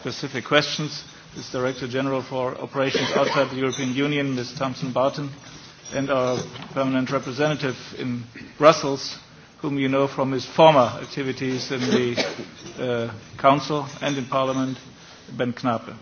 Specific questions This Director General for Operations outside the European Union, Ms. Thompson Barton, and our permanent representative in Brussels, whom you know from his former activities in the uh, Council and in Parliament, Ben Knape.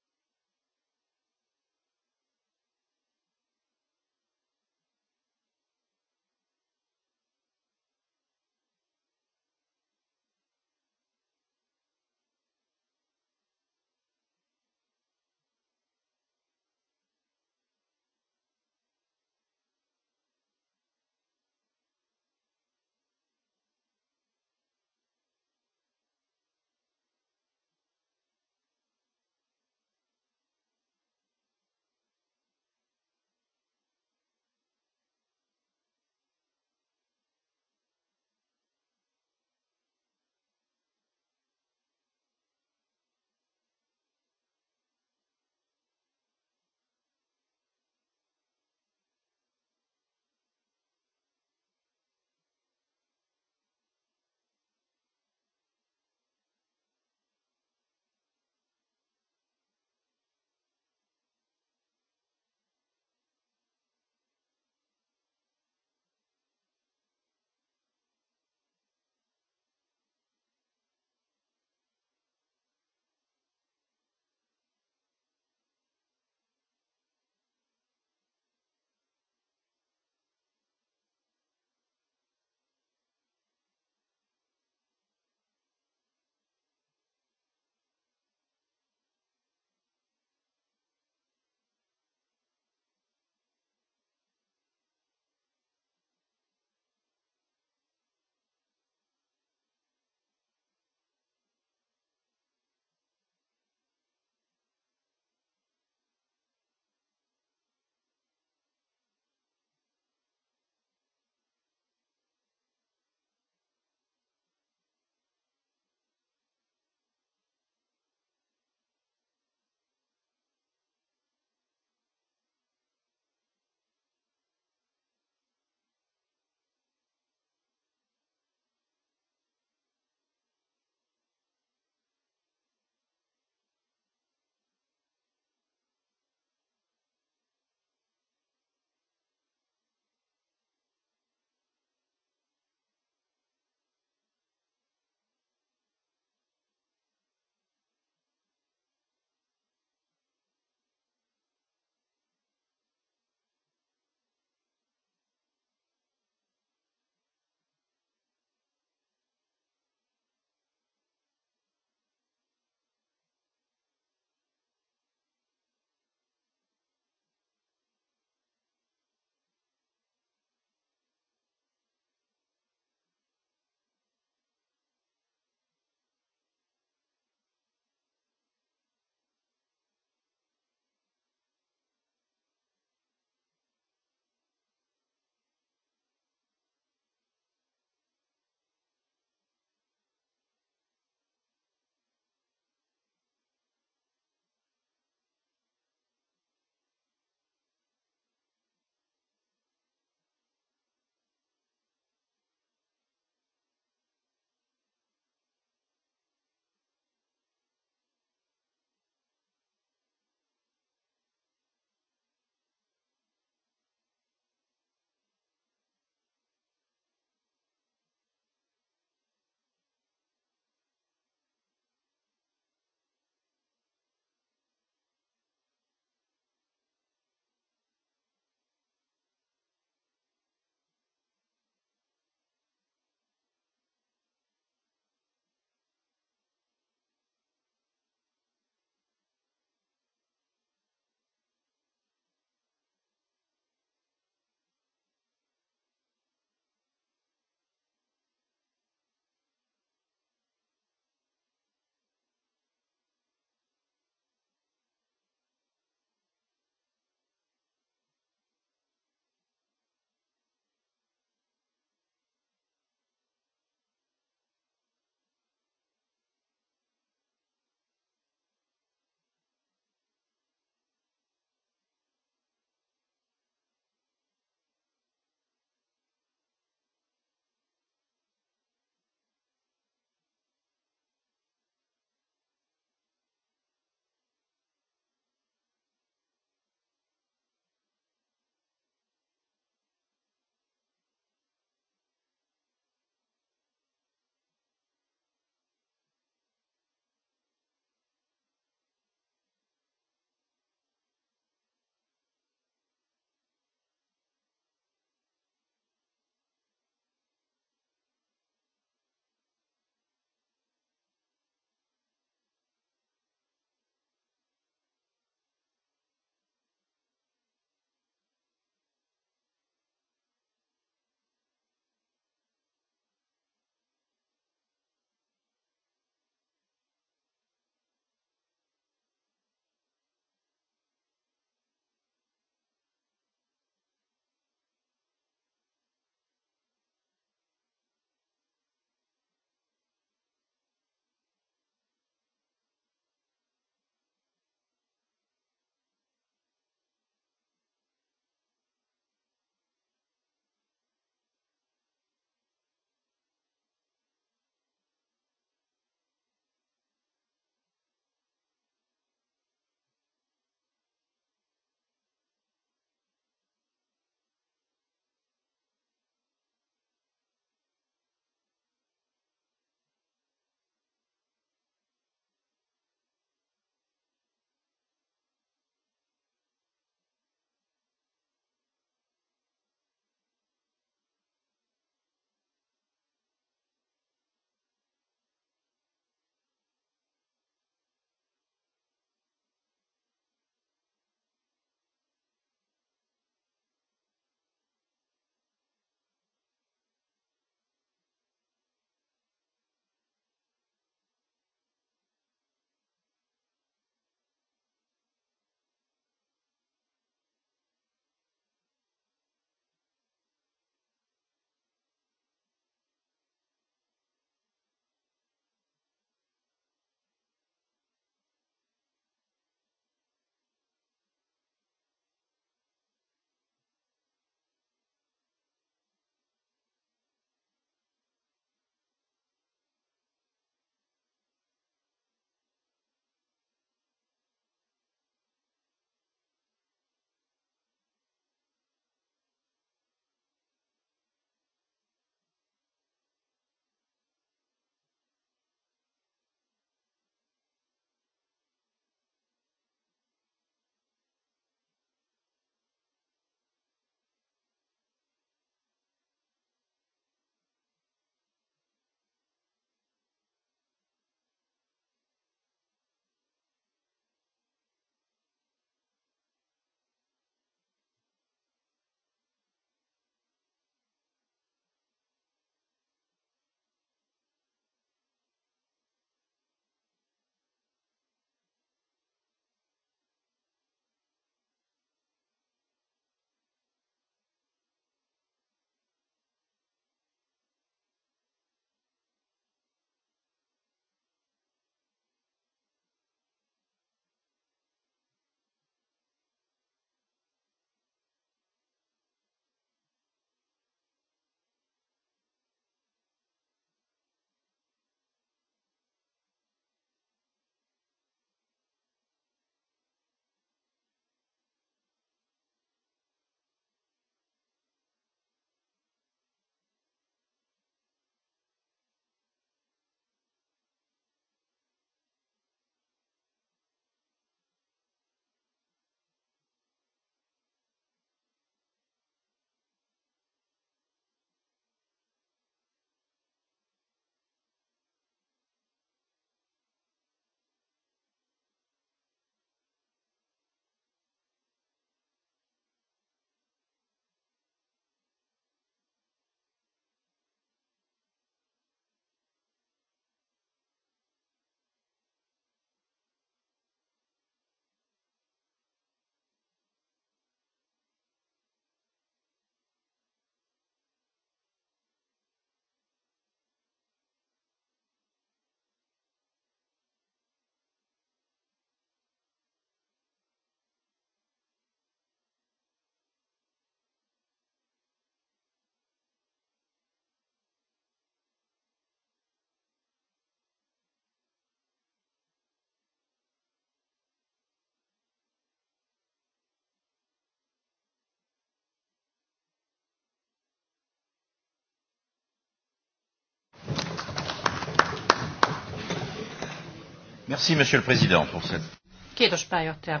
Merci, monsieur le président, pour cette... Kiitos pääjohtaja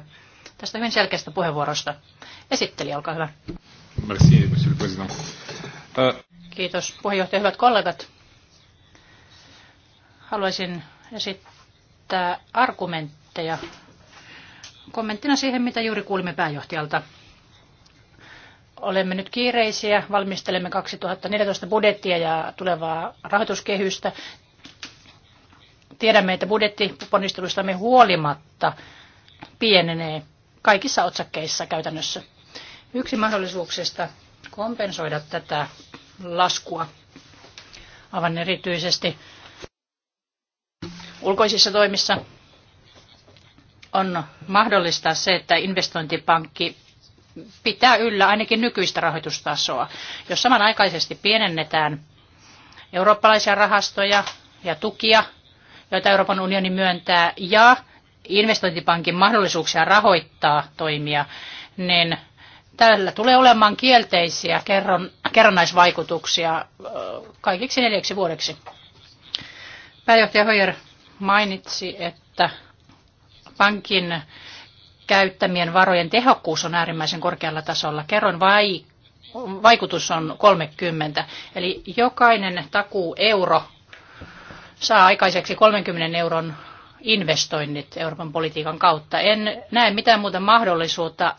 tästä hyvin selkeästä puheenvuorosta. Esitteli, olkaa hyvä. Merci, monsieur le président. Uh... Kiitos puheenjohtaja, hyvät kollegat. Haluaisin esittää argumentteja kommenttina siihen, mitä juuri kuulimme pääjohtajalta. Olemme nyt kiireisiä, valmistelemme 2014 budjettia ja tulevaa rahoituskehystä. Tiedämme, että budjettiponnisteluistamme huolimatta pienenee kaikissa otsakkeissa käytännössä. Yksi mahdollisuuksista kompensoida tätä laskua, aivan erityisesti ulkoisissa toimissa, on mahdollista se, että investointipankki pitää yllä ainakin nykyistä rahoitustasoa. Jos samanaikaisesti pienennetään eurooppalaisia rahastoja ja tukia, joita Euroopan unioni myöntää, ja investointipankin mahdollisuuksia rahoittaa toimia, niin tällä tulee olemaan kielteisiä kerron, kerronnaisvaikutuksia kaikiksi neljäksi vuodeksi. Pääjohtaja Hoyer mainitsi, että pankin käyttämien varojen tehokkuus on äärimmäisen korkealla tasolla. Kerron vai, vaikutus on 30. Eli jokainen takuu euro saa aikaiseksi 30 euron investoinnit Euroopan politiikan kautta. En näe mitään muuta mahdollisuutta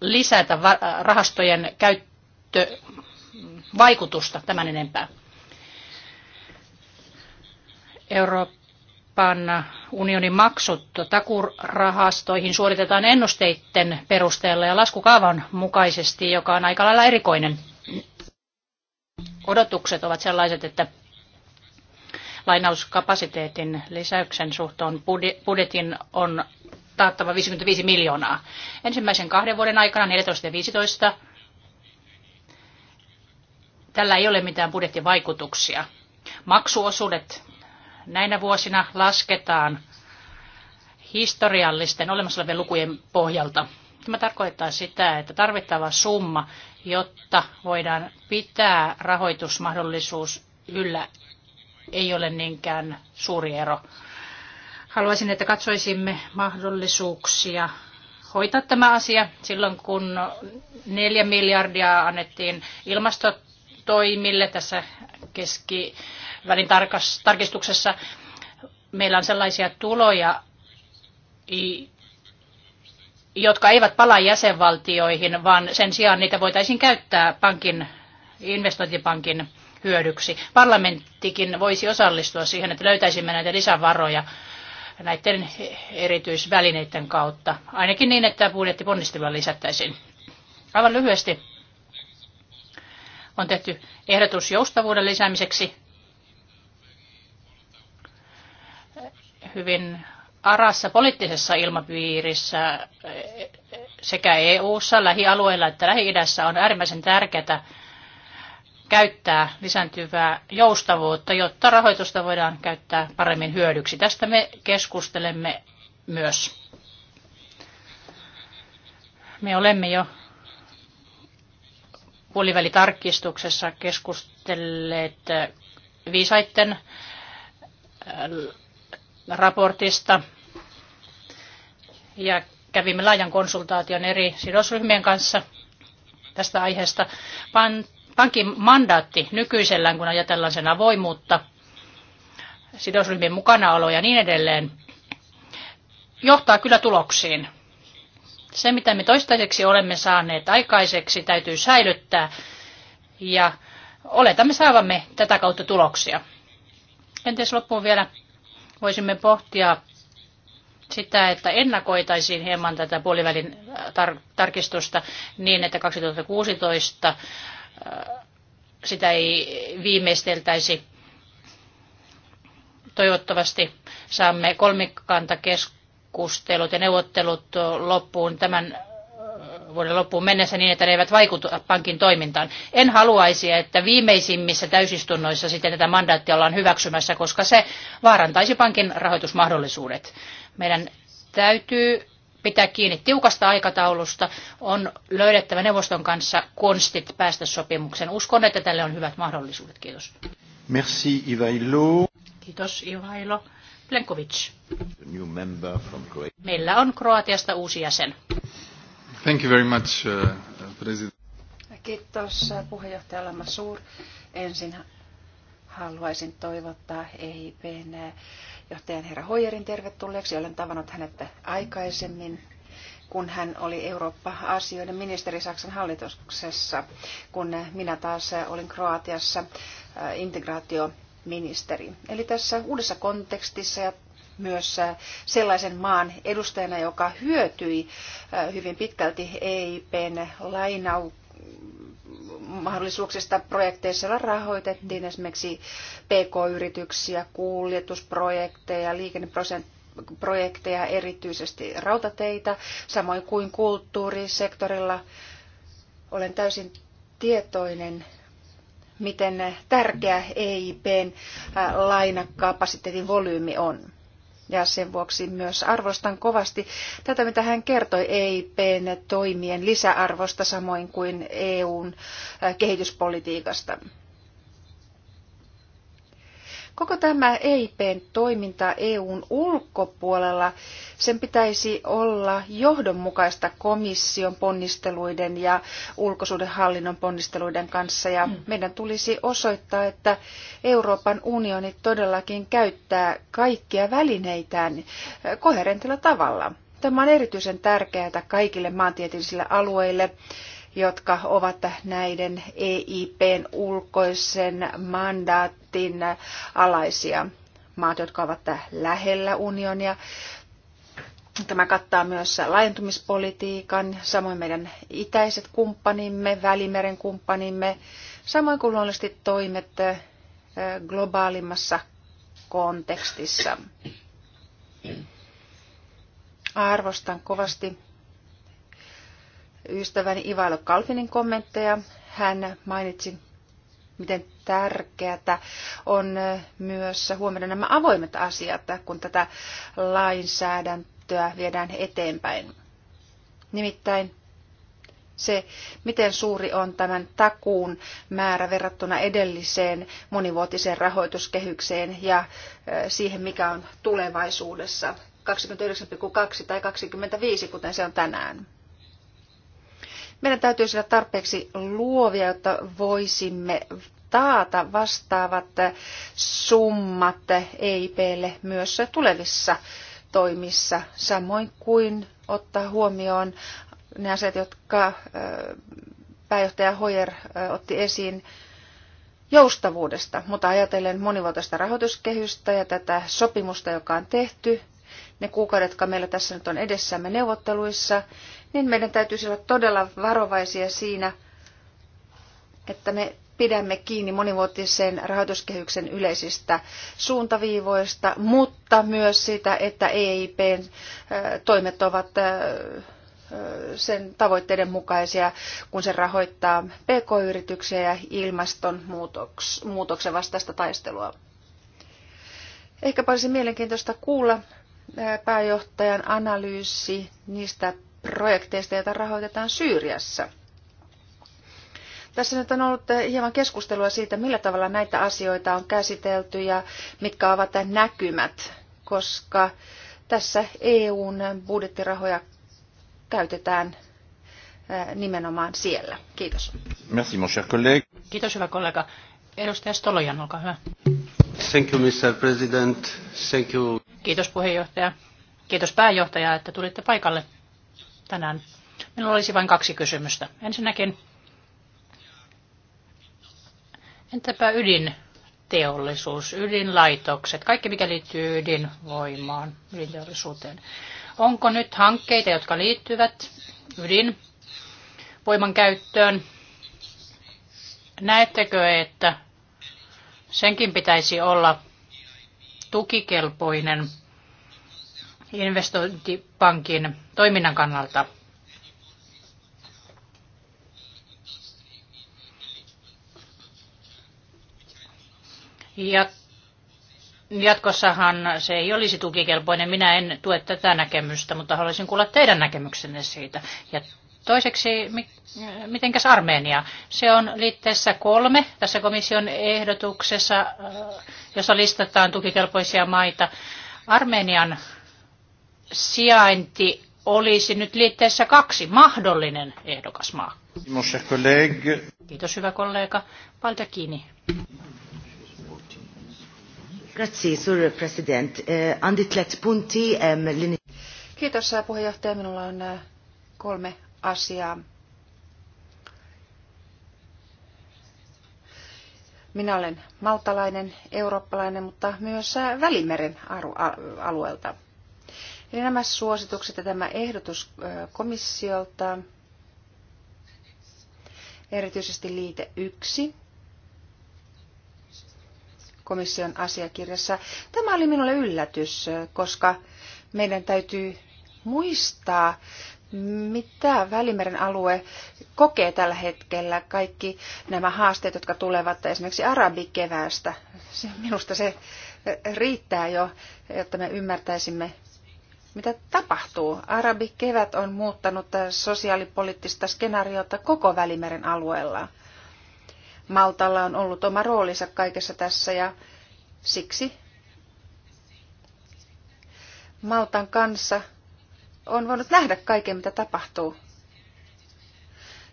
lisätä rahastojen käyttövaikutusta tämän enempää. Euroopan unionin maksut takurahastoihin suoritetaan ennusteiden perusteella ja laskukaavan mukaisesti, joka on aika lailla erikoinen. Odotukset ovat sellaiset, että lainauskapasiteetin lisäyksen suhteen budjetin on taattava 55 miljoonaa. Ensimmäisen kahden vuoden aikana 14 ja 15. Tällä ei ole mitään budjettivaikutuksia. Maksuosuudet näinä vuosina lasketaan historiallisten olemassa olevien lukujen pohjalta. Tämä tarkoittaa sitä, että tarvittava summa, jotta voidaan pitää rahoitusmahdollisuus yllä ei ole niinkään suuri ero. Haluaisin, että katsoisimme mahdollisuuksia hoitaa tämä asia silloin, kun neljä miljardia annettiin ilmastotoimille tässä keskivälin tarkistuksessa. Meillä on sellaisia tuloja, jotka eivät pala jäsenvaltioihin, vaan sen sijaan niitä voitaisiin käyttää pankin, investointipankin hyödyksi. Parlamenttikin voisi osallistua siihen, että löytäisimme näitä lisävaroja näiden erityisvälineiden kautta. Ainakin niin, että budjettiponnistelua lisättäisiin. Aivan lyhyesti on tehty ehdotus joustavuuden lisäämiseksi. Hyvin arassa poliittisessa ilmapiirissä sekä EU-ssa, lähialueilla että lähi-idässä on äärimmäisen tärkeää käyttää lisääntyvää joustavuutta, jotta rahoitusta voidaan käyttää paremmin hyödyksi. Tästä me keskustelemme myös. Me olemme jo puolivälitarkistuksessa keskustelleet viisaitten äh, raportista ja kävimme laajan konsultaation eri sidosryhmien kanssa tästä aiheesta. Pant pankin mandaatti nykyisellään, kun ajatellaan sen avoimuutta, sidosryhmien mukanaoloa ja niin edelleen, johtaa kyllä tuloksiin. Se, mitä me toistaiseksi olemme saaneet aikaiseksi, täytyy säilyttää ja oletamme saavamme tätä kautta tuloksia. Entäs loppuun vielä voisimme pohtia sitä, että ennakoitaisiin hieman tätä puolivälin tar- tarkistusta niin, että 2016 sitä ei viimeisteltäisi. Toivottavasti saamme kolmikantakeskustelut ja neuvottelut loppuun tämän vuoden loppuun mennessä niin, että ne eivät vaikuta pankin toimintaan. En haluaisi, että viimeisimmissä täysistunnoissa sitten tätä mandaattia ollaan hyväksymässä, koska se vaarantaisi pankin rahoitusmahdollisuudet. Meidän täytyy pitää kiinni tiukasta aikataulusta, on löydettävä neuvoston kanssa konstit päästä sopimukseen. Uskon, että tälle on hyvät mahdollisuudet. Kiitos. Merci Ivailo. Kiitos Ivailo. Plenkovic. New member from Croatia. Meillä on Kroatiasta uusi jäsen. Thank you very much, uh, president. Kiitos uh, puheenjohtaja Lama Suur. Ensin haluaisin toivottaa EIPn uh, johtajan herra Hoyerin tervetulleeksi. Olen tavannut hänet aikaisemmin kun hän oli Eurooppa-asioiden ministeri Saksan hallituksessa, kun minä taas olin Kroatiassa äh, integraatioministeri. Eli tässä uudessa kontekstissa ja myös äh, sellaisen maan edustajana, joka hyötyi äh, hyvin pitkälti EIPn lainau, mahdollisuuksista projekteissa, joilla rahoitettiin esimerkiksi PK-yrityksiä, kuljetusprojekteja, liikenneprojekteja, erityisesti rautateitä, samoin kuin kulttuurisektorilla. Olen täysin tietoinen, miten tärkeä EIPn lainakapasiteetin volyymi on ja sen vuoksi myös arvostan kovasti tätä, mitä hän kertoi EIPn toimien lisäarvosta samoin kuin EUn äh, kehityspolitiikasta. Koko tämä EIPn toiminta EUn ulkopuolella, sen pitäisi olla johdonmukaista komission ponnisteluiden ja ulkosuudenhallinnon ponnisteluiden kanssa. Ja mm. meidän tulisi osoittaa, että Euroopan unioni todellakin käyttää kaikkia välineitään eh, koherentilla tavalla. Tämä on erityisen tärkeää kaikille maantieteellisille alueille jotka ovat näiden EIPn ulkoisen mandaattin alaisia. Maat, jotka ovat lähellä unionia. Tämä kattaa myös laajentumispolitiikan, samoin meidän itäiset kumppanimme, välimeren kumppanimme, samoin kuin luonnollisesti toimet globaalimmassa kontekstissa. Arvostan kovasti ystäväni Ivailo Kalfinin kommentteja. Hän mainitsi, miten tärkeää on myös huomioida nämä avoimet asiat, kun tätä lainsäädäntöä viedään eteenpäin. Nimittäin se, miten suuri on tämän takuun määrä verrattuna edelliseen monivuotiseen rahoituskehykseen ja siihen, mikä on tulevaisuudessa 29,2 tai 25, kuten se on tänään. Meidän täytyisi olla tarpeeksi luovia, jotta voisimme taata vastaavat summat EIPlle myös tulevissa toimissa, samoin kuin ottaa huomioon ne asiat, jotka pääjohtaja Hoyer otti esiin joustavuudesta, mutta ajatellen monivuotista rahoituskehystä ja tätä sopimusta, joka on tehty, ne kuukaudet, jotka meillä tässä nyt on edessämme neuvotteluissa, niin meidän täytyisi olla todella varovaisia siinä, että me pidämme kiinni monivuotisen rahoituskehyksen yleisistä suuntaviivoista, mutta myös sitä, että EIPn toimet ovat sen tavoitteiden mukaisia, kun se rahoittaa pk-yrityksiä ja ilmastonmuutoksen vastaista taistelua. Ehkä olisi mielenkiintoista kuulla pääjohtajan analyysi niistä projekteista, joita rahoitetaan Syyriassa. Tässä nyt on ollut hieman keskustelua siitä, millä tavalla näitä asioita on käsitelty ja mitkä ovat näkymät, koska tässä EUn budjettirahoja käytetään nimenomaan siellä. Kiitos. Merci, mon cher collègue. Kiitos, hyvä kollega. Edustaja Stolojan, olkaa hyvä. Thank you, Mr. President. Thank you. Kiitos puheenjohtaja. Kiitos pääjohtaja, että tulitte paikalle tänään. Minulla olisi vain kaksi kysymystä. Ensinnäkin, entäpä ydinteollisuus, ydinlaitokset, kaikki mikä liittyy ydinvoimaan, ydinteollisuuteen. Onko nyt hankkeita, jotka liittyvät ydinvoiman käyttöön? Näettekö, että senkin pitäisi olla tukikelpoinen – investointipankin toiminnan kannalta. Ja jatkossahan se ei olisi tukikelpoinen. Minä en tue tätä näkemystä, mutta haluaisin kuulla teidän näkemyksenne siitä. Ja toiseksi, mitenkäs Armenia? Se on liitteessä kolme tässä komission ehdotuksessa, äh, jossa listataan tukikelpoisia maita. Armenian sijainti olisi nyt liitteessä kaksi mahdollinen ehdokasmaa. Kiitos hyvä kollega. Palta kiinni. Grazie, sur president. Eh, Anditlet punti. Ehm, Kiitos eh, puheenjohtaja. Minulla on eh, kolme asiaa. Minä olen maltalainen, eurooppalainen, mutta myös Välimeren alueelta. Eli nämä suositukset ja tämä ehdotus komissiolta, erityisesti liite 1 komission asiakirjassa. Tämä oli minulle yllätys, koska meidän täytyy muistaa, mitä Välimeren alue kokee tällä hetkellä, kaikki nämä haasteet, jotka tulevat esimerkiksi arabikeväästä. Minusta se riittää jo, jotta me ymmärtäisimme, mitä tapahtuu. Arabi kevät on muuttanut sosiaalipoliittista skenaariota koko Välimeren alueella. Maltalla on ollut oma roolinsa kaikessa tässä ja siksi Maltan kanssa on voinut nähdä kaiken, mitä tapahtuu.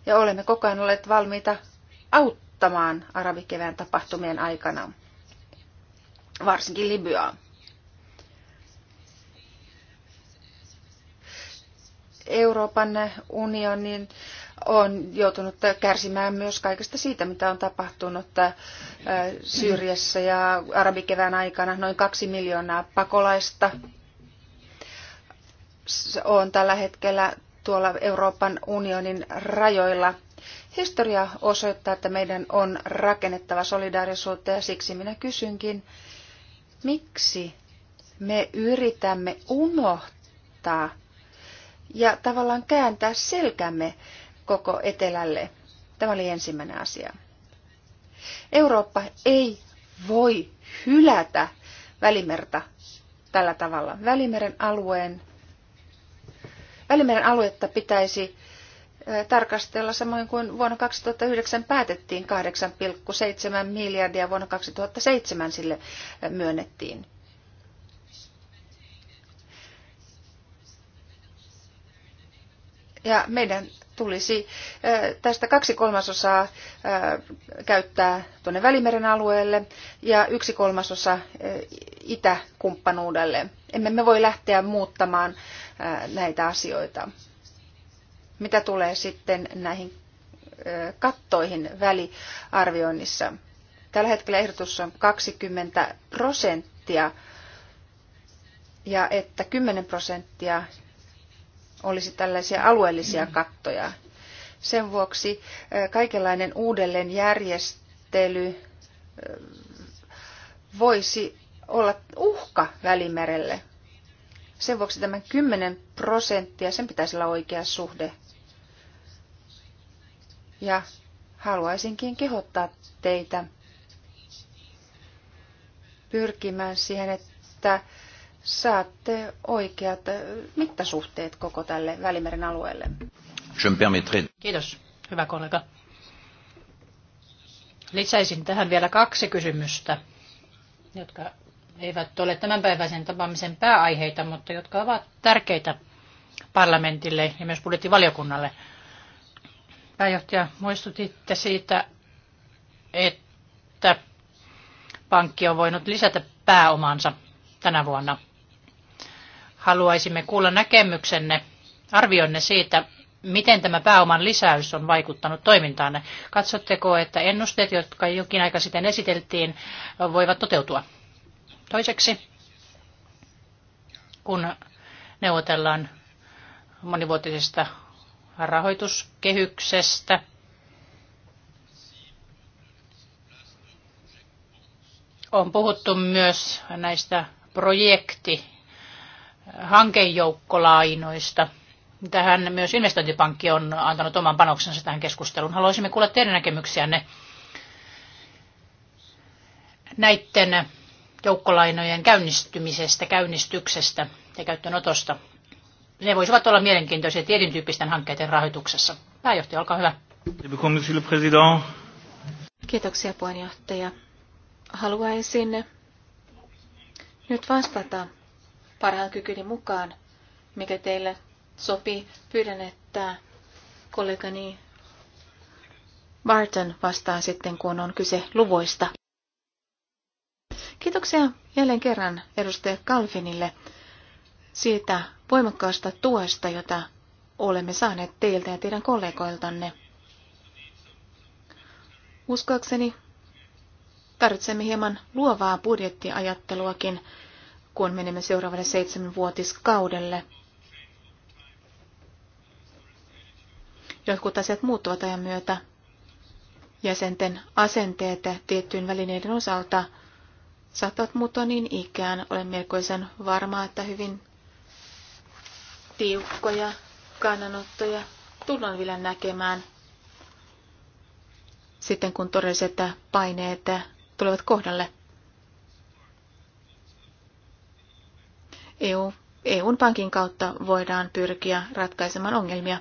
Ja olemme koko ajan olleet valmiita auttamaan arabikevään tapahtumien aikana, varsinkin Libyaa. Euroopan unionin on joutunut kärsimään myös kaikesta siitä, mitä on tapahtunut äh, Syyriassa ja arabikevään aikana. Noin kaksi miljoonaa pakolaista on tällä hetkellä tuolla Euroopan unionin rajoilla. Historia osoittaa, että meidän on rakennettava solidaarisuutta ja siksi minä kysynkin, miksi me yritämme unohtaa ja tavallaan kääntää selkämme koko etelälle. Tämä oli ensimmäinen asia. Eurooppa ei voi hylätä välimerta tällä tavalla. Välimeren alueen Välimeren aluetta pitäisi tarkastella samoin kuin vuonna 2009 päätettiin 8,7 miljardia, vuonna 2007 sille myönnettiin. Ja meidän tulisi tästä kaksi kolmasosaa käyttää tuonne Välimeren alueelle ja yksi kolmasosa itäkumppanuudelle. Emme me voi lähteä muuttamaan näitä asioita. Mitä tulee sitten näihin kattoihin väliarvioinnissa? Tällä hetkellä ehdotus on 20 prosenttia ja että 10 prosenttia olisi tällaisia alueellisia kattoja. Sen vuoksi kaikenlainen uudelleenjärjestely voisi olla uhka Välimerelle. Sen vuoksi tämän 10 prosenttia, sen pitäisi olla oikea suhde. Ja haluaisinkin kehottaa teitä pyrkimään siihen, että saatte oikeat äh, mittasuhteet koko tälle Välimeren alueelle. Kiitos, hyvä kollega. Lisäisin tähän vielä kaksi kysymystä, jotka eivät ole tämänpäiväisen tapaamisen pääaiheita, mutta jotka ovat tärkeitä parlamentille ja myös budjettivaliokunnalle. Pääjohtaja, muistutitte siitä, että pankki on voinut lisätä pääomansa tänä vuonna. Haluaisimme kuulla näkemyksenne, arvionne siitä, miten tämä pääoman lisäys on vaikuttanut toimintaanne. Katsotteko, että ennusteet, jotka jokin aika sitten esiteltiin, voivat toteutua? Toiseksi, kun neuvotellaan monivuotisesta rahoituskehyksestä, on puhuttu myös näistä projekti hankejoukkolainoista. Tähän myös investointipankki on antanut oman panoksensa tähän keskusteluun. Haluaisimme kuulla teidän näkemyksiänne näiden joukkolainojen käynnistymisestä, käynnistyksestä ja käyttöönotosta. Ne voisivat olla mielenkiintoisia tietyn tyyppisten hankkeiden rahoituksessa. Pääjohtaja, olkaa hyvä. Kiitoksia puheenjohtaja. Haluaisin nyt vastata parhaan kykyni mukaan, mikä teille sopii. Pyydän, että kollegani Barton vastaa sitten, kun on kyse luvoista. Kiitoksia jälleen kerran edustaja Kalfinille siitä voimakkaasta tuesta, jota olemme saaneet teiltä ja teidän kollegoiltanne. Uskoakseni tarvitsemme hieman luovaa budjettiajatteluakin kun menemme seuraavalle seitsemänvuotiskaudelle. Jotkut asiat muuttuvat ajan myötä. Jäsenten asenteet tiettyyn välineiden osalta saattavat muuttua niin ikään. Olen melkoisen varma, että hyvin tiukkoja kannanottoja tullaan vielä näkemään sitten, kun todelliset paineet tulevat kohdalle. EU, EUn pankin kautta voidaan pyrkiä ratkaisemaan ongelmia.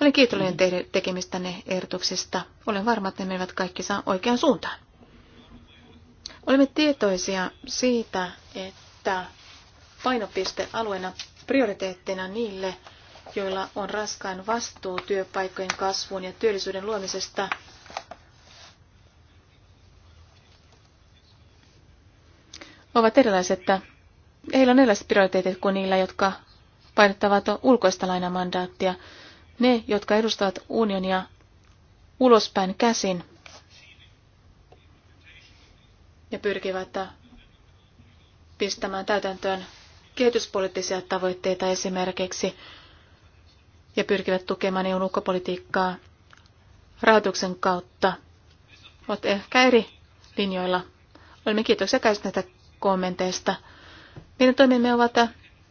Olen kiitollinen mm. teidän tekemistänne ehdotuksista. Olen varma, että ne menevät kaikki saa oikeaan suuntaan. Olemme tietoisia siitä, että painopistealueena prioriteettina niille, joilla on raskain vastuu työpaikkojen kasvuun ja työllisyyden luomisesta, ovat erilaiset heillä on erilaiset prioriteetit kuin niillä, jotka painottavat ulkoista lainamandaattia. Ne, jotka edustavat unionia ulospäin käsin ja pyrkivät pistämään täytäntöön kehityspoliittisia tavoitteita esimerkiksi ja pyrkivät tukemaan EUn ulkopolitiikkaa rahoituksen kautta. Olet ehkä eri linjoilla. Olemme kiitoksia käsin näistä kommenteista. Meidän toimimme ovat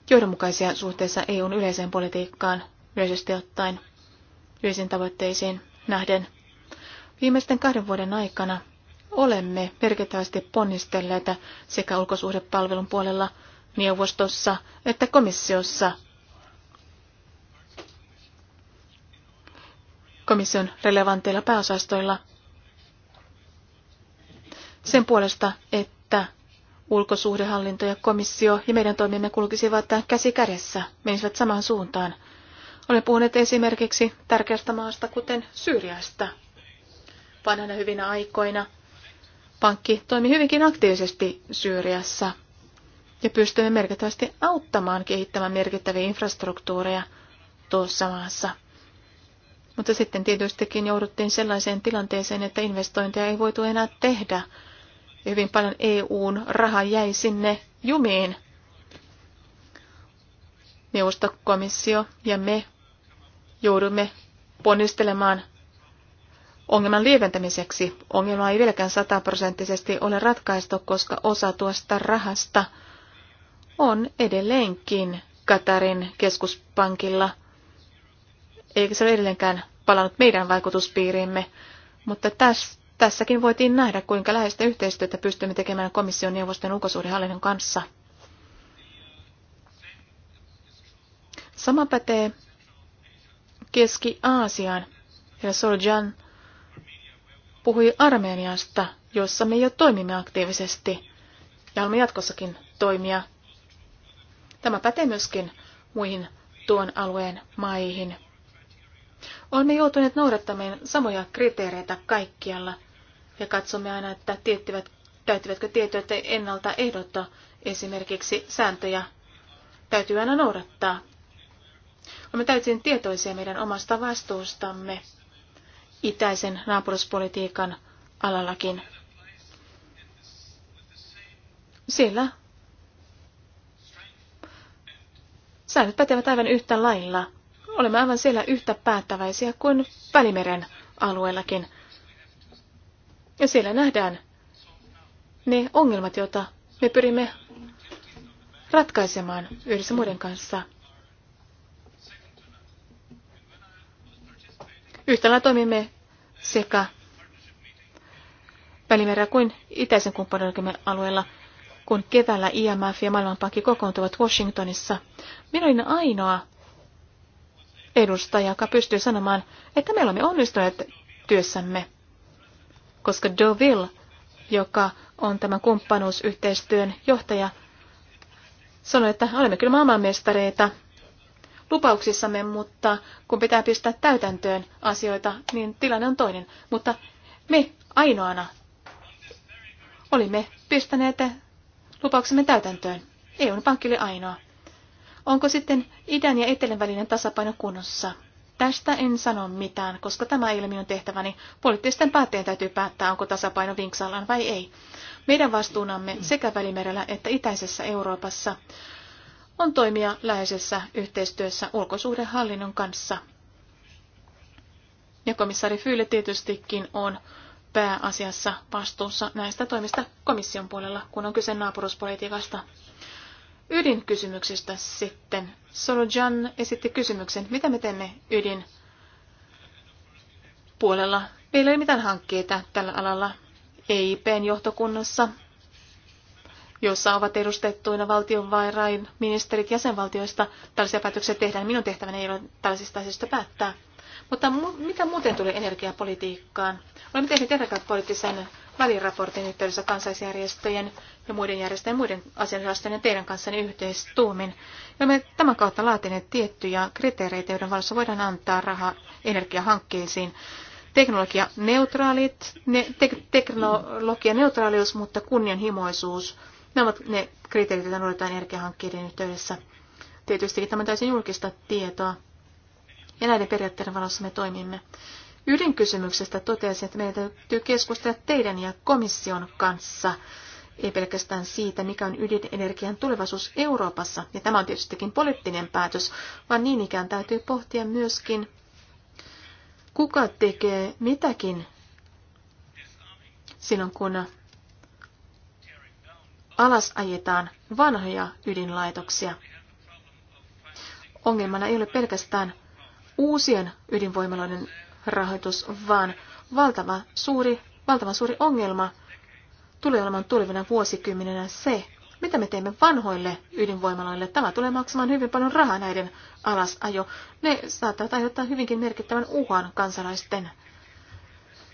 johdonmukaisia suhteessa EUn yleiseen politiikkaan yleisesti ottaen yleisiin tavoitteisiin nähden. Viimeisten kahden vuoden aikana olemme merkittävästi ponnistelleet sekä ulkosuhdepalvelun puolella neuvostossa että komissiossa komission relevanteilla pääosastoilla sen puolesta, että ulkosuhdehallinto ja komissio ja meidän toimimme kulkisivat käsi kädessä, menisivät samaan suuntaan. Olen puhunut esimerkiksi tärkeästä maasta, kuten Syyriasta. Vanhana hyvinä aikoina pankki toimi hyvinkin aktiivisesti Syyriassa ja pystyimme merkittävästi auttamaan kehittämään merkittäviä infrastruktuureja tuossa maassa. Mutta sitten tietystikin jouduttiin sellaiseen tilanteeseen, että investointeja ei voitu enää tehdä – hyvin paljon EUn rahaa jäi sinne jumiin. Neuvostokomissio ja me joudumme ponnistelemaan ongelman lieventämiseksi. Ongelma ei vieläkään sataprosenttisesti ole ratkaistu, koska osa tuosta rahasta on edelleenkin Katarin keskuspankilla. Eikä se ole edelleenkään palannut meidän vaikutuspiiriimme, mutta tästä Tässäkin voitiin nähdä, kuinka läheistä yhteistyötä pystymme tekemään komission neuvoston ulkosuhdehallinnon kanssa. Sama pätee Keski-Aasiaan. Ja Sorjan puhui Armeniasta, jossa me jo toimimme aktiivisesti ja haluamme jatkossakin toimia. Tämä pätee myöskin muihin tuon alueen maihin. Olemme joutuneet noudattamaan samoja kriteereitä kaikkialla ja katsomme aina, että tiettyvät, täyttyvätkö tietyt ennalta ehdotta esimerkiksi sääntöjä täytyy aina noudattaa. Olemme täysin tietoisia meidän omasta vastuustamme itäisen naapuruspolitiikan alallakin. Sillä säännöt pätevät aivan yhtä lailla olemme aivan siellä yhtä päättäväisiä kuin Välimeren alueellakin. Ja siellä nähdään ne ongelmat, joita me pyrimme ratkaisemaan yhdessä muiden kanssa. Yhtällä toimimme sekä Välimerellä kuin itäisen kumppanuutemme alueella, kun keväällä IMF ja Maailmanpankki kokoontuvat Washingtonissa. Minä olin ainoa edustaja, joka pystyy sanomaan, että me olemme onnistuneet työssämme, koska Deauville, joka on tämän kumppanuusyhteistyön johtaja, sanoi, että olemme kyllä maailmanmestareita lupauksissamme, mutta kun pitää pistää täytäntöön asioita, niin tilanne on toinen. Mutta me ainoana olimme pistäneet lupauksemme täytäntöön. EUn pankki oli ainoa. Onko sitten idän ja etelän välinen tasapaino kunnossa? Tästä en sano mitään, koska tämä ei ole minun tehtäväni. Poliittisten päättäjien täytyy päättää, onko tasapaino vinksallaan vai ei. Meidän vastuunamme sekä Välimerellä että itäisessä Euroopassa on toimia läheisessä yhteistyössä ulkosuhdehallinnon kanssa. Ja komissaari Fyyle tietystikin on pääasiassa vastuussa näistä toimista komission puolella, kun on kyse naapuruspolitiikasta. Ydinkysymyksestä sitten. solujan esitti kysymyksen, mitä me teemme ydin puolella. Meillä ei mitään hankkeita tällä alalla EIPn johtokunnassa, jossa ovat edustettuina valtionvairain ministerit jäsenvaltioista. Tällaisia päätöksiä tehdään. Minun tehtäväni ei ole tällaisista asioista päättää. Mutta mu- mitä muuten tulee energiapolitiikkaan? Olemme tehneet energiapoliittisen väliraportin yhteydessä kansaisjärjestöjen ja muiden järjestöjen muiden asianosaisten teidän kanssanne yhteistuumin. Ja me tämän kautta laatineet tiettyjä kriteereitä, joiden valossa voidaan antaa rahaa energiahankkeisiin. Teknologianeutraalit, ne, te, teknologianeutraalius, mutta kunnianhimoisuus, ne ovat ne kriteerit, joita noudatetaan energiahankkeiden yhteydessä. Tietysti tämä on täysin julkista tietoa. Ja näiden periaatteiden valossa me toimimme ydinkysymyksestä toteaisin, että meidän täytyy keskustella teidän ja komission kanssa, ei pelkästään siitä, mikä on ydinenergian tulevaisuus Euroopassa, ja tämä on tietystikin poliittinen päätös, vaan niin ikään täytyy pohtia myöskin, kuka tekee mitäkin silloin, kun alas ajetaan vanhoja ydinlaitoksia. Ongelmana ei ole pelkästään uusien ydinvoimaloiden rahoitus, vaan valtava suuri, valtava suuri ongelma tulee olemaan tulevina vuosikymmeninä se, mitä me teemme vanhoille ydinvoimaloille. Tämä tulee maksamaan hyvin paljon rahaa näiden alasajo. Ne saattavat aiheuttaa hyvinkin merkittävän uhan kansalaisten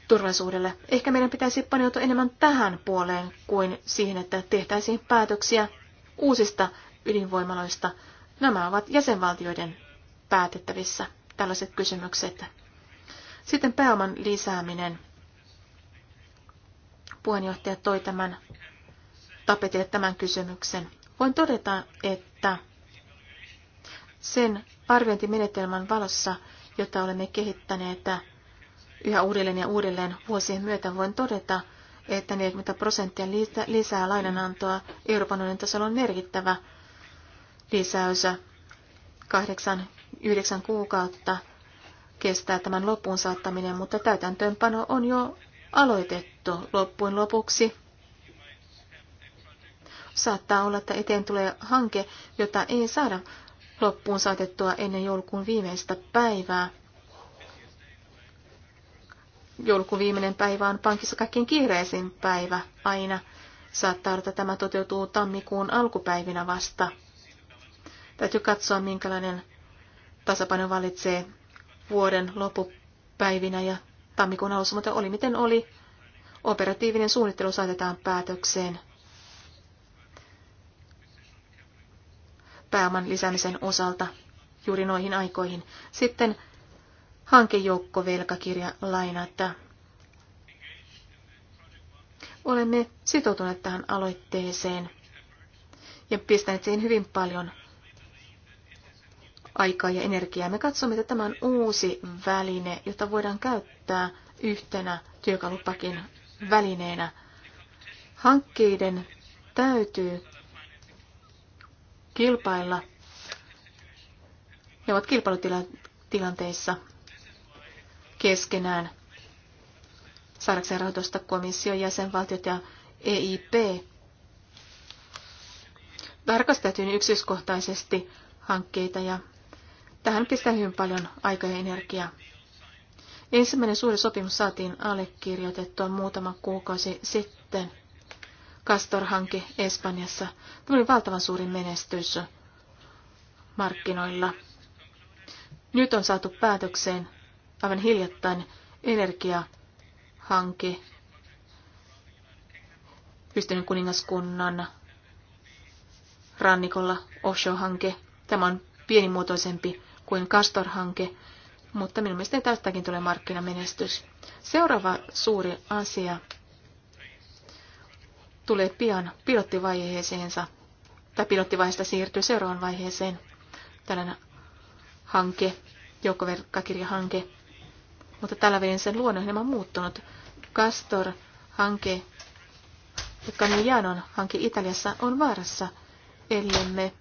turvallisuudelle. Ehkä meidän pitäisi paneutua enemmän tähän puoleen kuin siihen, että tehtäisiin päätöksiä uusista ydinvoimaloista. Nämä ovat jäsenvaltioiden päätettävissä, tällaiset kysymykset. Sitten pääoman lisääminen. Puheenjohtaja toi tämän tapetille tämän kysymyksen. Voin todeta, että sen arviointimenetelmän valossa, jota olemme kehittäneet yhä uudelleen ja uudelleen vuosien myötä, voin todeta, että 40 prosenttia lisää lainanantoa Euroopan unionin tasolla on merkittävä lisäys 8-9 kuukautta kestää tämän loppuun saattaminen, mutta täytäntöönpano on jo aloitettu loppuun lopuksi. Saattaa olla, että eteen tulee hanke, jota ei saada loppuun saatettua ennen joulukuun viimeistä päivää. Joulukuun viimeinen päivä on pankissa kaikkein kiireisin päivä aina. Saattaa olla, että tämä toteutuu tammikuun alkupäivinä vasta. Täytyy katsoa, minkälainen tasapaino valitsee vuoden loppupäivinä ja tammikuun alussa, mutta oli miten oli. Operatiivinen suunnittelu saatetaan päätökseen. pääoman lisäämisen osalta juuri noihin aikoihin. Sitten hankejoukkovelkakirja lainata. Olemme sitoutuneet tähän aloitteeseen ja pistäneet siihen hyvin paljon aikaa ja energiaa. Me katsomme, että tämä on uusi väline, jota voidaan käyttää yhtenä työkalupakin välineenä. Hankkeiden täytyy kilpailla. Ne ovat kilpailutilanteissa keskenään. Saadakseen rahoitusta komission jäsenvaltiot ja EIP tarkastettiin yksityiskohtaisesti hankkeita ja Tähän pistää hyvin paljon aikaa ja energiaa. Ensimmäinen suuri sopimus saatiin allekirjoitettua muutama kuukausi sitten. Castor-hanke Espanjassa. Tämä oli valtavan suuri menestys markkinoilla. Nyt on saatu päätökseen aivan hiljattain energiahanke Pystynyt kuningaskunnan rannikolla offshore-hanke. Tämä on pienimuotoisempi kuin Castor-hanke, mutta minun mielestäni tästäkin tulee markkinamenestys. Seuraava suuri asia tulee pian pilottivaiheeseensa, tai pilottivaiheesta siirtyy seuraavaan vaiheeseen. Tällainen hanke, joukkoverkkakirjahanke, mutta tällä välin sen luonne on hieman muuttunut. Castor-hanke on Janon hanke Italiassa on vaarassa, ellemme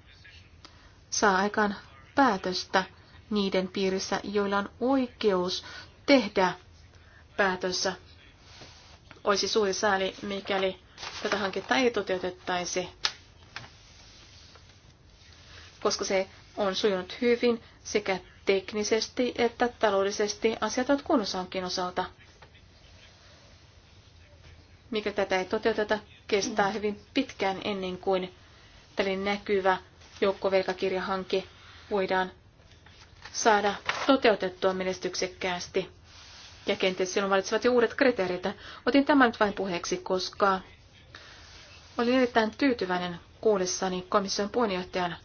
saa aikaan päätöstä niiden piirissä, joilla on oikeus tehdä päätössä. Olisi suuri sääli, mikäli tätä hanketta ei toteutettaisi, koska se on sujunut hyvin sekä teknisesti että taloudellisesti asiat ovat kunnossa hankin osalta. Mikä tätä ei toteuteta, kestää mm. hyvin pitkään ennen kuin tällainen näkyvä joukkovelkakirjahanke voidaan saada toteutettua menestyksekkäästi. Ja kenties silloin valitsivat jo uudet kriteerit. Otin tämän nyt vain puheeksi, koska olin erittäin tyytyväinen kuullessani komission puheenjohtajan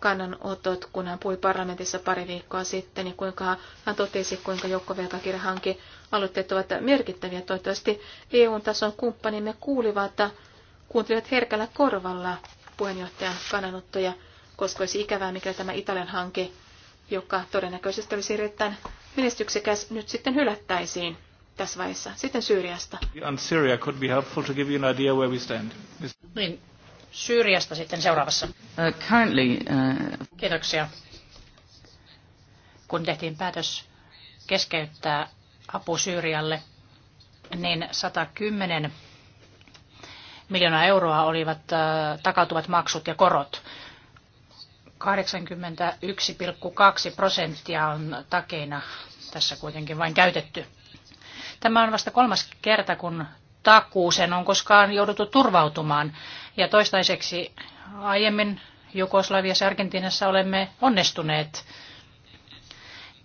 kannanotot, kun hän puhui parlamentissa pari viikkoa sitten, niin kuinka hän totesi, kuinka joukkovelkakirjahanke aloitteet ovat merkittäviä. Toivottavasti EU-tason kumppanimme kuulivat, kuuntelivat herkällä korvalla puheenjohtajan kannanottoja, koska olisi ikävää, mikä tämä Italian hanke joka todennäköisesti olisi erittäin menestyksekäs, nyt sitten hylättäisiin tässä vaiheessa. Sitten Syyriasta. idea Niin, Syyriasta sitten seuraavassa. Uh, currently, uh... Kiitoksia. Kun tehtiin päätös keskeyttää apu Syyrialle, niin 110 miljoonaa euroa olivat uh, takautuvat maksut ja korot. 81,2 prosenttia on takeina tässä kuitenkin vain käytetty. Tämä on vasta kolmas kerta, kun takuusen on koskaan jouduttu turvautumaan. Ja toistaiseksi aiemmin Jugoslaviassa ja Argentiinassa olemme onnistuneet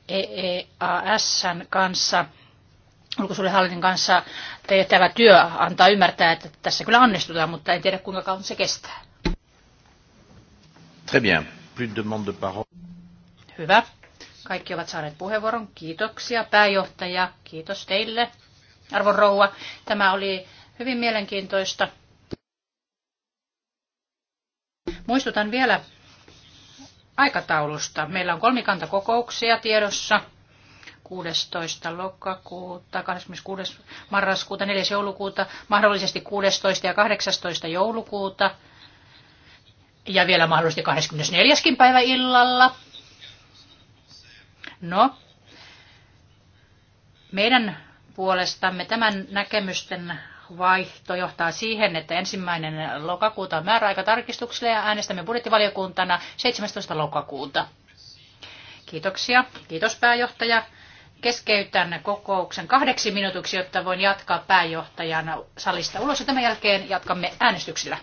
EEASn kanssa, ulkosuudenhallinnin kanssa tehtävä työ antaa ymmärtää, että tässä kyllä onnistutaan, mutta en tiedä kuinka kauan se kestää. Très bien plus de de parole. Hyvä. Kaikki ovat saaneet puheenvuoron. Kiitoksia pääjohtaja. Kiitos teille, arvon rouva. Tämä oli hyvin mielenkiintoista. Muistutan vielä aikataulusta. Meillä on kolmikantakokouksia tiedossa 16. lokakuuta, 26. marraskuuta, 4. joulukuuta, mahdollisesti 16. ja 18. joulukuuta ja vielä mahdollisesti 24. päivä illalla. No, meidän puolestamme tämän näkemysten vaihto johtaa siihen, että ensimmäinen lokakuuta on määräaika tarkistukselle ja äänestämme budjettivaliokuntana 17. lokakuuta. Kiitoksia. Kiitos pääjohtaja. Keskeytän kokouksen kahdeksi minuutiksi, jotta voin jatkaa pääjohtajana salista ulos ja tämän jälkeen jatkamme äänestyksillä.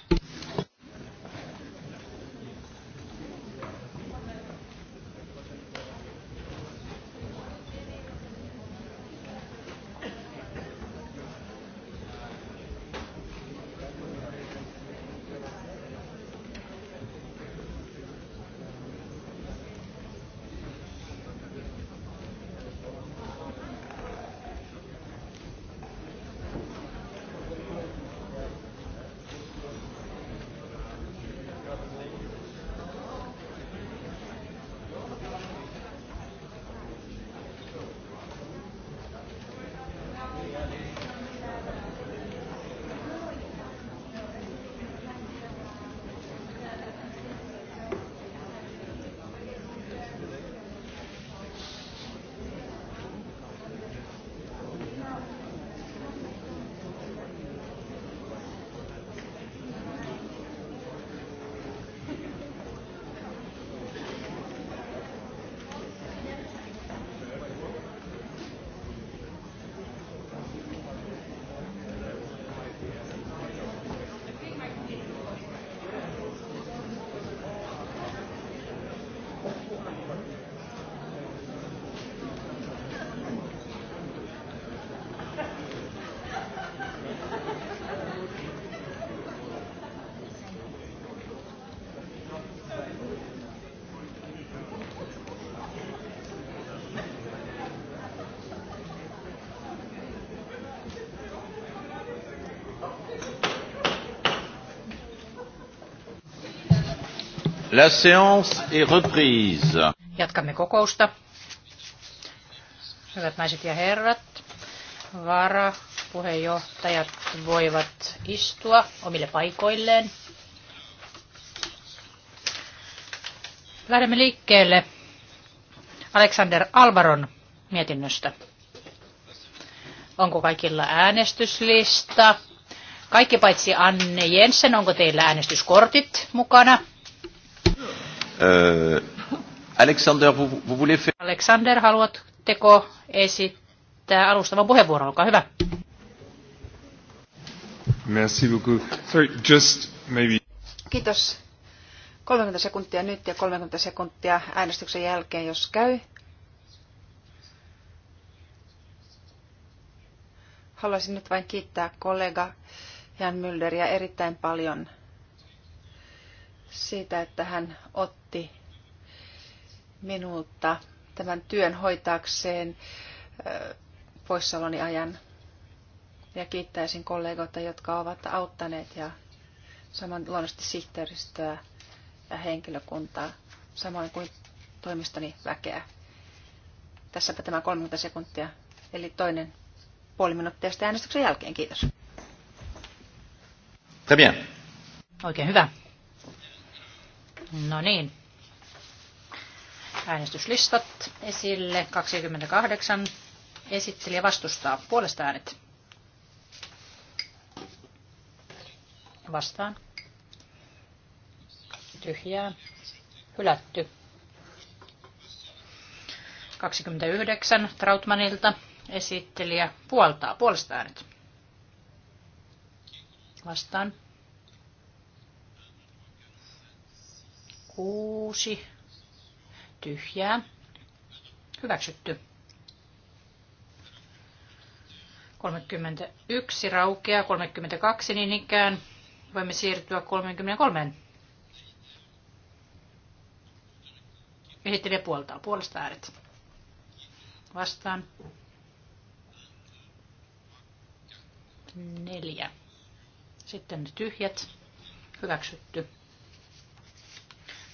La séance est reprise. Jatkamme kokousta. Hyvät naiset ja herrat, vara, puheenjohtajat voivat istua omille paikoilleen. Lähdemme liikkeelle Alexander Alvaron mietinnöstä. Onko kaikilla äänestyslista? Kaikki paitsi Anne Jensen, onko teillä äänestyskortit mukana? Äh, Alexander, vous, vous voulez faire... Alexander, haluatteko esittää alustavan puheenvuoron? Olkaa hyvä. Merci beaucoup. Sorry, just maybe... Kiitos. 30 sekuntia nyt ja 30 sekuntia äänestyksen jälkeen, jos käy. Haluaisin nyt vain kiittää kollega Jan Mülderiä erittäin paljon siitä, että hän otti minulta tämän työn hoitaakseen poissaoloni ajan. Ja kiittäisin kollegoita, jotka ovat auttaneet ja saman luonnollisesti sihteeristöä ja henkilökuntaa, samoin kuin toimistoni väkeä. Tässäpä tämä 30 sekuntia, eli toinen puoli minuuttia sitten äänestyksen jälkeen. Kiitos. Très bien. Oikein hyvä. No niin. Äänestyslistat esille. 28. Esittelijä vastustaa. Puolesta äänet. Vastaan. Tyhjää. Hylätty. 29. Trautmanilta. Esittelijä puoltaa. Puolesta äänet. Vastaan kuusi tyhjää. Hyväksytty. 31 raukeaa, 32 niin ikään. Voimme siirtyä 33. Esittelee puoltaa. Puolesta ääret. Vastaan. Neljä. Sitten tyhjät. Hyväksytty.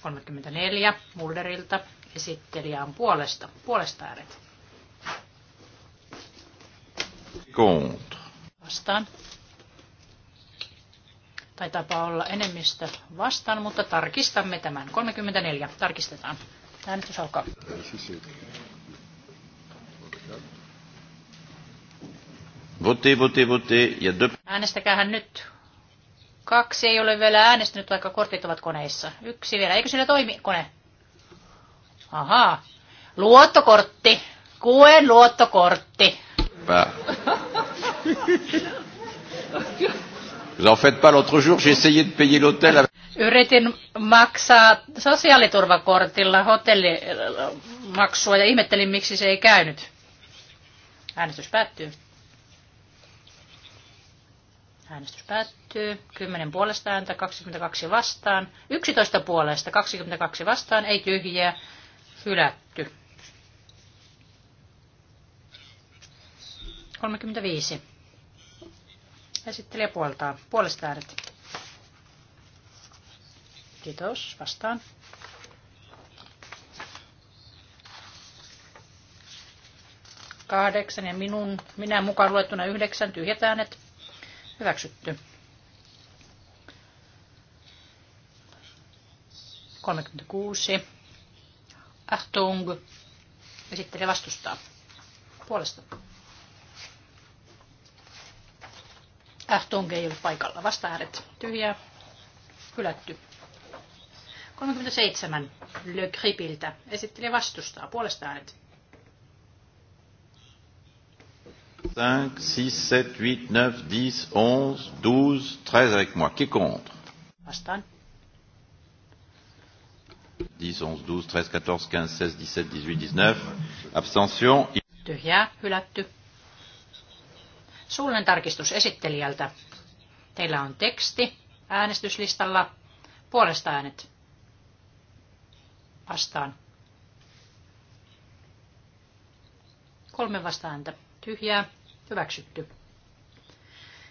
34 Mulderilta. esittelijän puolesta. Puolesta äänet. Kunta. Vastaan. Taitaapa olla enemmistö vastaan, mutta tarkistamme tämän. 34. Tarkistetaan. Äänestys alkaa. Voti, voti, voti Ja deux... Äänestäkäähän nyt. Kaksi ei ole vielä äänestänyt, vaikka kortit ovat koneissa. Yksi vielä. Eikö siellä toimi kone? Ahaa. Luottokortti. Kuen luottokortti. Bah. Vous en faites pas l'autre jour, j'ai essayé de payer l'hôtel. Yritin maksaa sosiaaliturvakortilla hotellimaksua ja ihmettelin, miksi se ei käynyt. Äänestys päättyy. Äänestys päättyy. 10 puolesta ääntä, 22 vastaan. 11 puolesta, 22 vastaan, ei tyhjiä. Hylätty. 35. Esittelijä puoltaa. Puolesta äänet. Kiitos. Vastaan. Kahdeksan ja minun, minä mukaan luettuna yhdeksän tyhjät äänet. Hyväksytty. 36. Achtung. Esittelee vastustaa. Puolesta. Achtung ei ole paikalla. Vasta-ääret. Tyhjää. Hylätty. 37. Le Gripiltä. Esittelee vastustaa. Puolesta äänet. 5, 6, 7, 8, 9, 10, 11, 12, 13 avec moi. Qui est contre 10, 11, 12, 13, 14, 15, 16, 17, 18, 19. Abstention. Tyhjää, hylätty. Suullinen tarkistus esittelijältä. Teillä on teksti äänestyslistalla. Puolesta äänet vastaan. Kolme vastaääntä tyhjää, Hyväksytty.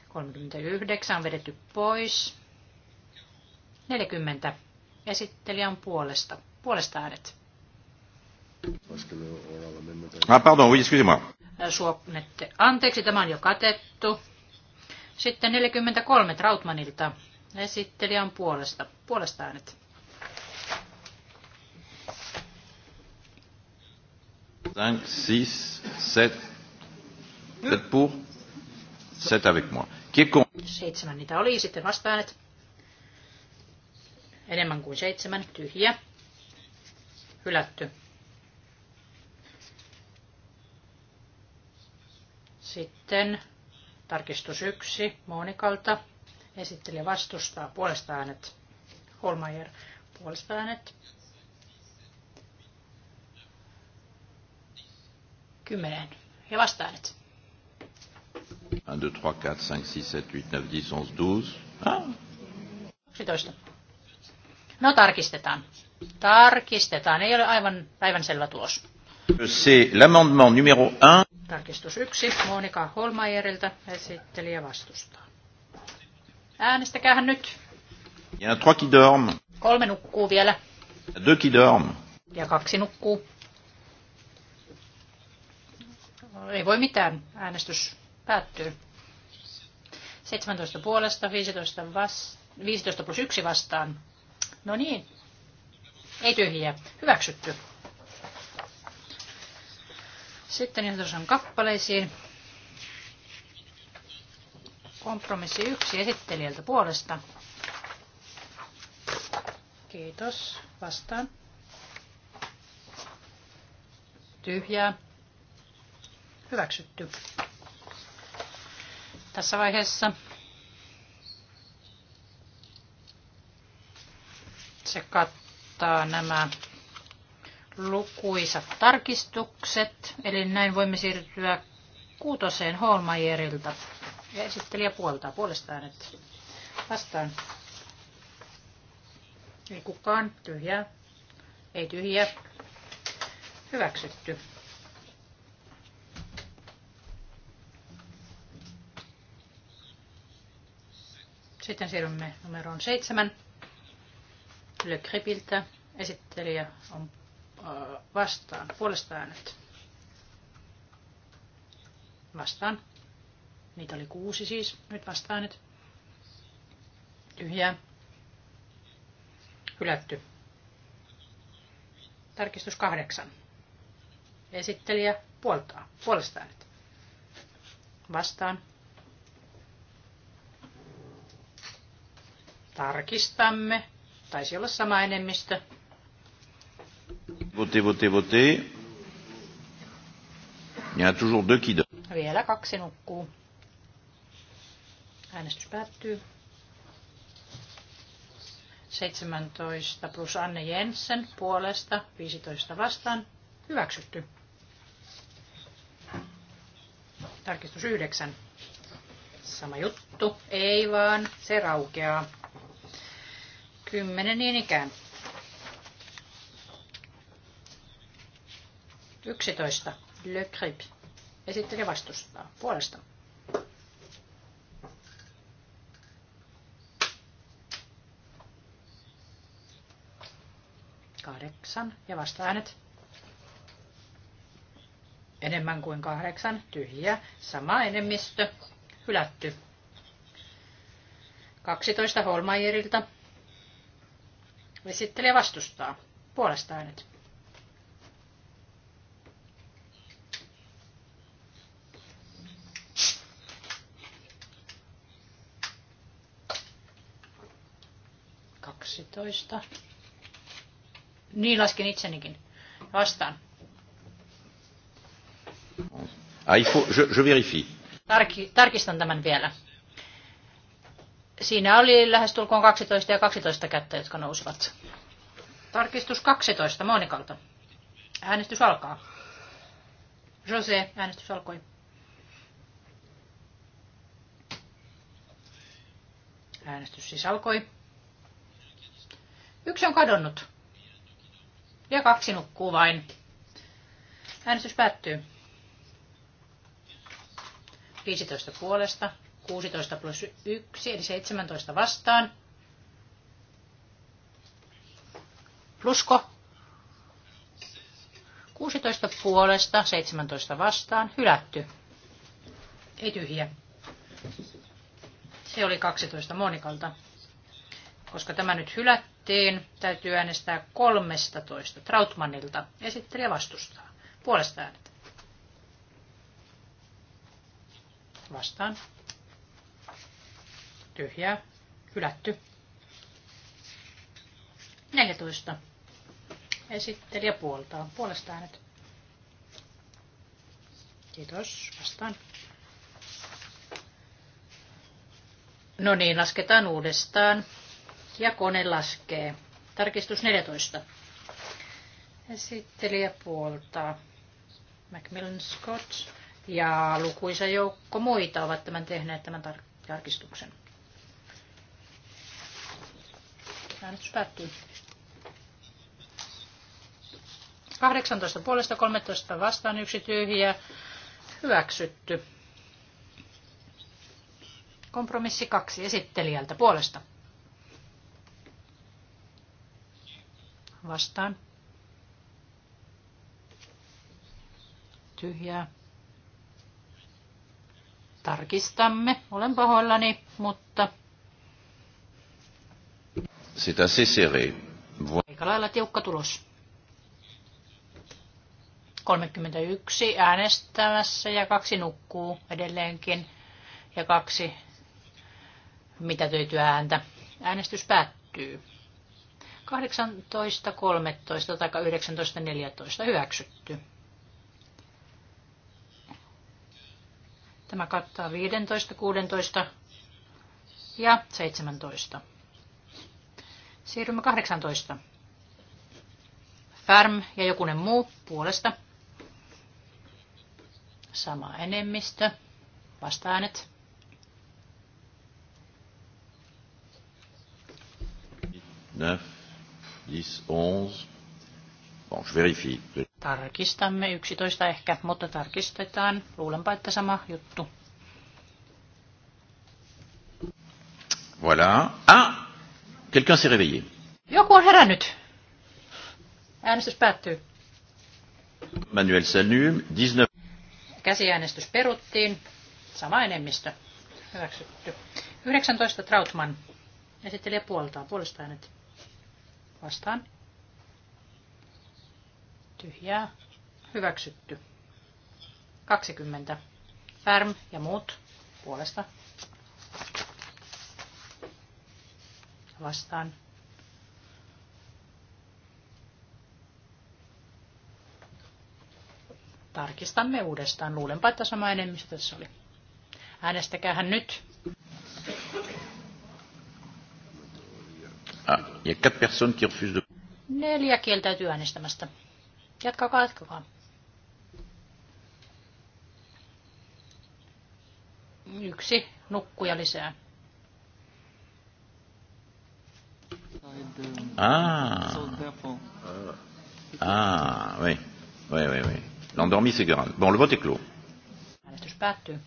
39 vedetty pois. 40. esittelijän puolesta. Puolesta äänet. Ah, pardon, oui, excusez-moi. Suopnette. Anteeksi, tämä on jo katettu. Sitten 43 Trautmanilta. esittelijän puolesta. Puolesta äänet. Thanks, six, set, Vous êtes pour? C'est avec moi. Qui est Seitsemän niitä oli, sitten vastaanet. Enemmän kuin seitsemän, tyhjä. Hylätty. Sitten tarkistus yksi Monikalta. Esitteli vastustaa puolesta äänet. Holmeier puolesta äänet. Kymmenen. Ja vasta äänet. 1, 2, 3, 4, 5, 6, 7, 8, 9, 10, 11, 12. Ah. 11. No tarkistetaan. Tarkistetaan. Ei ole aivan päivänselvä tulos. C'est l'amendement numéro 1. Tarkistus 1. Monika Holmajerilta esittelijä vastustaa. Äänestäkäähän nyt. Il y en a trois qui dorment. Kolme nukkuu vielä. Il y a deux qui dorment. Ja kaksi nukkuu. Ei voi mitään. Äänestys Päättyy. 17 puolesta, 15, vas, 15 plus 1 vastaan. No niin. Ei tyhjiä. Hyväksytty. Sitten on kappaleisiin. Kompromissi yksi esittelijältä puolesta. Kiitos. Vastaan. Tyhjää. Hyväksytty tässä vaiheessa. Se kattaa nämä lukuisat tarkistukset, eli näin voimme siirtyä kuutoseen Holmajerilta. Ja esittelijä puoltaa puolestaan, että vastaan. Ei kukaan, tyhjää, ei tyhjää, hyväksytty. Sitten siirrymme numeroon seitsemän. Le Kripiltä esittelijä on äh, vastaan. Puolesta äänet. Vastaan. Niitä oli kuusi siis. Nyt vastaan nyt. Tyhjää. Hylätty. Tarkistus kahdeksan. Esittelijä puoltaa. Puolesta äänet. Vastaan. Tarkistamme. Taisi olla sama enemmistö. Voté, voté, voté. Il y a toujours deux qui donnent. Vielä kaksi nukkuu. Äänestys päättyy. 17 plus Anne Jensen puolesta, 15 vastaan. Hyväksytty. Tarkistus 9. Sama juttu. Ei vaan, se raukeaa. Kymmenen niin ikään. Yksitoista Le Crip. Esittelijä vastustaa. Puolesta. Kahdeksan. Ja -äänet. Enemmän kuin kahdeksan. Tyhjä. Sama enemmistö. Hylätty. 12 Holmajerilta esittelee vastustaa. Puolesta äänet. Kaksitoista. Niin lasken itsenikin. Vastaan. Ah, il faut, je, je vérifie. Tarki, tarkistan tämän vielä. Siinä oli lähestulkoon 12 ja 12 kättä, jotka nousivat. Tarkistus 12 Monikalta. Äänestys alkaa. Jose, äänestys alkoi. Äänestys siis alkoi. Yksi on kadonnut. Ja kaksi nukkuu vain. Äänestys päättyy. 15 puolesta, 16 plus 1, eli 17 vastaan. Plusko. 16 puolesta, 17 vastaan, hylätty. Ei tyhjä. Se oli 12 Monikalta. Koska tämä nyt hylättiin, täytyy äänestää 13 Trautmanilta. Esittelijä vastustaa. Puolesta äänet. Vastaan tyhjää, hylätty. 14. Esittelijä puoltaan, Puolesta äänet. Kiitos. Vastaan. No niin, lasketaan uudestaan. Ja kone laskee. Tarkistus 14. Esittelijä puoltaa. Macmillan Scott ja lukuisa joukko muita ovat tämän tehneet tämän tarkistuksen. Äänestys päättyy. 18 puolesta 13 vastaan yksi tyhjä. Hyväksytty. Kompromissi kaksi esittelijältä puolesta. Vastaan. Tyhjää. Tarkistamme. Olen pahoillani, mutta C'est assez serré. Aika lailla tiukka tulos. 31 äänestämässä ja kaksi nukkuu edelleenkin ja kaksi mitä töityä ääntä. Äänestys päättyy. 18.13 tai 19.14 hyväksytty. Tämä kattaa 15, 16 ja 17. Siirrymme 18. Färm ja jokunen muu puolesta. Sama enemmistö. Vastaanet. Neuf, dix, onze. Bon, je vérifie. Tarkistamme 11 ehkä, mutta tarkistetaan. Luulenpa, että sama juttu. Voilà. Ah, Quelqu'un s'est réveillé. Joku on herännyt. Äänestys päättyy. Manuel Salny, 19. Käsiäänestys peruttiin. Sama enemmistö. Hyväksytty. 19 Trautman. Esittelijä puoltaa. Puolesta äänet. Vastaan. Tyhjää. Hyväksytty. 20. Färm ja muut. Puolesta vastaan. Tarkistamme uudestaan. Luulenpa, että sama enemmistö tässä oli. Äänestäkäähän nyt. Ah, Neljä kieltäytyy äänestämästä. Jatkakaa, jatkakaa. Yksi nukkuja lisää. Ah. Ah, oui. Oui, oui, oui. L'endormi, c'est grave. Bon, le vote est clos. Äänestys päättyy.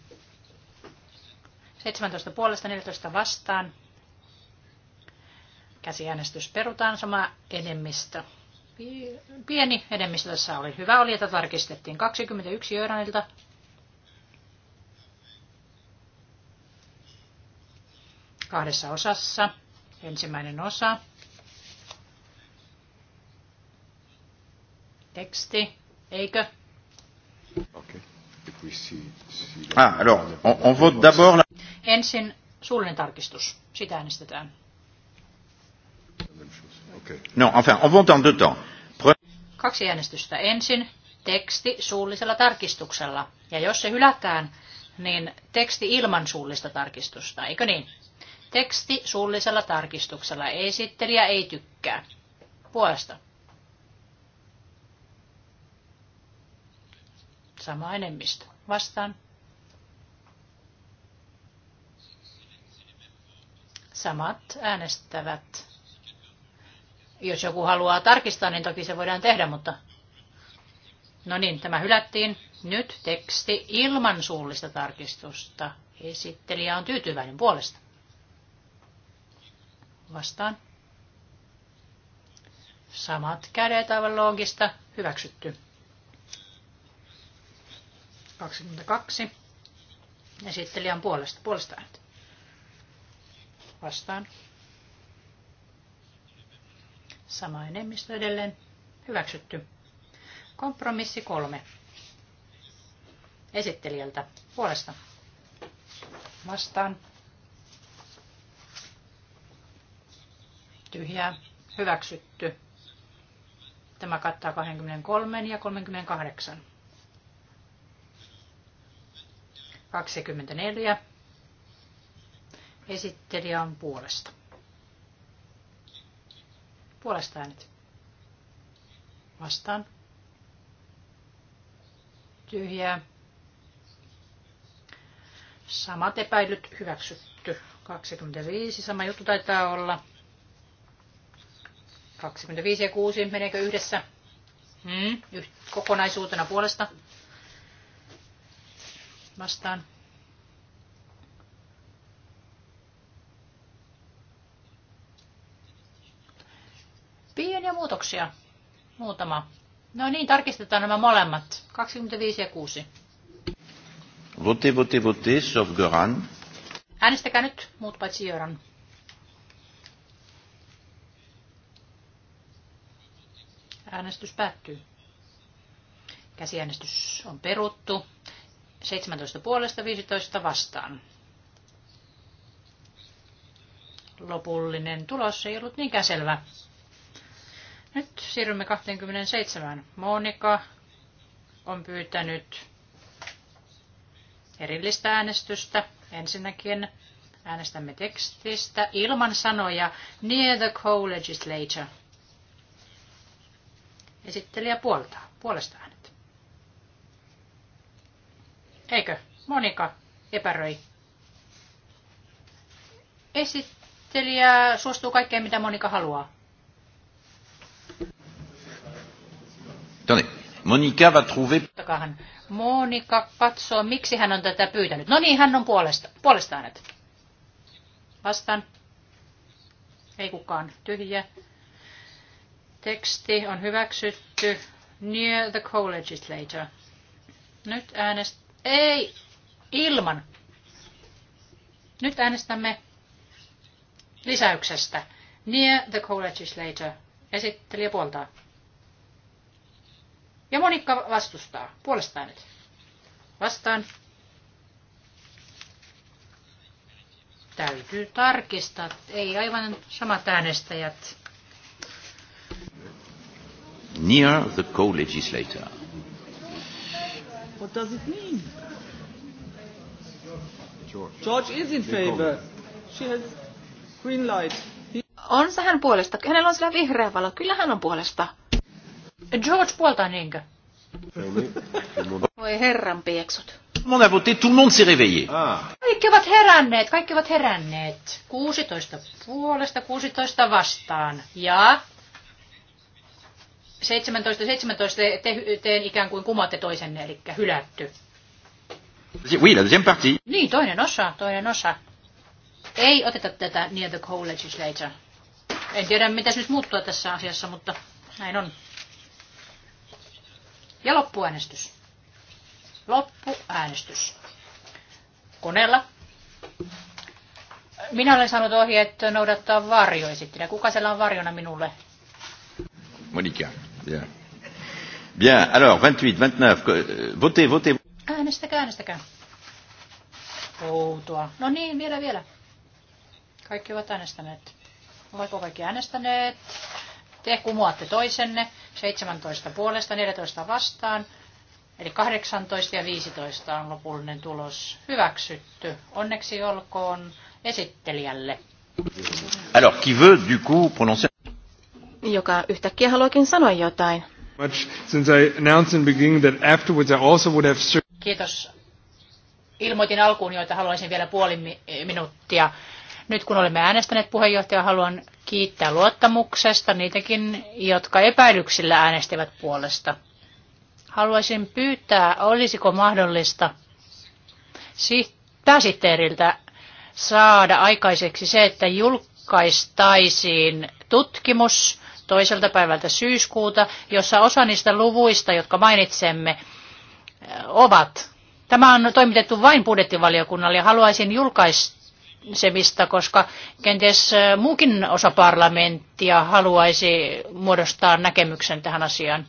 17 puolesta, 14 vastaan. Käsiäänestys perutaan, sama enemmistö. Pieni enemmistö tässä oli. Hyvä oli, että tarkistettiin 21 Jöranilta. Kahdessa osassa. Ensimmäinen osa teksti, eikö? Ah, alors, on, on vote d'abord la... Ensin suullinen tarkistus. Sitä äänestetään. Okay. No, enfin, on vote en deux temps. Pre... Kaksi äänestystä. Ensin teksti suullisella tarkistuksella. Ja jos se hylätään, niin teksti ilman suullista tarkistusta, eikö niin? Teksti suullisella tarkistuksella. Esittelijä ei tykkää. Puolesta. sama enemmistö. Vastaan. Samat äänestävät. Jos joku haluaa tarkistaa, niin toki se voidaan tehdä, mutta... No niin, tämä hylättiin. Nyt teksti ilman suullista tarkistusta. Esittelijä on tyytyväinen puolesta. Vastaan. Samat kädet aivan loogista. Hyväksytty. 22. Esittelijän puolesta. Puolesta ääntä. Vastaan. Sama enemmistö edelleen. Hyväksytty. Kompromissi kolme. Esittelijältä. Puolesta. Vastaan. Tyhjää. Hyväksytty. Tämä kattaa 23 ja 38. 24. Esittelijä on puolesta. Puolesta äänet. Vastaan. Tyhjää. Samat epäilyt hyväksytty. 25, sama juttu taitaa olla. 25 ja 6, meneekö yhdessä? Hmm, kokonaisuutena puolesta vastaan. Pieniä muutoksia. Muutama. No niin, tarkistetaan nämä molemmat. 25 ja 6. Voti, voti, voti, sauf Göran. Äänestäkää nyt, muut paitsi Göran. Äänestys päättyy. Käsiäänestys on peruttu. 17 puolesta 15 vastaan. Lopullinen tulos ei ollut niinkään selvä. Nyt siirrymme 27. Monika on pyytänyt erillistä äänestystä. Ensinnäkin äänestämme tekstistä ilman sanoja Near the Co-Legislature. Esittelijä puolesta puolestaan. Eikö? Monika epäröi. Esittelijä suostuu kaikkeen, mitä Monika haluaa. Monika va trouver... Monika katsoo, miksi hän on tätä pyytänyt. No niin, hän on puolesta, puolestaan. Et. Vastaan. Ei kukaan tyhjä. Teksti on hyväksytty. Near the co-legislator. Nyt äänestä. Ei, ilman. Nyt äänestämme lisäyksestä. Near the co-legislator. Esittelijä puoltaa. Ja Monikka vastustaa. Puolesta äänet. Vastaan. Täytyy tarkistaa. Ei aivan samat äänestäjät. Near the co-legislator. What does it mean? George, George is in favor. She has green light. He... On se hän puolesta. Hänellä on sillä vihreä valo. Kyllä hän on puolesta. George puoltaa niinkö? No niin, Voi herran pieksut. Mon avoté, tout le monde s'est réveillé. Ah. Kaikki ovat heränneet, kaikki ovat heränneet. 16 puolesta, 16 vastaan. Ja 17, 17 te, te ikään kuin kumotte toisenne, eli hylätty. Oui, la deuxième partie. Niin, toinen osa, toinen osa. Ei oteta tätä near the co-legislator. En tiedä, mitä nyt muuttua tässä asiassa, mutta näin on. Ja loppuäänestys. Loppuäänestys. Koneella. Minä olen saanut ohjeet noudattaa varjoesittelijä. Kuka siellä on varjona minulle? Monika. Bien. Bien, alors 28, 29, euh, votez, votez. Äänestäkää, äänestäkää. Outoa. No niin, vielä, vielä. Kaikki ovat äänestäneet. Ovatko kaikki äänestäneet? Te kumoatte toisenne. 17 puolesta, 14 vastaan. Eli 18 ja 15 on lopullinen tulos hyväksytty. Onneksi olkoon esittelijälle. Alors, qui veut du coup prononcer joka yhtäkkiä haluakin sanoa jotain. Kiitos. Ilmoitin alkuun joita haluaisin vielä puoli minuuttia. Nyt kun olemme äänestäneet puheenjohtaja, haluan kiittää luottamuksesta niitäkin, jotka epäilyksillä äänestivät puolesta. Haluaisin pyytää, olisiko mahdollista pääsihteeriltä saada aikaiseksi se, että julkaistaisiin tutkimus toiselta päivältä syyskuuta, jossa osa niistä luvuista, jotka mainitsemme, ovat. Tämä on toimitettu vain budjettivaliokunnalle ja haluaisin julkaisemista, koska kenties muukin osa parlamenttia haluaisi muodostaa näkemyksen tähän asiaan.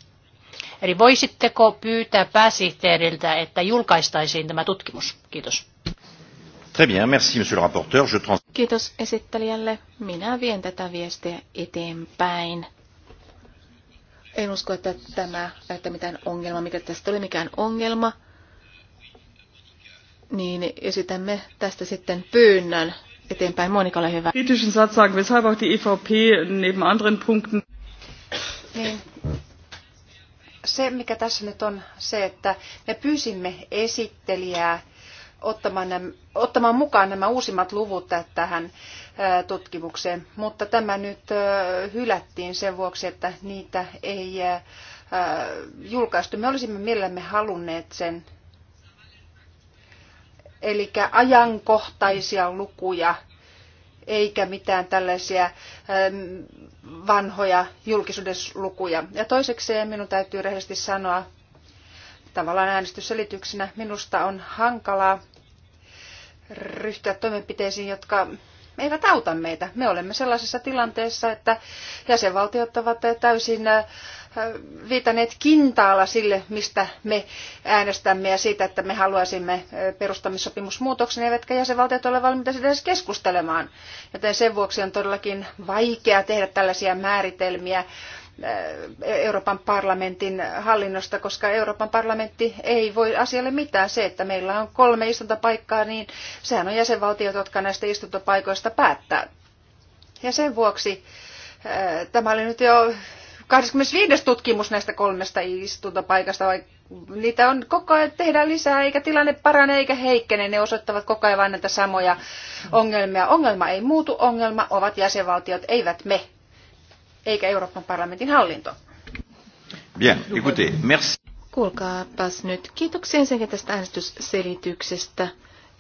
Eli voisitteko pyytää pääsihteeriltä, että julkaistaisiin tämä tutkimus? Kiitos. Très bien, merci monsieur le rapporteur. Je trans... Kiitos esittelijälle. Minä vien tätä viestiä eteenpäin. En usko, että tämä että mitään ongelma, mikä tästä oli mikään ongelma. Niin esitämme tästä sitten pyynnön eteenpäin. Monika, ole hyvä. Kritischen Satz sagen, weshalb auch die EVP neben anderen Punkten... Niin. Se, mikä tässä nyt on se, että me pyysimme esittelijää ottamaan, nämä, ottamaan mukaan nämä uusimmat luvut tähän tutkimukseen, mutta tämä nyt hylättiin sen vuoksi, että niitä ei julkaistu. Me olisimme mielellämme halunneet sen, eli ajankohtaisia lukuja, eikä mitään tällaisia vanhoja julkisuuden lukuja. Ja toisekseen minun täytyy rehellisesti sanoa, tavallaan äänestysselityksenä minusta on hankalaa ryhtyä toimenpiteisiin, jotka eivät auta meitä. Me olemme sellaisessa tilanteessa, että jäsenvaltiot ovat täysin äh, viitaneet kintaalla sille, mistä me äänestämme ja siitä, että me haluaisimme äh, perustamissopimusmuutoksen, eivätkä jäsenvaltiot ole valmiita sitä edes keskustelemaan. Joten sen vuoksi on todellakin vaikea tehdä tällaisia määritelmiä Euroopan parlamentin hallinnosta, koska Euroopan parlamentti ei voi asialle mitään. Se, että meillä on kolme istuntopaikkaa, niin sehän on jäsenvaltiot, jotka näistä istuntopaikoista päättää. Ja sen vuoksi tämä oli nyt jo 25. tutkimus näistä kolmesta istuntopaikasta, vai niitä on koko ajan tehdä lisää, eikä tilanne parane eikä heikkene. Ne osoittavat koko ajan näitä samoja ongelmia. Ongelma ei muutu, ongelma ovat jäsenvaltiot, eivät me eikä Euroopan parlamentin hallinto. Bien, écoutez, merci. Kuulkaapas nyt. Kiitoksia ensinnäkin tästä äänestysselityksestä.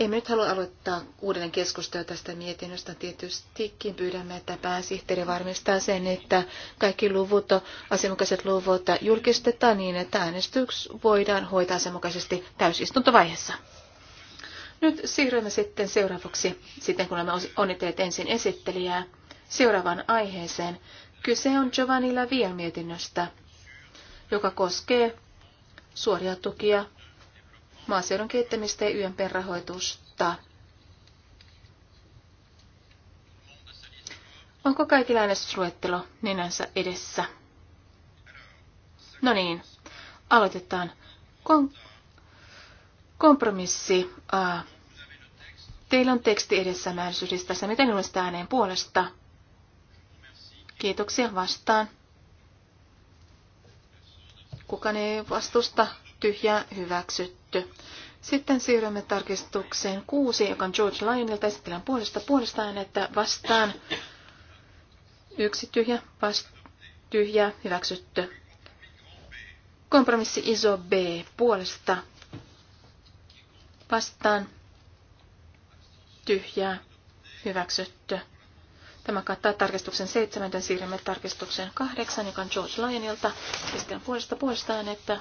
Emme nyt halua aloittaa uudelleen keskustelua tästä mietinnöstä. Tietystikin pyydämme, että pääsihteeri varmistaa sen, että kaikki luvut, asianmukaiset luvut julkistetaan niin, että äänestyks voidaan hoitaa asianmukaisesti täysistuntovaiheessa. Nyt siirrymme sitten seuraavaksi, sitten kun olemme onnitelleet ensin esittelijää, seuraavaan aiheeseen, Kyse on Giovanni Lavien mietinnöstä, joka koskee suoria tukia, maaseudun kehittämistä ja ymp rahoitusta. Onko kaikilla äänestysluettelo nenänsä edessä? No niin, aloitetaan. Kom- kompromissi A. Teillä on teksti edessä määräisyydistä, miten ääneen puolesta Kiitoksia vastaan. Kukaan ei vastusta. Tyhjää hyväksytty. Sitten siirrymme tarkistukseen kuusi, joka on George Lionilta. Esitellään puolesta puolestaan, että vastaan. Yksi tyhjä, vast, tyhjä, hyväksytty. Kompromissi iso B puolesta. Vastaan. Tyhjää, hyväksytty. Tämä kattaa tarkistuksen 7, joten siirrymme tarkistuksen 8, joka on George Lyonilta. Esitän puolesta puolestaan, että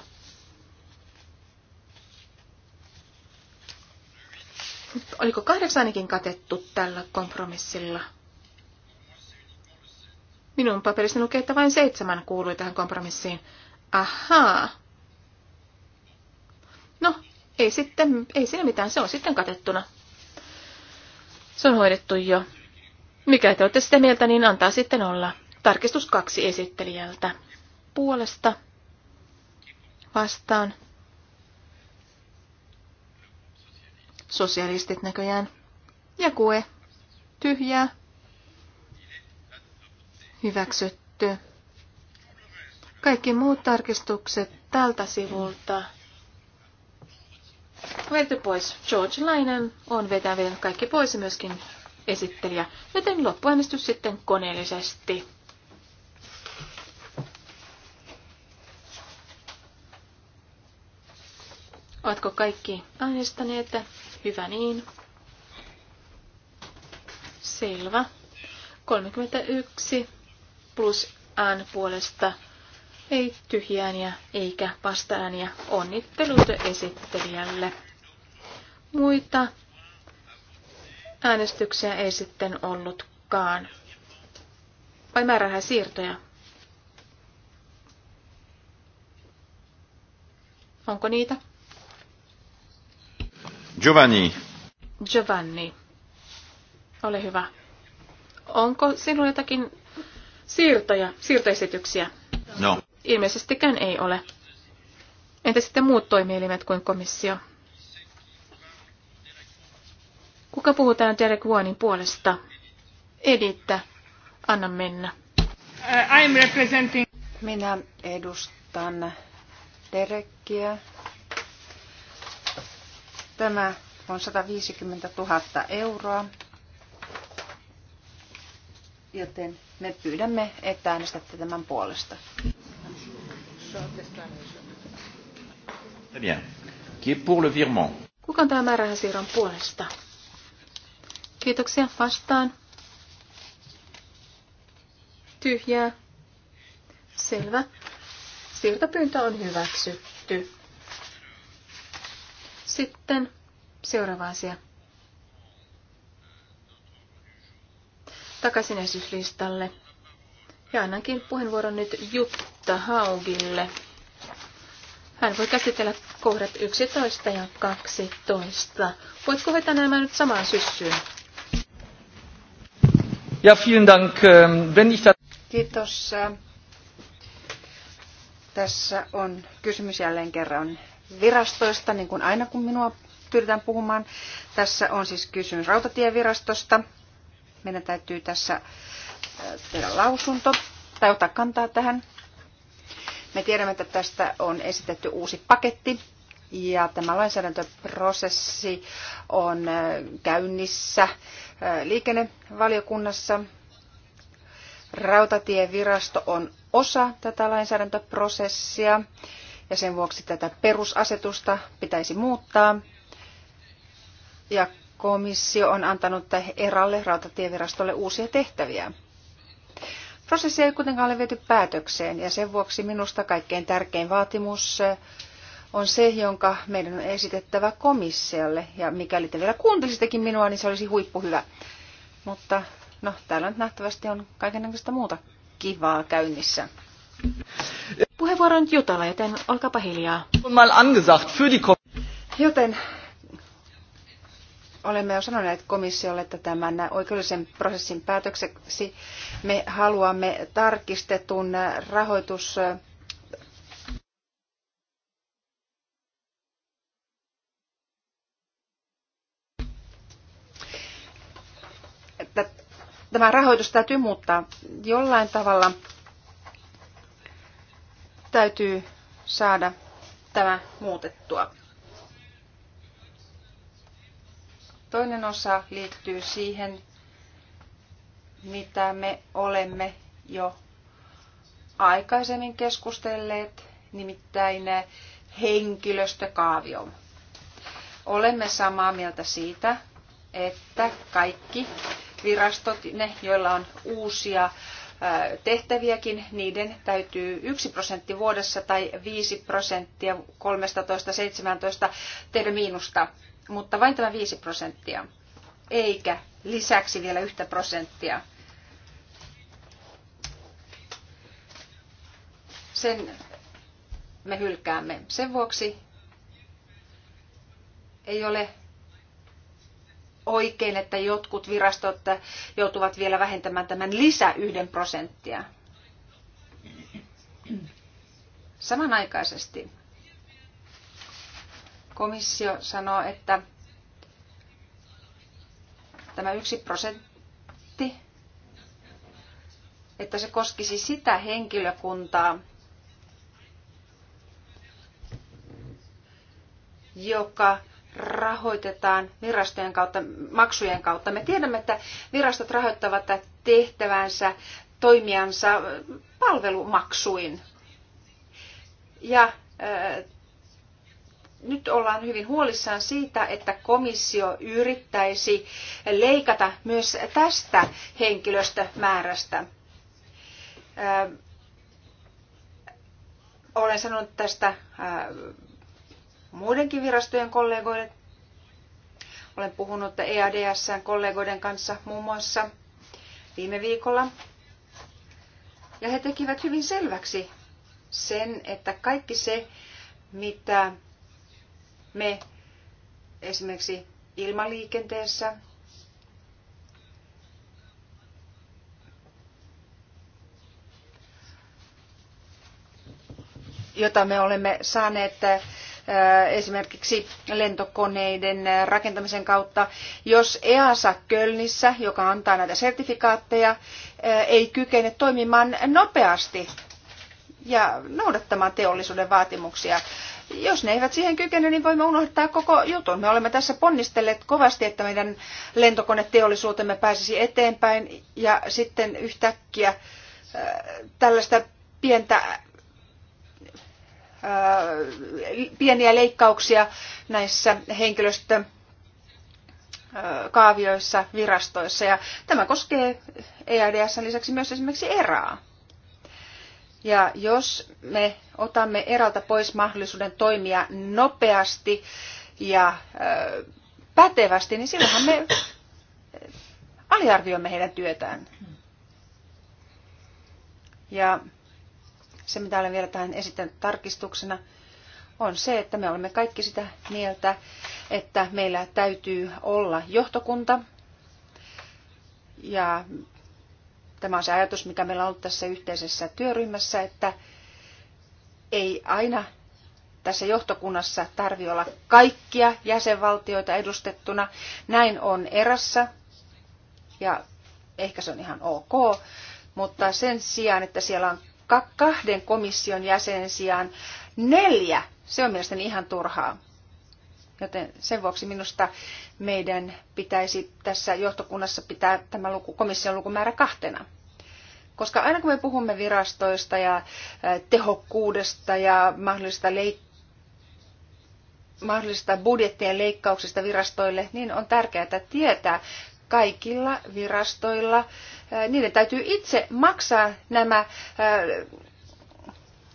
oliko kahdeksanikin katettu tällä kompromissilla? Minun paperissani lukee, että vain seitsemän kuului tähän kompromissiin. Ahaa. No, ei sitten, ei siinä mitään, se on sitten katettuna. Se on hoidettu jo. Mikä te olette sitä mieltä, niin antaa sitten olla. Tarkistus kaksi esittelijältä. Puolesta vastaan. Sosialistit näköjään. Ja kue. Tyhjää. Hyväksytty. Kaikki muut tarkistukset tältä sivulta. Vedetty pois. George Lainen on vetänyt kaikki pois myöskin esittelijä, joten loppuäänestys sitten koneellisesti. Ovatko kaikki äänestäneet? Hyvä niin. Selvä. 31 plus ään puolesta ei tyhjääniä eikä vastaääniä. Onnittelut esittelijälle. Muita Äänestyksiä ei sitten ollutkaan. Vai määrähän siirtoja? Onko niitä? Giovanni. Giovanni. Ole hyvä. Onko sinulla jotakin siirtoja, siirtoesityksiä? No. Ilmeisestikään ei ole. Entä sitten muut toimielimet kuin komissio? Kuka puhuu tänään Derek Vuonin puolesta? Edittä, anna mennä. Uh, I'm representing... Minä edustan Derekkiä. Tämä on 150 000 euroa, joten me pyydämme, että äänestätte tämän puolesta. Bien. Qui est pour le virement? Kuka on tämä siirron puolesta? Kiitoksia vastaan. Tyhjää. Selvä. Siirtopyyntö on hyväksytty. Sitten seuraava asia. Takaisin esityslistalle. Ja annankin puheenvuoron nyt Jutta Haugille. Hän voi käsitellä kohdat 11 ja 12. Voitko hoitaa nämä nyt samaan syssyyn? Ja, vielen Dank. Ähm, wenn ich Kiitos. Tässä on kysymys jälleen kerran virastoista, niin kuin aina kun minua pyritään puhumaan. Tässä on siis kysymys rautatievirastosta. Meidän täytyy tässä äh, tehdä lausunto tai ottaa kantaa tähän. Me tiedämme, että tästä on esitetty uusi paketti ja tämä lainsäädäntöprosessi on käynnissä liikennevaliokunnassa. Rautatievirasto on osa tätä lainsäädäntöprosessia ja sen vuoksi tätä perusasetusta pitäisi muuttaa. Ja komissio on antanut eralle rautatievirastolle uusia tehtäviä. Prosessi ei kuitenkaan ole viety päätökseen ja sen vuoksi minusta kaikkein tärkein vaatimus on se, jonka meidän on esitettävä komissiolle. Ja mikäli te vielä kuuntelisittekin minua, niin se olisi huippuhyvä. Mutta no, täällä nyt nähtävästi on kaikenlaista muuta kivaa käynnissä. Puheenvuoro on Jutala, joten olkaapa hiljaa. Mal angesagt für die joten olemme jo sanoneet komissiolle, että tämän oikeudellisen prosessin päätökseksi me haluamme tarkistetun rahoitus tämä rahoitus täytyy muuttaa. Jollain tavalla täytyy saada tämä muutettua. Toinen osa liittyy siihen, mitä me olemme jo aikaisemmin keskustelleet, nimittäin henkilöstökaavio. Olemme samaa mieltä siitä, että kaikki virastot, ne joilla on uusia tehtäviäkin, niiden täytyy 1 prosentti vuodessa tai 5 prosenttia 13-17 tehdä miinusta, mutta vain tämä 5 prosenttia, eikä lisäksi vielä yhtä prosenttia. Sen me hylkäämme. Sen vuoksi ei ole oikein, että jotkut virastot joutuvat vielä vähentämään tämän lisä yhden prosenttia. Samanaikaisesti komissio sanoo, että tämä yksi prosentti, että se koskisi sitä henkilökuntaa, joka rahoitetaan virastojen kautta, maksujen kautta. Me tiedämme, että virastot rahoittavat tehtävänsä, toimijansa palvelumaksuin. Ja ää, äh, nyt ollaan hyvin huolissaan siitä, että komissio yrittäisi leikata myös tästä henkilöstömäärästä. Ää, äh, olen sanonut tästä äh, muidenkin virastojen kollegoiden. Olen puhunut EADSn kollegoiden kanssa muun muassa viime viikolla. Ja he tekivät hyvin selväksi sen, että kaikki se, mitä me esimerkiksi ilmaliikenteessä jota me olemme saaneet Äh, esimerkiksi lentokoneiden äh, rakentamisen kautta. Jos EASA Kölnissä, joka antaa näitä sertifikaatteja, äh, ei kykene toimimaan nopeasti ja noudattamaan teollisuuden vaatimuksia, jos ne eivät siihen kykene, niin voimme unohtaa koko jutun. Me olemme tässä ponnistelleet kovasti, että meidän lentokoneteollisuutemme pääsisi eteenpäin ja sitten yhtäkkiä tällaista pientä pieniä leikkauksia näissä henkilöstökaavioissa, virastoissa ja tämä koskee EADS lisäksi myös esimerkiksi erää. Ja jos me otamme eralta pois mahdollisuuden toimia nopeasti ja pätevästi, niin silloinhan me aliarvioimme heidän työtään. Ja se mitä olen vielä tähän esittänyt tarkistuksena, on se, että me olemme kaikki sitä mieltä, että meillä täytyy olla johtokunta. Ja tämä on se ajatus, mikä meillä on ollut tässä yhteisessä työryhmässä, että ei aina tässä johtokunnassa tarvi olla kaikkia jäsenvaltioita edustettuna. Näin on erässä ja ehkä se on ihan ok, mutta sen sijaan, että siellä on kahden komission jäsenen sijaan neljä. Se on mielestäni ihan turhaa. Joten sen vuoksi minusta meidän pitäisi tässä johtokunnassa pitää tämä luku, komission lukumäärä kahtena. Koska aina kun me puhumme virastoista ja tehokkuudesta ja mahdollista leik- mahdollista budjettien leikkauksista virastoille, niin on tärkeää tietää, kaikilla virastoilla, niiden täytyy itse maksaa nämä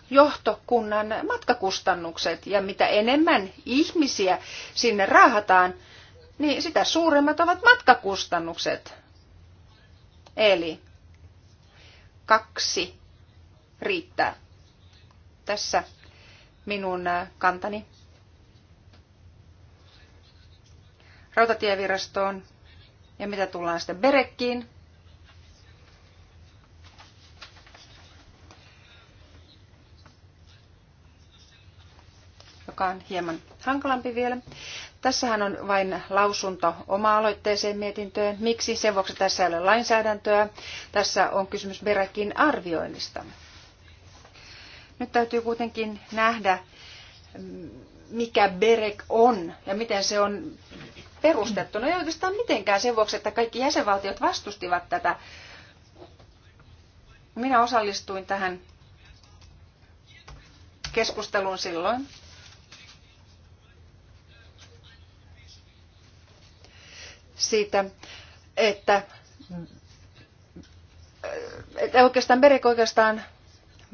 johtokunnan matkakustannukset. Ja mitä enemmän ihmisiä sinne raahataan, niin sitä suuremmat ovat matkakustannukset. Eli kaksi riittää. Tässä minun kantani. Rautatievirastoon ja mitä tullaan sitten Berekkiin, joka on hieman hankalampi vielä. Tässähän on vain lausunto oma-aloitteeseen mietintöön. Miksi? Sen vuoksi tässä ei ole lainsäädäntöä. Tässä on kysymys Berekin arvioinnista. Nyt täytyy kuitenkin nähdä, mm, mikä Berek on ja miten se on perustettuna ei oikeastaan mitenkään sen vuoksi, että kaikki jäsenvaltiot vastustivat tätä. Minä osallistuin tähän keskusteluun silloin. Siitä, että, että oikeastaan Berek oikeastaan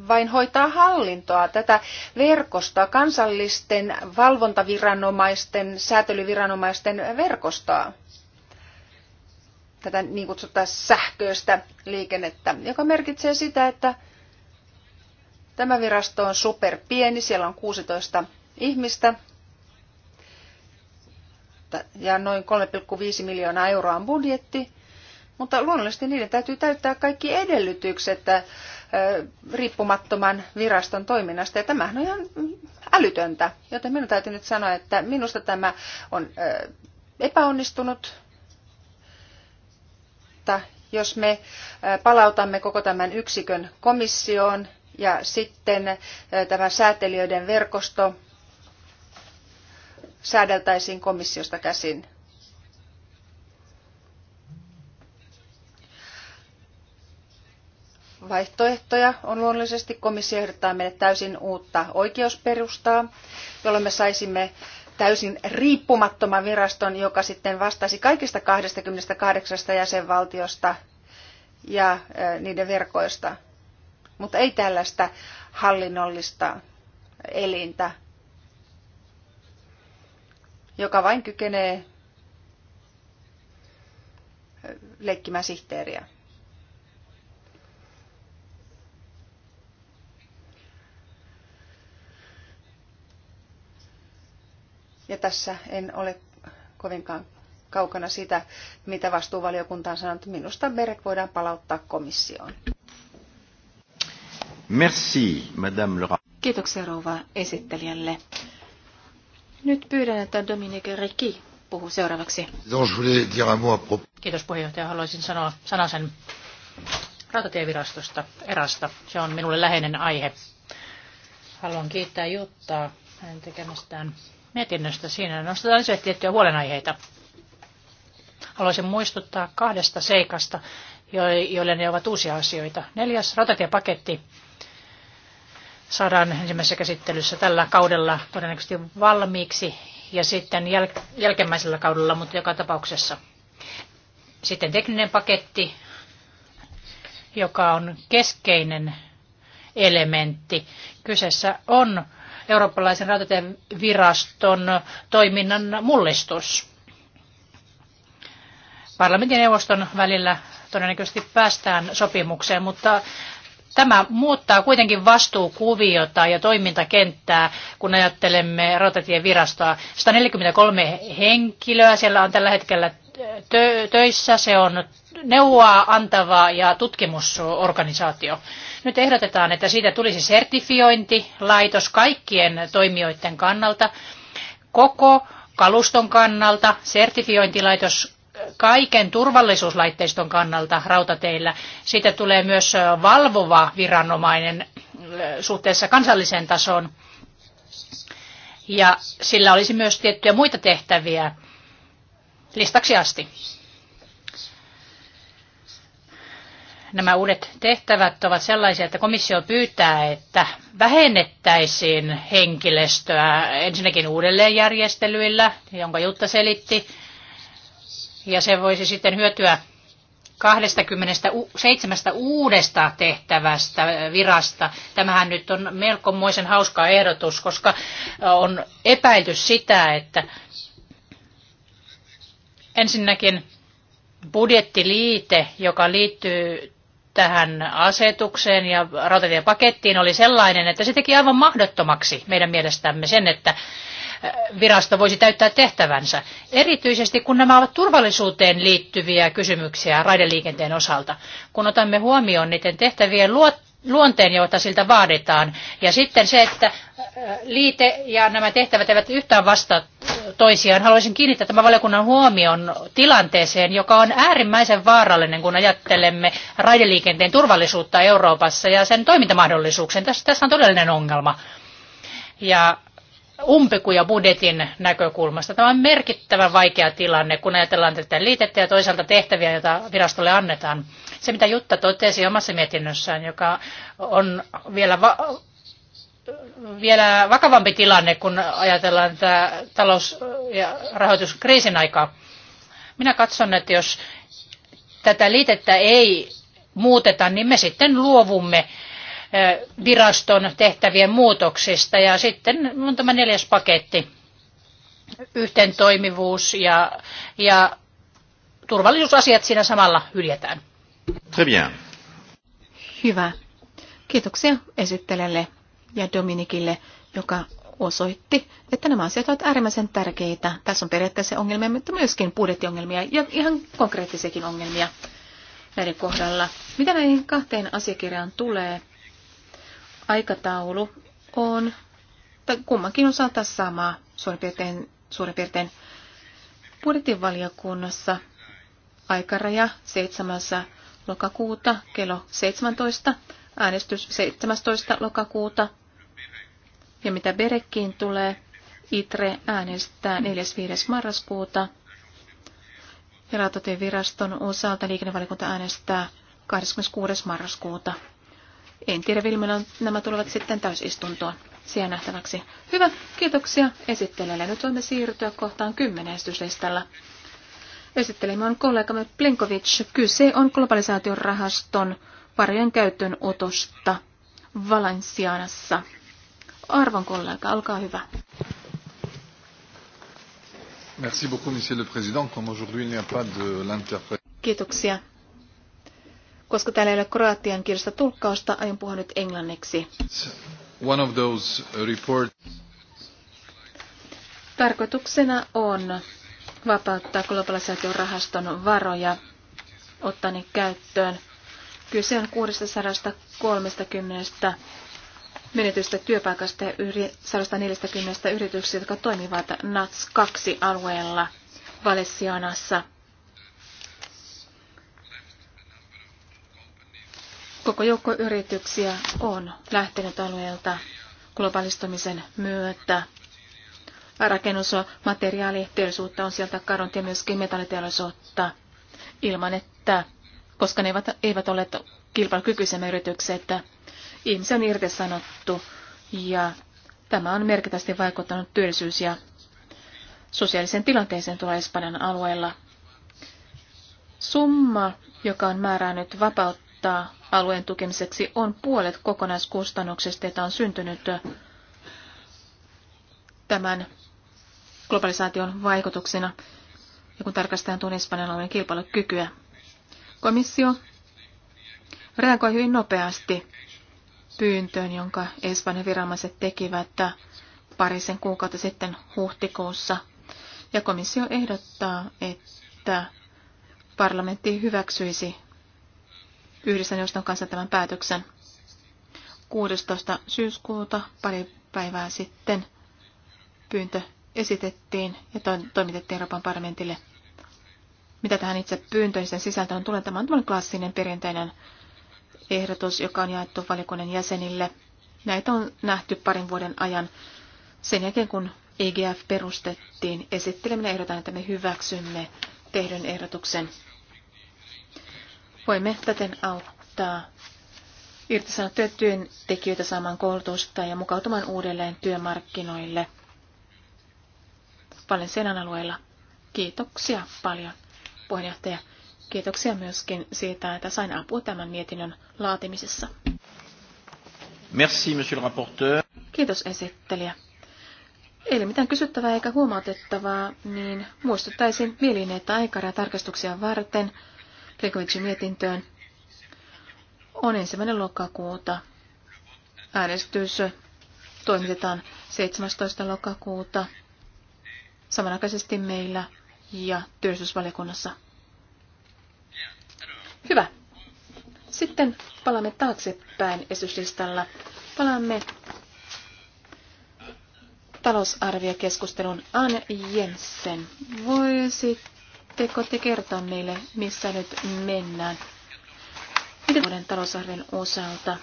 vain hoitaa hallintoa, tätä verkostoa, kansallisten valvontaviranomaisten, säätelyviranomaisten verkostoa, tätä niin kutsuttua sähköistä liikennettä, joka merkitsee sitä, että tämä virasto on superpieni, siellä on 16 ihmistä ja noin 3,5 miljoonaa euroa on budjetti, mutta luonnollisesti niiden täytyy täyttää kaikki edellytykset että riippumattoman viraston toiminnasta. Ja tämähän on ihan älytöntä, joten minun täytyy nyt sanoa, että minusta tämä on epäonnistunut. Jos me palautamme koko tämän yksikön komissioon ja sitten tämä säätelijöiden verkosto säädeltäisiin komissiosta käsin vaihtoehtoja on luonnollisesti. Komissio ehdottaa meille täysin uutta oikeusperustaa, jolloin me saisimme täysin riippumattoman viraston, joka sitten vastaisi kaikista 28 jäsenvaltiosta ja niiden verkoista. Mutta ei tällaista hallinnollista elintä, joka vain kykenee leikkimään sihteeriä. Ja tässä en ole kovinkaan kaukana sitä, mitä vastuuvaliokunta on sanonut. Minusta BEREC voidaan palauttaa komissioon. Merci, Madame Laura. Kiitoksia rouva esittelijälle. Nyt pyydän, että Dominique Riki puhuu seuraavaksi. Kiitos puheenjohtaja. Haluaisin sanoa sanasen rautatievirastosta, erasta. Se on minulle läheinen aihe. Haluan kiittää Juttaa hänen tekemästään mietinnöstä. Siinä nostetaan esille tiettyjä huolenaiheita. Haluaisin muistuttaa kahdesta seikasta, joille ne ovat uusia asioita. Neljäs rautatiepaketti saadaan ensimmäisessä käsittelyssä tällä kaudella todennäköisesti valmiiksi ja sitten jäl- jälkimmäisellä kaudella, mutta joka tapauksessa. Sitten tekninen paketti, joka on keskeinen elementti. Kyseessä on eurooppalaisen rautatieviraston toiminnan mullistus. Parlamentin ja neuvoston välillä todennäköisesti päästään sopimukseen, mutta tämä muuttaa kuitenkin vastuukuviota ja toimintakenttää, kun ajattelemme rautatievirastoa. 143 henkilöä siellä on tällä hetkellä töissä, se on neuvoa antava ja tutkimusorganisaatio. Nyt ehdotetaan, että siitä tulisi sertifiointilaitos kaikkien toimijoiden kannalta, koko kaluston kannalta, sertifiointilaitos kaiken turvallisuuslaitteiston kannalta rautateillä. Siitä tulee myös valvova viranomainen suhteessa kansalliseen tasoon. Ja sillä olisi myös tiettyjä muita tehtäviä listaksi asti. nämä uudet tehtävät ovat sellaisia, että komissio pyytää, että vähennettäisiin henkilöstöä ensinnäkin uudelleenjärjestelyillä, jonka Jutta selitti, ja se voisi sitten hyötyä 27 uudesta tehtävästä virasta. Tämähän nyt on melkomoisen hauska ehdotus, koska on epäilty sitä, että ensinnäkin budjettiliite, joka liittyy tähän asetukseen ja rautatiepakettiin oli sellainen, että se teki aivan mahdottomaksi meidän mielestämme sen, että äh, virasto voisi täyttää tehtävänsä, erityisesti kun nämä ovat turvallisuuteen liittyviä kysymyksiä raideliikenteen osalta. Kun otamme huomioon niiden tehtävien luot, luonteen, joita siltä vaaditaan. Ja sitten se, että äh, liite ja nämä tehtävät eivät yhtään vastaa toisiaan. Haluaisin kiinnittää tämän valiokunnan huomion tilanteeseen, joka on äärimmäisen vaarallinen, kun ajattelemme raideliikenteen turvallisuutta Euroopassa ja sen toimintamahdollisuuksien. Tässä, tässä on todellinen ongelma. Ja umpikuja budjetin näkökulmasta. Tämä on merkittävän vaikea tilanne, kun ajatellaan tätä liitettä ja toisaalta tehtäviä, joita virastolle annetaan. Se, mitä Jutta totesi omassa mietinnössään, joka on vielä va- vielä vakavampi tilanne, kun ajatellaan tämä talous- ja rahoituskriisin aikaa. Minä katson, että jos tätä liitettä ei muuteta, niin me sitten luovumme viraston tehtävien muutoksista ja sitten on tämä neljäs paketti, toimivuus ja, ja turvallisuusasiat siinä samalla hyljetään. Très bien. Hyvä. Kiitoksia esittelijälle ja Dominikille, joka osoitti, että nämä asiat ovat äärimmäisen tärkeitä. Tässä on periaatteessa ongelmia, mutta myöskin budjettiongelmia ja ihan konkreettisiakin ongelmia näiden kohdalla. Mitä näihin kahteen asiakirjaan tulee? Aikataulu on kummankin osalta sama suurin piirtein, suurin piirtein budjettivaliokunnassa. Aikaraja seitsemässä lokakuuta kello 17, äänestys 17 lokakuuta. Ja mitä Berekkiin tulee, ITRE äänestää 4.5. marraskuuta. Ja rautatieviraston osalta liikennevalikunta äänestää 26. marraskuuta. En tiedä, milloin nämä tulevat sitten täysistuntoon siihen nähtäväksi. Hyvä, kiitoksia esittelijälle. Nyt voimme siirtyä kohtaan kymmenestyslistalla. Esittelemme on kollegamme Plenkovic. Kyse on globalisaation rahaston parien käyttöönotosta Valensianassa. Arvon kollega, olkaa hyvä. Merci beaucoup, monsieur le président. Comme aujourd'hui il n'y a pas de l'interprète. Kiitoksia. Koska täällä ei ole kroatian kielestä tulkkausta, aion puhua nyt englanniksi. One of those reports... Tarkoituksena on vapauttaa globalisaation rahaston varoja, ottaa ne käyttöön. Kyse on 630 menetystä työpaikasta ja 140 yrityksiä, jotka toimivat NATS 2-alueella Valessianassa. Koko joukko yrityksiä on lähtenyt alueelta globalistumisen myötä rakennusmateriaaliteollisuutta on sieltä kadonnut ja myöskin metalliteollisuutta ilman, että koska ne eivät, eivät ole kilpailukykyisemmä yrityksiä, että ihmisiä on irtisanottu ja tämä on merkittävästi vaikuttanut työllisyys- ja sosiaaliseen tilanteeseen tuolla Espanjan alueella. Summa, joka on määrännyt vapauttaa alueen tukemiseksi, on puolet kokonaiskustannuksesta, jota on syntynyt tämän globalisaation vaikutuksena ja kun tarkastetaan tuon Espanjan alueen kilpailukykyä. Komissio reagoi hyvin nopeasti pyyntöön, jonka Espanjan viranomaiset tekivät parisen kuukautta sitten huhtikuussa. Ja komissio ehdottaa, että parlamentti hyväksyisi yhdessä neuvoston kanssa tämän päätöksen 16. syyskuuta pari päivää sitten pyyntö esitettiin ja to- toimitettiin Euroopan parlamentille. Mitä tähän itse pyyntöön sen sisältöön tulee, tämä on klassinen perinteinen ehdotus, joka on jaettu valiokunnan jäsenille. Näitä on nähty parin vuoden ajan sen jälkeen, kun EGF perustettiin. Esitteleminen ehdotan, että me hyväksymme tehdyn ehdotuksen. Voimme täten auttaa irtisanottuja työntekijöitä saamaan koulutusta ja mukautumaan uudelleen työmarkkinoille – Valensianan alueella. Kiitoksia paljon, puheenjohtaja. Kiitoksia myöskin siitä, että sain apua tämän mietinnön laatimisessa. Merci, monsieur le rapporteur. Kiitos esittelijä. Eli mitään kysyttävää eikä huomautettavaa, niin muistuttaisin mieliin, että aikaraja tarkastuksia varten Plekovicin mietintöön on ensimmäinen lokakuuta. Äänestys toimitetaan 17. lokakuuta samanaikaisesti meillä ja työllisyysvaliokunnassa. Hyvä. Sitten palaamme taaksepäin esityslistalla. Palaamme talousarviokeskustelun Anne Jensen. Voisitteko te kertoa meille, missä nyt mennään? Miten vuoden talousarvion osalta?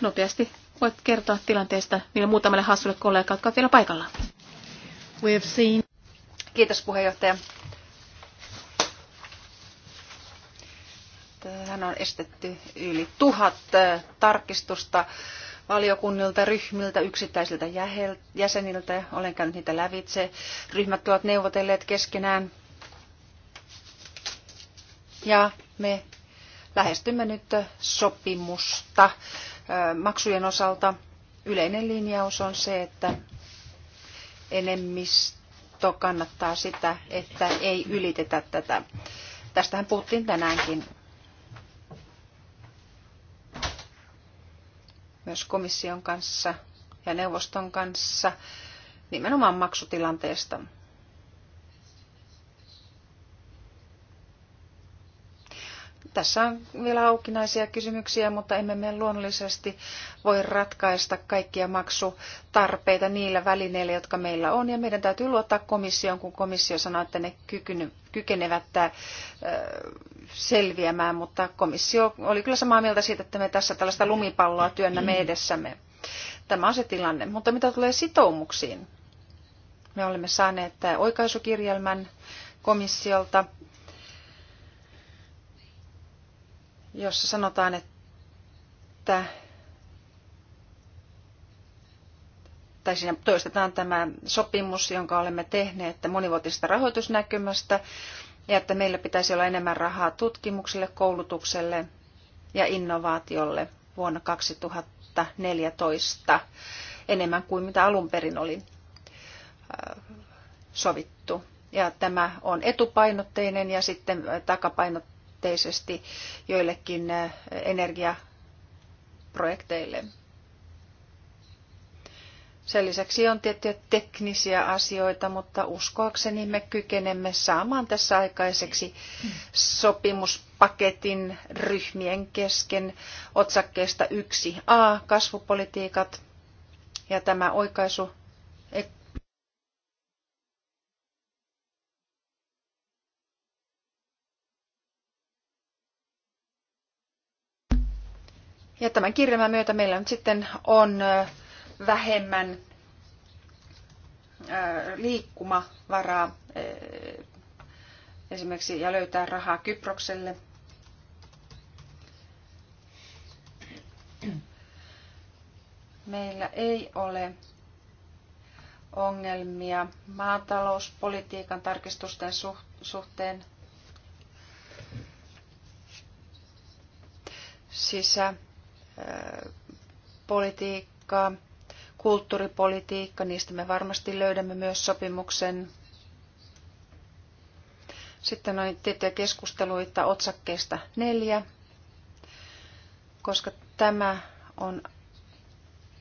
Nopeasti voit kertoa tilanteesta niille muutamalle hassulle kollegalle, jotka ovat vielä paikalla. We have seen... Kiitos puheenjohtaja. Tähän on estetty yli tuhat tarkistusta valiokunnilta, ryhmiltä, yksittäisiltä jäseniltä. Olen käynyt niitä lävitse. Ryhmät ovat neuvotelleet keskenään. Ja me lähestymme nyt sopimusta maksujen osalta. Yleinen linjaus on se, että enemmistö kannattaa sitä, että ei ylitetä tätä. Tästähän puhuttiin tänäänkin. Myös komission kanssa ja neuvoston kanssa nimenomaan maksutilanteesta. Tässä on vielä aukinaisia kysymyksiä, mutta emme me luonnollisesti voi ratkaista kaikkia maksutarpeita niillä välineillä, jotka meillä on. Ja meidän täytyy luottaa komissioon, kun komissio sanoo, että ne kykenevät äh, selviämään. Mutta komissio oli kyllä samaa mieltä siitä, että me tässä tällaista lumipalloa työnnämme mm. edessämme. Tämä on se tilanne. Mutta mitä tulee sitoumuksiin? Me olemme saaneet äh, oikaisukirjelmän komissiolta jossa sanotaan, että tai siinä toistetaan tämä sopimus, jonka olemme tehneet että monivuotisesta rahoitusnäkymästä, ja että meillä pitäisi olla enemmän rahaa tutkimukselle, koulutukselle ja innovaatiolle vuonna 2014, enemmän kuin mitä alun perin oli äh, sovittu. Ja tämä on etupainotteinen ja sitten takapainotteinen yhteisesti joillekin energiaprojekteille. Sen lisäksi on tiettyjä teknisiä asioita, mutta uskoakseni me kykenemme saamaan tässä aikaiseksi sopimuspaketin ryhmien kesken otsakkeesta 1a kasvupolitiikat ja tämä oikaisu Ja tämän kirjelmän myötä meillä nyt sitten on vähemmän liikkumavaraa esimerkiksi ja löytää rahaa Kyprokselle. Meillä ei ole ongelmia maatalouspolitiikan tarkistusten suhteen. Sisä politiikka, kulttuuripolitiikka, niistä me varmasti löydämme myös sopimuksen. Sitten on tiettyjä keskusteluita otsakkeesta neljä, koska tämä on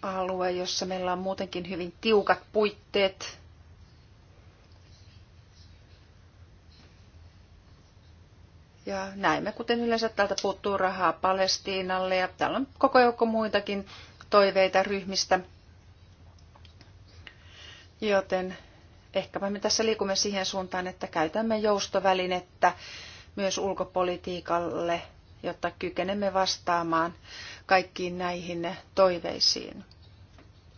alue, jossa meillä on muutenkin hyvin tiukat puitteet Ja näemme, kuten yleensä täältä puuttuu rahaa Palestiinalle ja täällä on koko joukko muitakin toiveita ryhmistä. Joten ehkä me tässä liikumme siihen suuntaan, että käytämme joustovälinettä myös ulkopolitiikalle, jotta kykenemme vastaamaan kaikkiin näihin toiveisiin.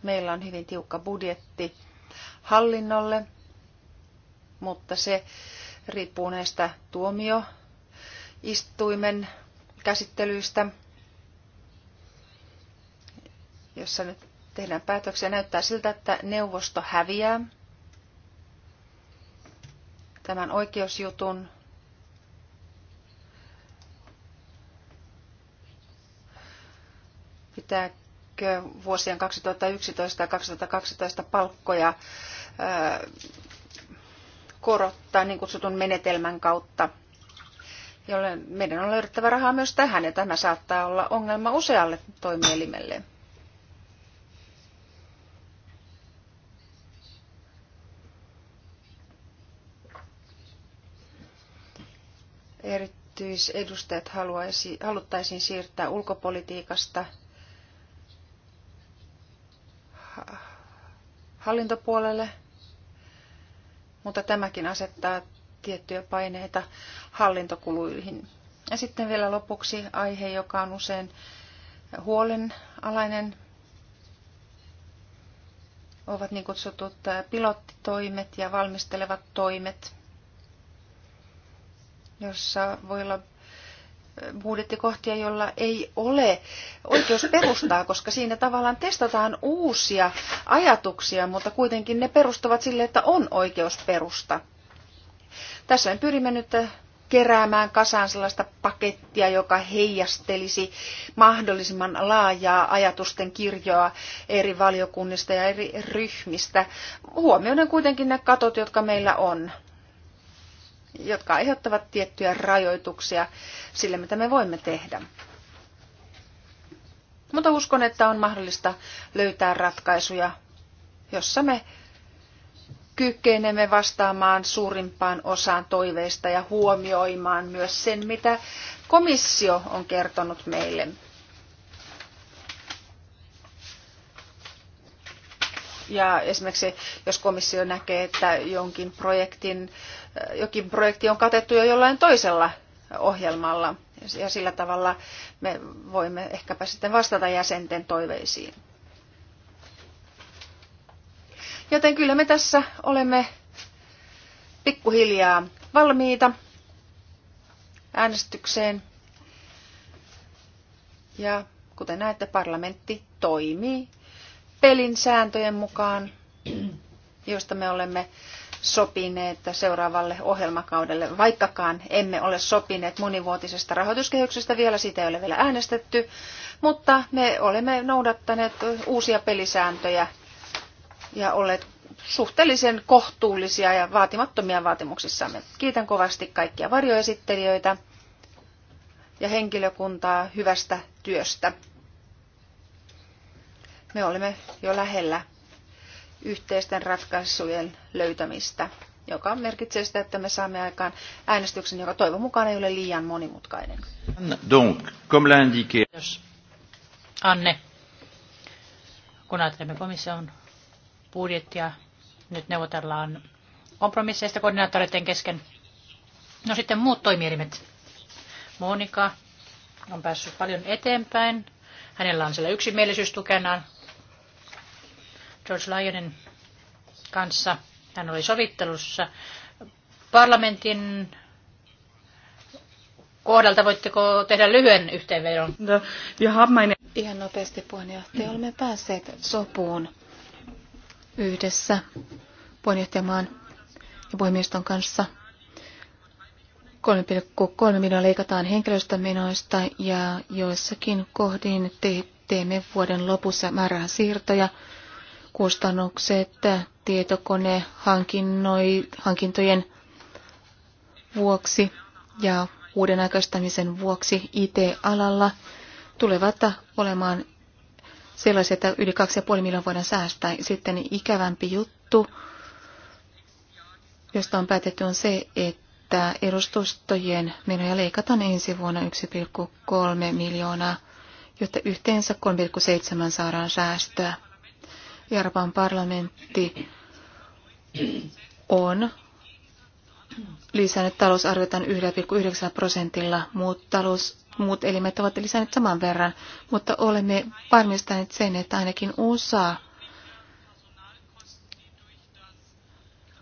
Meillä on hyvin tiukka budjetti hallinnolle, mutta se riippuu näistä tuomio istuimen käsittelyistä, jossa nyt tehdään päätöksiä. Näyttää siltä, että neuvosto häviää tämän oikeusjutun. Pitääkö vuosien 2011 ja 2012 palkkoja korottaa niin kutsutun menetelmän kautta? jolle meidän on löydettävä rahaa myös tähän, ja tämä saattaa olla ongelma usealle toimielimelle. Erityisedustajat haluaisi, haluttaisiin siirtää ulkopolitiikasta hallintopuolelle, mutta tämäkin asettaa tiettyjä paineita hallintokuluihin. Ja sitten vielä lopuksi aihe, joka on usein huolenalainen, ovat niin kutsutut pilottitoimet ja valmistelevat toimet, jossa voi olla budjettikohtia, jolla ei ole oikeus perustaa, koska siinä tavallaan testataan uusia ajatuksia, mutta kuitenkin ne perustuvat sille, että on oikeus perusta. Tässä me pyrimme nyt keräämään kasaan sellaista pakettia, joka heijastelisi mahdollisimman laajaa ajatusten kirjoa eri valiokunnista ja eri ryhmistä. Huomioiden kuitenkin ne katot, jotka meillä on, jotka aiheuttavat tiettyjä rajoituksia sille, mitä me voimme tehdä. Mutta uskon, että on mahdollista löytää ratkaisuja, jossa me kykenemme vastaamaan suurimpaan osaan toiveista ja huomioimaan myös sen, mitä komissio on kertonut meille. Ja esimerkiksi jos komissio näkee, että jonkin projektin, jokin projekti on katettu jo jollain toisella ohjelmalla, ja sillä tavalla me voimme ehkäpä sitten vastata jäsenten toiveisiin. Joten kyllä me tässä olemme pikkuhiljaa valmiita äänestykseen. Ja kuten näette, parlamentti toimii pelin sääntöjen mukaan, josta me olemme sopineet seuraavalle ohjelmakaudelle, vaikkakaan emme ole sopineet monivuotisesta rahoituskehyksestä vielä, sitä ei ole vielä äänestetty, mutta me olemme noudattaneet uusia pelisääntöjä ja olleet suhteellisen kohtuullisia ja vaatimattomia vaatimuksissamme. Kiitän kovasti kaikkia varjoesittelijöitä ja henkilökuntaa hyvästä työstä. Me olemme jo lähellä yhteisten ratkaisujen löytämistä, joka merkitsee sitä, että me saamme aikaan äänestyksen, joka toivon mukaan ei ole liian monimutkainen. Donc, comme Anne, kun ajattelemme komission budjettia nyt neuvotellaan kompromisseista koordinaattoreiden kesken. No sitten muut toimielimet. Monika on päässyt paljon eteenpäin. Hänellä on siellä yksimielisyys tukenaan George Lyonin kanssa. Hän oli sovittelussa. Parlamentin kohdalta voitteko tehdä lyhyen yhteenvedon? No, Ihan nopeasti puheenjohtaja. Olemme päässeet sopuun yhdessä puheenjohtajamaan ja puhemieston kanssa. 3,3 miljoonaa leikataan henkilöstömenoista ja joissakin kohdin te- teemme vuoden lopussa siirtoja. Kustannukset tietokonehankintojen vuoksi ja uuden aikaistamisen vuoksi IT-alalla tulevat olemaan sellaisia, että yli 2,5 miljoonaa voidaan säästää. Sitten ikävämpi juttu, josta on päätetty, on se, että edustustojen menoja leikataan ensi vuonna 1,3 miljoonaa, jotta yhteensä 3,7 saadaan säästöä. Jarpan parlamentti on lisännyt talousarviotaan 1,9 prosentilla, mutta talous muut elimet ovat lisänneet saman verran, mutta olemme varmistaneet sen, että ainakin osa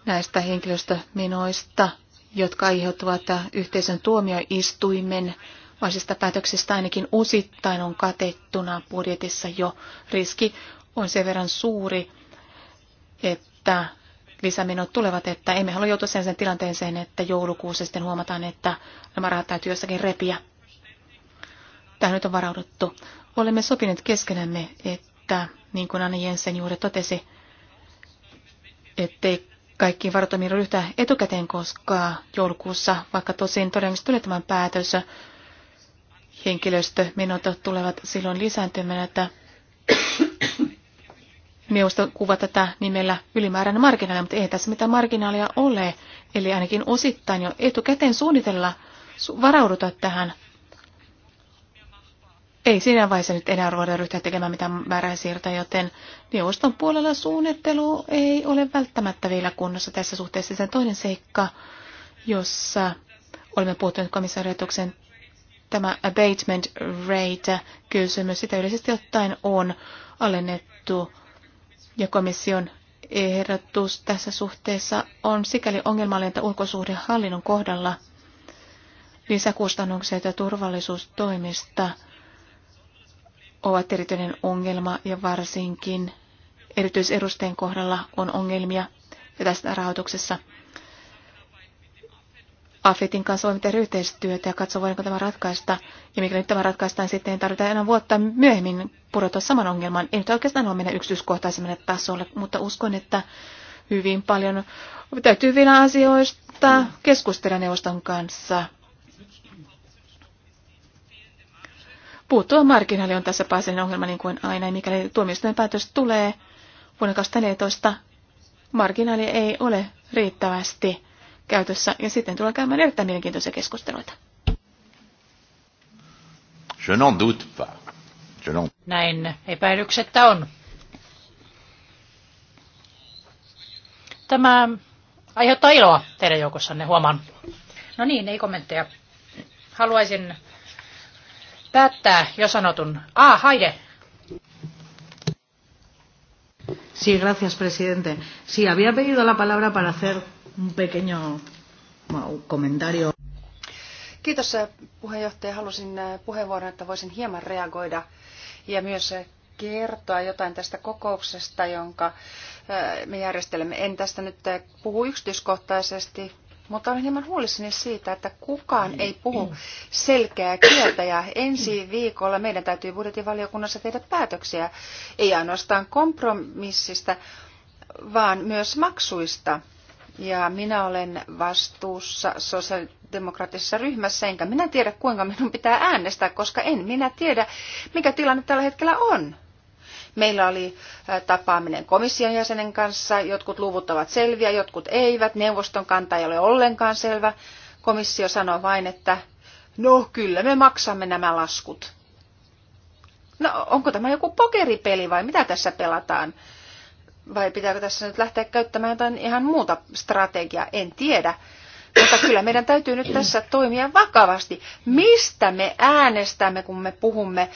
näistä henkilöstöminoista, jotka aiheuttavat yhteisön tuomioistuimen vaisista päätöksistä ainakin osittain on katettuna budjetissa jo. Riski on sen verran suuri, että lisämenot tulevat, että emme halua joutua sen, sen tilanteeseen, että joulukuussa sitten huomataan, että nämä rahat täytyy jossakin repiä. Tähän nyt on varauduttu. Olemme sopineet keskenämme, että niin kuin Anne Jensen juuri totesi, ettei kaikkiin varoittaminen ryhtyä etukäteen, koska joulukuussa, vaikka tosin todennäköisesti tulee tämän päätös, henkilöstömenot tulevat silloin lisääntymään, että neuvosto kuva tätä nimellä ylimääräinen marginaali, mutta ei tässä mitään marginaalia ole. Eli ainakin osittain jo etukäteen suunnitella, varauduta tähän ei siinä vaiheessa nyt enää ruveta ryhtyä tekemään mitään siirtoa, joten neuvoston puolella suunnittelu ei ole välttämättä vielä kunnossa tässä suhteessa. Sen toinen seikka, jossa olemme puhuttuneet komissaariotuksen tämä abatement rate kysymys, sitä yleisesti ottaen on alennettu ja komission ehdotus tässä suhteessa on sikäli ongelmallinen, että ulkosuhdehallinnon kohdalla lisäkustannukset ja turvallisuustoimista – ovat erityinen ongelma ja varsinkin erityisedustajien kohdalla on ongelmia ja tästä rahoituksessa. AFETin kanssa voimme tehdä yhteistyötä ja katsoa, voidaanko tämä ratkaista. Ja mikä nyt tämä ratkaistaan, sitten ei tarvita enää vuotta myöhemmin pudota saman ongelman. En nyt oikeastaan ole mennä yksityiskohtaisemmalle tasolle, mutta uskon, että hyvin paljon täytyy vielä asioista keskustella neuvoston kanssa. Puuttua markkinaali on tässä pääsen ongelma niin kuin aina, ja mikäli tuomioistuimen päätös tulee vuonna 2014, marginaali ei ole riittävästi käytössä, ja sitten tulee käymään erittäin mielenkiintoisia keskusteluita. Je n'en doute pas. Je n'en... Näin epäilyksettä on. Tämä aiheuttaa iloa teidän joukossanne, huomaan. No niin, ei kommentteja. Haluaisin päättää jo sanotun. Ah, Haide. Sí, gracias, presidente. Sí, había pedido la palabra para hacer un pequeño comentario. Kiitos eh, puheenjohtaja. Halusin eh, puheenvuoron, että voisin hieman reagoida ja myös eh, kertoa jotain tästä kokouksesta, jonka me järjestelemme. En tästä nyt puhu yksityiskohtaisesti, mutta olen hieman huolissani siitä, että kukaan ei puhu selkeää kieltä ja ensi viikolla meidän täytyy budjetivaliokunnassa tehdä päätöksiä, ei ainoastaan kompromissista, vaan myös maksuista. Ja minä olen vastuussa sosiaalidemokraattisessa ryhmässä, enkä minä tiedä kuinka minun pitää äänestää, koska en minä tiedä, mikä tilanne tällä hetkellä on. Meillä oli tapaaminen komission jäsenen kanssa. Jotkut luvut ovat selviä, jotkut eivät. Neuvoston kanta ei ole ollenkaan selvä. Komissio sanoi vain, että no kyllä me maksamme nämä laskut. No onko tämä joku pokeripeli vai mitä tässä pelataan? Vai pitääkö tässä nyt lähteä käyttämään jotain ihan muuta strategiaa? En tiedä. Mutta kyllä meidän täytyy nyt tässä toimia vakavasti. Mistä me äänestämme, kun me puhumme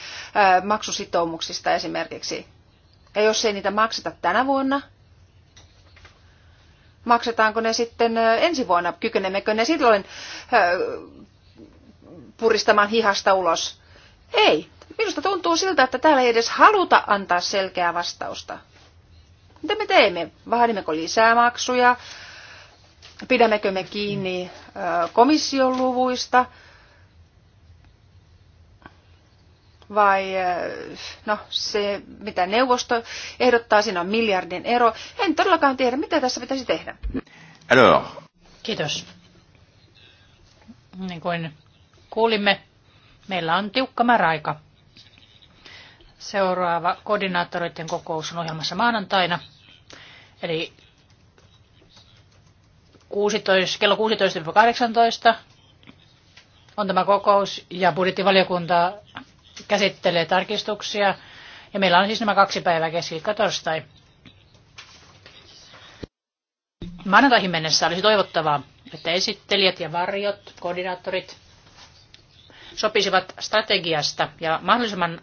maksusitoumuksista esimerkiksi? Ja jos ei niitä makseta tänä vuonna, maksetaanko ne sitten ensi vuonna? Kykenemmekö ne silloin puristamaan hihasta ulos? Ei. Minusta tuntuu siltä, että täällä ei edes haluta antaa selkeää vastausta. Mitä me teemme? Vaadimmeko lisää maksuja? Pidämmekö me kiinni komission luvuista vai no, se, mitä neuvosto ehdottaa, siinä on miljardin ero. En todellakaan tiedä, mitä tässä pitäisi tehdä. Kiitos. Niin kuin kuulimme, meillä on tiukka määräaika. Seuraava koordinaattoreiden kokous on ohjelmassa maanantaina, eli 16, kello 16-18 on tämä kokous ja budjettivaliokunta käsittelee tarkistuksia. Ja meillä on siis nämä kaksi päivää keskiviikko torstai. Maanantaihin mennessä olisi toivottavaa, että esittelijät ja varjot, koordinaattorit sopisivat strategiasta ja mahdollisimman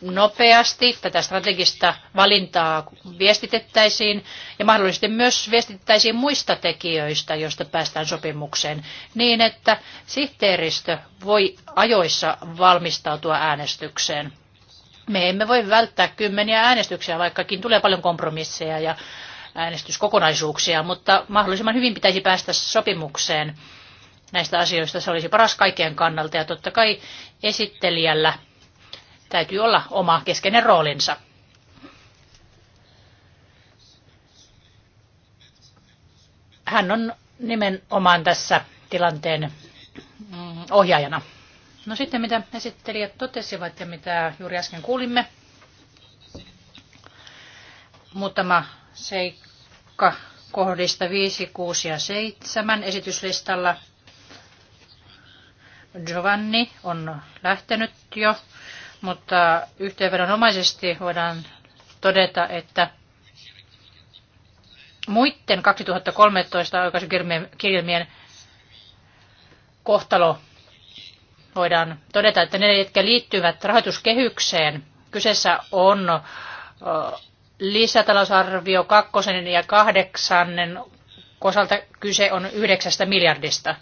nopeasti tätä strategista valintaa viestitettäisiin ja mahdollisesti myös viestitettäisiin muista tekijöistä, joista päästään sopimukseen, niin että sihteeristö voi ajoissa valmistautua äänestykseen. Me emme voi välttää kymmeniä äänestyksiä, vaikkakin tulee paljon kompromisseja ja äänestyskokonaisuuksia, mutta mahdollisimman hyvin pitäisi päästä sopimukseen näistä asioista. Se olisi paras kaikkien kannalta ja totta kai esittelijällä täytyy olla oma keskeinen roolinsa. Hän on nimenomaan tässä tilanteen mm, ohjaajana. No sitten mitä esittelijät totesivat ja mitä juuri äsken kuulimme. Muutama seikka kohdista 5, 6 ja 7 esityslistalla. Giovanni on lähtenyt jo mutta yhteenvedonomaisesti voidaan todeta, että muiden 2013 oikaisukirjelmien kohtalo voidaan todeta, että ne, jotka liittyvät rahoituskehykseen, kyseessä on lisätalousarvio kakkosen ja kahdeksannen osalta kyse on yhdeksästä miljardista.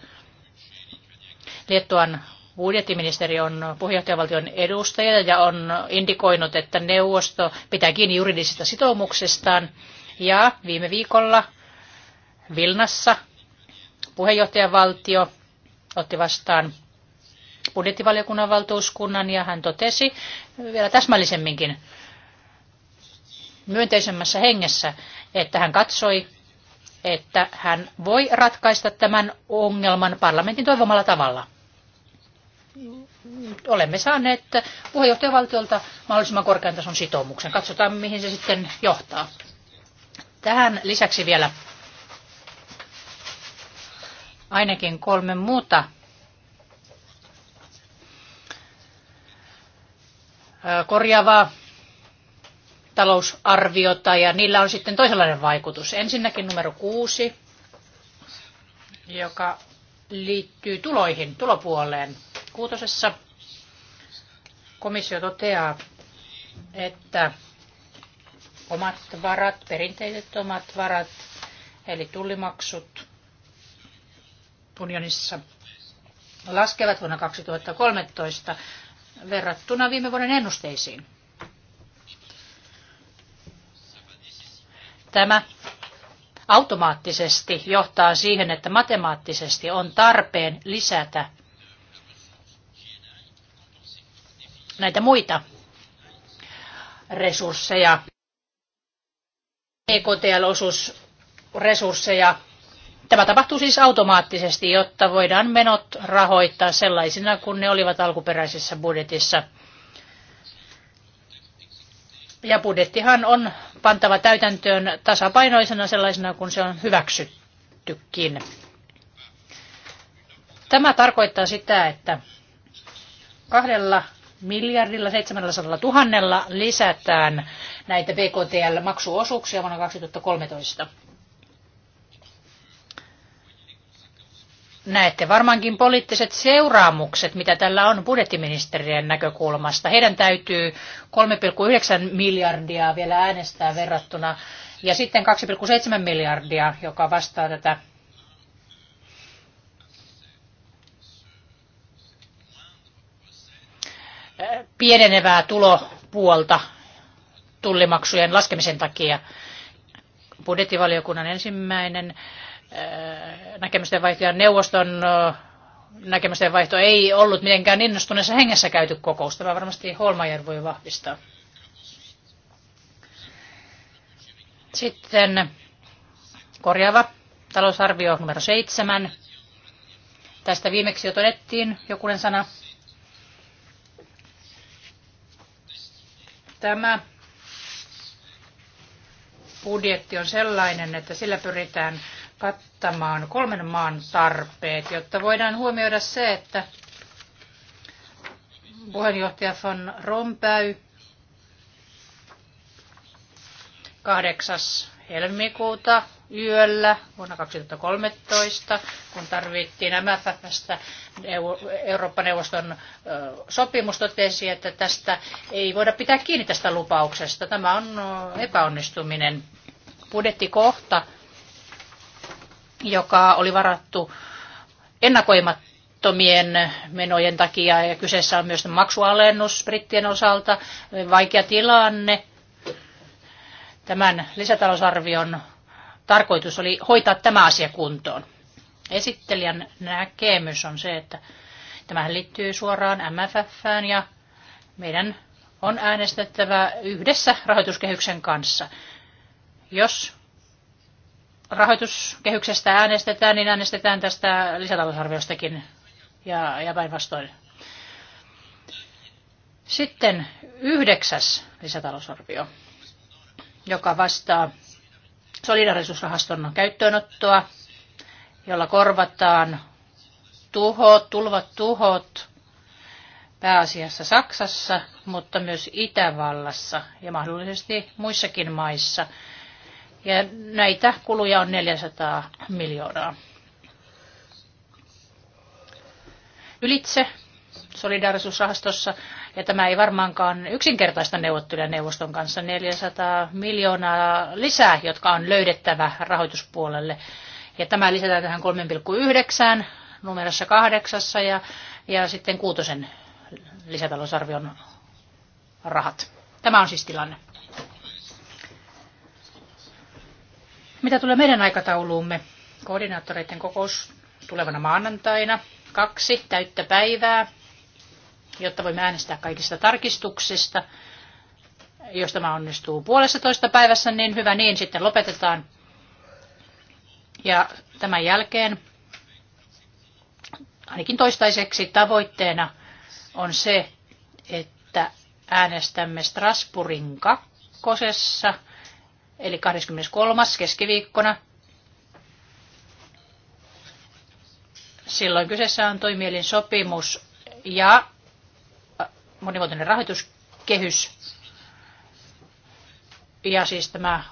Liettuan budjettiministeri on puheenjohtajavaltion edustaja ja on indikoinut, että neuvosto pitää kiinni juridisista sitoumuksistaan. Ja viime viikolla Vilnassa puheenjohtajavaltio otti vastaan budjettivaliokunnan valtuuskunnan ja hän totesi vielä täsmällisemminkin myönteisemmässä hengessä, että hän katsoi, että hän voi ratkaista tämän ongelman parlamentin toivomalla tavalla olemme saaneet puheenjohtajavaltiolta mahdollisimman korkean tason sitoumuksen. Katsotaan, mihin se sitten johtaa. Tähän lisäksi vielä ainakin kolme muuta korjaavaa talousarviota ja niillä on sitten toisenlainen vaikutus. Ensinnäkin numero kuusi, joka liittyy tuloihin, tulopuoleen kuutosessa komissio toteaa, että omat varat, perinteiset omat varat, eli tullimaksut unionissa laskevat vuonna 2013 verrattuna viime vuoden ennusteisiin. Tämä automaattisesti johtaa siihen, että matemaattisesti on tarpeen lisätä näitä muita resursseja, EKTL-osuusresursseja. Tämä tapahtuu siis automaattisesti, jotta voidaan menot rahoittaa sellaisina kuin ne olivat alkuperäisessä budjetissa. Ja budjettihan on pantava täytäntöön tasapainoisena sellaisena kuin se on hyväksyttykin. Tämä tarkoittaa sitä, että kahdella miljardilla 700 000 lisätään näitä BKTL-maksuosuuksia vuonna 2013. Näette varmaankin poliittiset seuraamukset, mitä tällä on budjettiministerien näkökulmasta. Heidän täytyy 3,9 miljardia vielä äänestää verrattuna ja sitten 2,7 miljardia, joka vastaa tätä pienenevää tulopuolta tullimaksujen laskemisen takia. Budjettivaliokunnan ensimmäinen äh, näkemysten vaihto ja neuvoston äh, näkemysten vaihto ei ollut mitenkään innostuneessa hengessä käyty kokousta, vaan varmasti Holmajer voi vahvistaa. Sitten korjaava talousarvio numero seitsemän. Tästä viimeksi jo todettiin jokunen sana. Tämä budjetti on sellainen, että sillä pyritään kattamaan kolmen maan tarpeet, jotta voidaan huomioida se, että puheenjohtaja Van Rompäy 8 helmikuuta yöllä vuonna 2013, kun tarvittiin MFFstä Eurooppa-neuvoston sopimus totesi, että tästä ei voida pitää kiinni tästä lupauksesta. Tämä on epäonnistuminen. Budjettikohta, joka oli varattu ennakoimattomien menojen takia ja kyseessä on myös maksualennus brittien osalta, vaikea tilanne – Tämän lisätalousarvion tarkoitus oli hoitaa tämä asia kuntoon. Esittelijän näkemys on se, että tämähän liittyy suoraan MFFään ja meidän on äänestettävä yhdessä rahoituskehyksen kanssa. Jos rahoituskehyksestä äänestetään, niin äänestetään tästä lisätalousarviostakin ja, ja päinvastoin. Sitten yhdeksäs lisätalousarvio joka vastaa solidarisuusrahaston käyttöönottoa, jolla korvataan tuhot, tulvat tuhot pääasiassa Saksassa, mutta myös Itävallassa ja mahdollisesti muissakin maissa. Ja näitä kuluja on 400 miljoonaa. Ylitse solidarisuusrahastossa ja tämä ei varmaankaan yksinkertaista neuvotteluja neuvoston kanssa. 400 miljoonaa lisää, jotka on löydettävä rahoituspuolelle. Ja tämä lisätään tähän 3,9 numerossa kahdeksassa ja, ja sitten kuutosen lisätalousarvion rahat. Tämä on siis tilanne. Mitä tulee meidän aikatauluumme? Koordinaattoreiden kokous tulevana maanantaina. Kaksi täyttä päivää jotta voimme äänestää kaikista tarkistuksista. Jos tämä onnistuu puolessa toista päivässä, niin hyvä niin, sitten lopetetaan. Ja tämän jälkeen ainakin toistaiseksi tavoitteena on se, että äänestämme Strasbourgin kakkosessa, eli 23. keskiviikkona. Silloin kyseessä on toimielin sopimus ja monivuotinen rahoituskehys ja siis tämä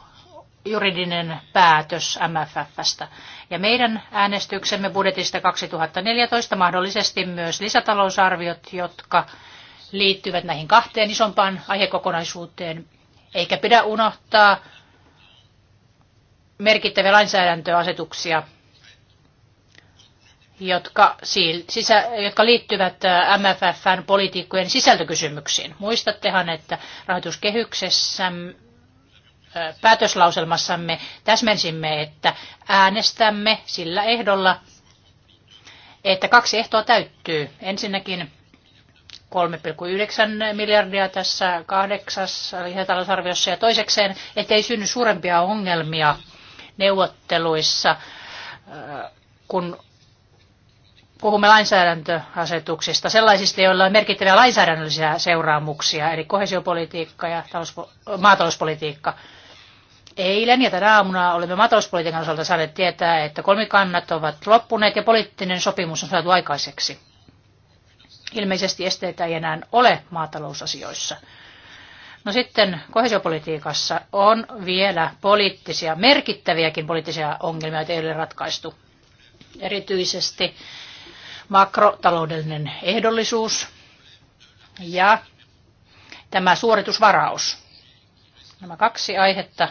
juridinen päätös MFFstä. Ja meidän äänestyksemme budjetista 2014 mahdollisesti myös lisätalousarviot, jotka liittyvät näihin kahteen isompaan aihekokonaisuuteen. Eikä pidä unohtaa merkittäviä lainsäädäntöasetuksia jotka, sisä, jotka liittyvät MFFn politiikkojen sisältökysymyksiin. Muistattehan, että rahoituskehyksessä päätöslauselmassamme täsmensimme, että äänestämme sillä ehdolla, että kaksi ehtoa täyttyy. Ensinnäkin 3,9 miljardia tässä kahdeksassa lisätalousarviossa ja toisekseen, ettei synny suurempia ongelmia neuvotteluissa, kun puhumme lainsäädäntöasetuksista, sellaisista, joilla on merkittäviä lainsäädännöllisiä seuraamuksia, eli kohesiopolitiikka ja maatalouspolitiikka. Eilen ja tänä aamuna olemme maatalouspolitiikan osalta saaneet tietää, että kolmikannat ovat loppuneet ja poliittinen sopimus on saatu aikaiseksi. Ilmeisesti esteitä ei enää ole maatalousasioissa. No sitten kohesiopolitiikassa on vielä poliittisia, merkittäviäkin poliittisia ongelmia, joita ei ole ratkaistu. Erityisesti makrotaloudellinen ehdollisuus ja tämä suoritusvaraus. Nämä kaksi aihetta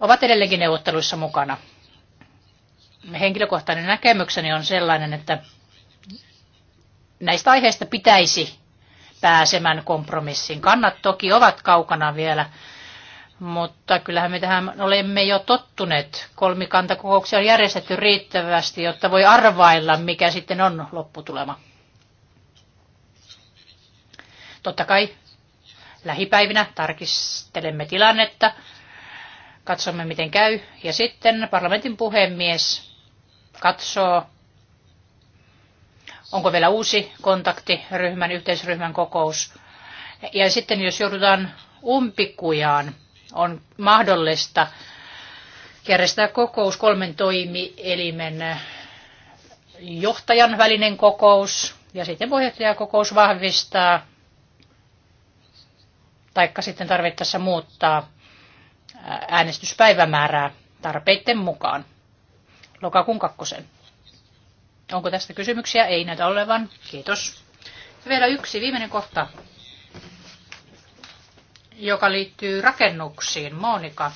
ovat edelleenkin neuvotteluissa mukana. Henkilökohtainen näkemykseni on sellainen, että näistä aiheista pitäisi pääsemään kompromissiin. Kannat toki ovat kaukana vielä mutta kyllähän me tähän olemme jo tottuneet. Kolmikantakokouksia on järjestetty riittävästi, jotta voi arvailla, mikä sitten on lopputulema. Totta kai lähipäivinä tarkistelemme tilannetta, katsomme miten käy. Ja sitten parlamentin puhemies katsoo, onko vielä uusi kontaktiryhmän, yhteisryhmän kokous. Ja sitten jos joudutaan umpikujaan, on mahdollista järjestää kokous kolmen toimielimen johtajan välinen kokous ja sitten kokous vahvistaa taikka sitten tarvittaessa muuttaa äänestyspäivämäärää tarpeiden mukaan. Lokakuun kakkosen. Onko tästä kysymyksiä? Ei näytä olevan. Kiitos. Ja vielä yksi viimeinen kohta joka liittyy rakennuksiin. Monika,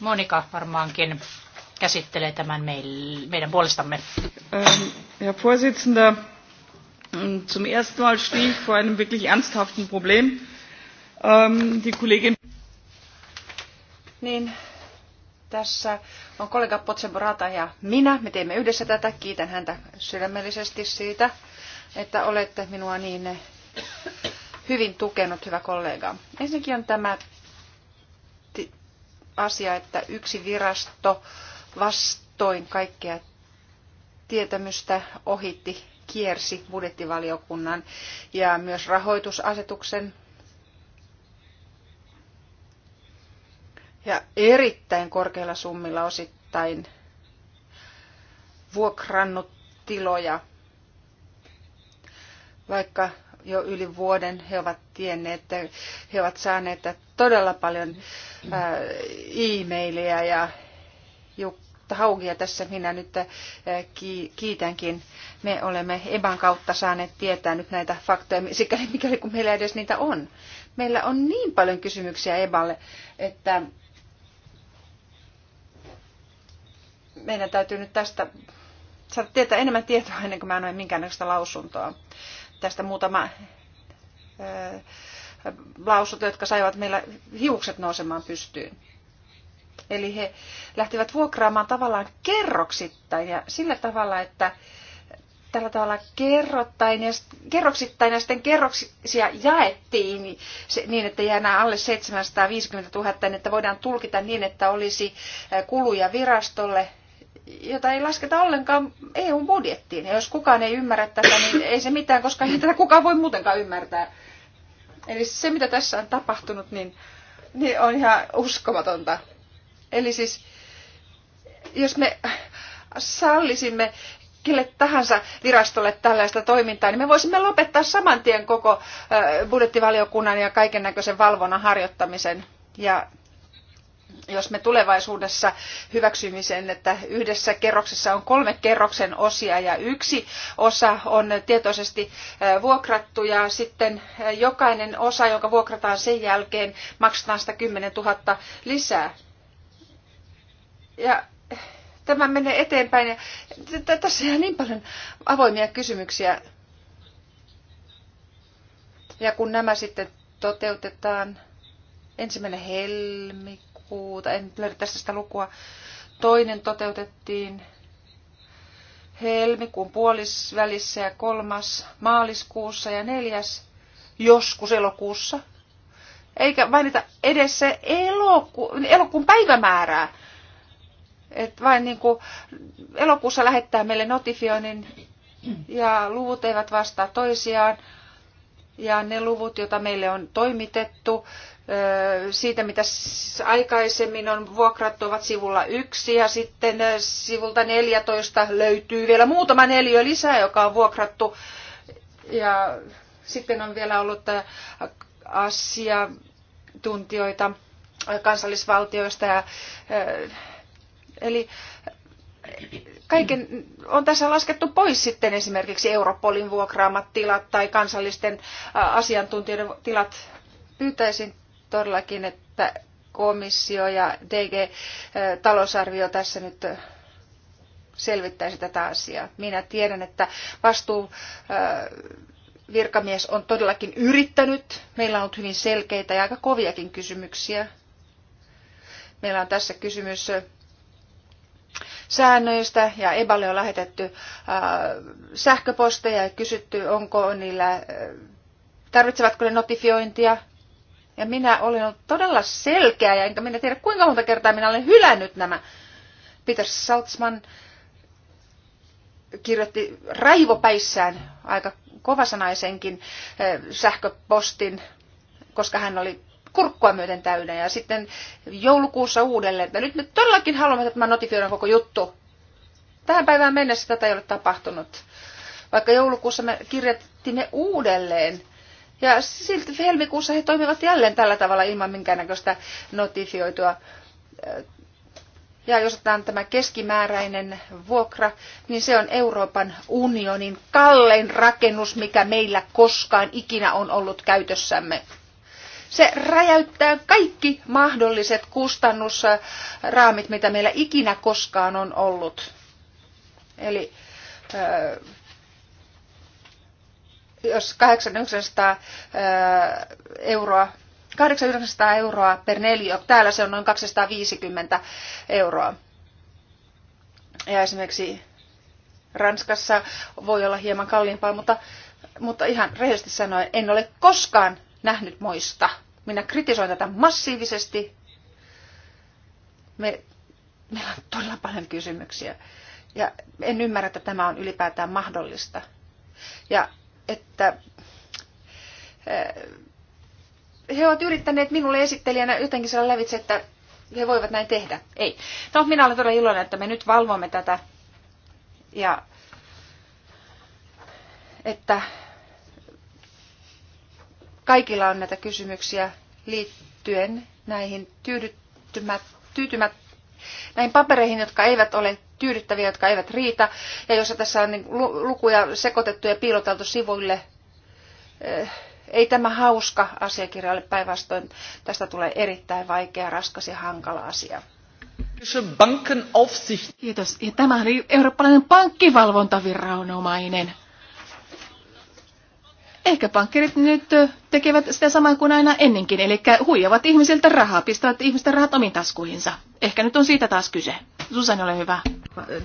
Monika varmaankin käsittelee tämän meidän puolestamme. Ähm, Herr Vorsitzender, ähm, zum ersten Mal stehe ich vor einem wirklich ernsthaften Problem. Ähm, die Kollegin niin, tässä on kollega Potseborata ja minä. Me teemme yhdessä tätä. Kiitän häntä sydämellisesti siitä, että olette minua niin hyvin tukenut, hyvä kollega. Ensinnäkin on tämä asia, että yksi virasto vastoin kaikkea tietämystä ohitti, kiersi budjettivaliokunnan ja myös rahoitusasetuksen. Ja erittäin korkeilla summilla osittain vuokrannut tiloja, vaikka jo yli vuoden. He ovat tienneet, että he ovat saaneet todella paljon äh, e-mailia ja Jutta Haugia tässä minä nyt äh, kiitänkin. Me olemme EBAN kautta saaneet tietää nyt näitä faktoja, sikäli mikäli kun meillä edes niitä on. Meillä on niin paljon kysymyksiä EBAlle, että meidän täytyy nyt tästä saada tietää enemmän tietoa ennen kuin mä annan minkäännäköistä lausuntoa tästä muutama lausunto, jotka saivat meillä hiukset nousemaan pystyyn. Eli he lähtivät vuokraamaan tavallaan kerroksittain ja sillä tavalla, että tällä tavalla kerrottain ja, kerroksittain ja sitten kerroksia jaettiin niin, että jää nämä alle 750 000, niin että voidaan tulkita niin, että olisi kuluja virastolle jota ei lasketa ollenkaan EU-budjettiin. Ja jos kukaan ei ymmärrä tätä, niin ei se mitään, koska ei tätä kukaan voi muutenkaan ymmärtää. Eli se, mitä tässä on tapahtunut, niin, niin on ihan uskomatonta. Eli siis, jos me sallisimme kelle tahansa virastolle tällaista toimintaa, niin me voisimme lopettaa saman tien koko budjettivaliokunnan ja kaiken näköisen valvonnan harjoittamisen. Ja jos me tulevaisuudessa hyväksymme sen, että yhdessä kerroksessa on kolme kerroksen osia ja yksi osa on tietoisesti vuokrattu ja sitten jokainen osa, joka vuokrataan sen jälkeen, maksetaan sitä 10 000 lisää. Ja tämä menee eteenpäin. Ja tässä on niin paljon avoimia kysymyksiä. Ja kun nämä sitten toteutetaan ensimmäinen helmi lokakuuta, en nyt löydä tässä sitä lukua. Toinen toteutettiin helmikuun puolisvälissä ja kolmas maaliskuussa ja neljäs joskus elokuussa. Eikä mainita edes se eloku, elokuun päivämäärää. Et vain niin kuin elokuussa lähettää meille notifioinnin ja luvut eivät vastaa toisiaan ja ne luvut, joita meille on toimitettu, siitä mitä aikaisemmin on vuokrattu ovat sivulla yksi ja sitten sivulta 14 löytyy vielä muutama neliö lisää, joka on vuokrattu ja sitten on vielä ollut asiantuntijoita kansallisvaltioista ja Eli kaiken, on tässä laskettu pois sitten esimerkiksi Europolin vuokraamat tilat tai kansallisten asiantuntijoiden tilat. Pyytäisin todellakin, että komissio ja DG talousarvio tässä nyt selvittäisi tätä asiaa. Minä tiedän, että vastuu virkamies on todellakin yrittänyt. Meillä on ollut hyvin selkeitä ja aika koviakin kysymyksiä. Meillä on tässä kysymys säännöistä ja EBAlle on lähetetty äh, sähköposteja ja kysytty, onko niillä, äh, tarvitsevatko ne notifiointia. Ja minä olen ollut todella selkeä ja enkä minä tiedä kuinka monta kertaa minä olen hylännyt nämä. Peter Saltzman kirjoitti raivopäissään aika kovasanaisenkin äh, sähköpostin, koska hän oli kurkkua myöten täynnä ja sitten joulukuussa uudelleen. Ja nyt me todellakin haluamme, että mä notifioidaan koko juttu. Tähän päivään mennessä tätä ei ole tapahtunut. Vaikka joulukuussa me ne uudelleen. Ja silti helmikuussa he toimivat jälleen tällä tavalla ilman minkäännäköistä notifioitua ja jos otetaan tämä keskimääräinen vuokra, niin se on Euroopan unionin kallein rakennus, mikä meillä koskaan ikinä on ollut käytössämme. Se räjäyttää kaikki mahdolliset kustannusraamit, mitä meillä ikinä koskaan on ollut. Eli jos 800 euroa 800 euroa per neliö. Täällä se on noin 250 euroa. Ja esimerkiksi Ranskassa voi olla hieman kalliimpaa, mutta, mutta ihan rehellisesti sanoen en ole koskaan nähnyt moista, Minä kritisoin tätä massiivisesti. Me, meillä on todella paljon kysymyksiä. Ja en ymmärrä, että tämä on ylipäätään mahdollista. Ja että eh, he ovat yrittäneet minulle esittelijänä jotenkin sillä lävitse, että he voivat näin tehdä. Ei. No, minä olen todella iloinen, että me nyt valvomme tätä ja että Kaikilla on näitä kysymyksiä liittyen näihin tyydyttymät, tyytymät, näihin papereihin, jotka eivät ole tyydyttäviä, jotka eivät riitä, ja jos tässä on niin lukuja sekoitettu ja piiloteltu sivuille. Eh, ei tämä hauska asiakirjalle päinvastoin. Tästä tulee erittäin vaikea, raskas ja hankala asia. Kiitos. Ja tämä oli eurooppalainen pankkivalvontaviranomainen. Ehkä pankkirit nyt tekevät sitä samaa kuin aina ennenkin, eli huijavat ihmisiltä rahaa, pistävät ihmisten rahat omiin taskuihinsa. Ehkä nyt on siitä taas kyse. Susanne, ole hyvä. Eh,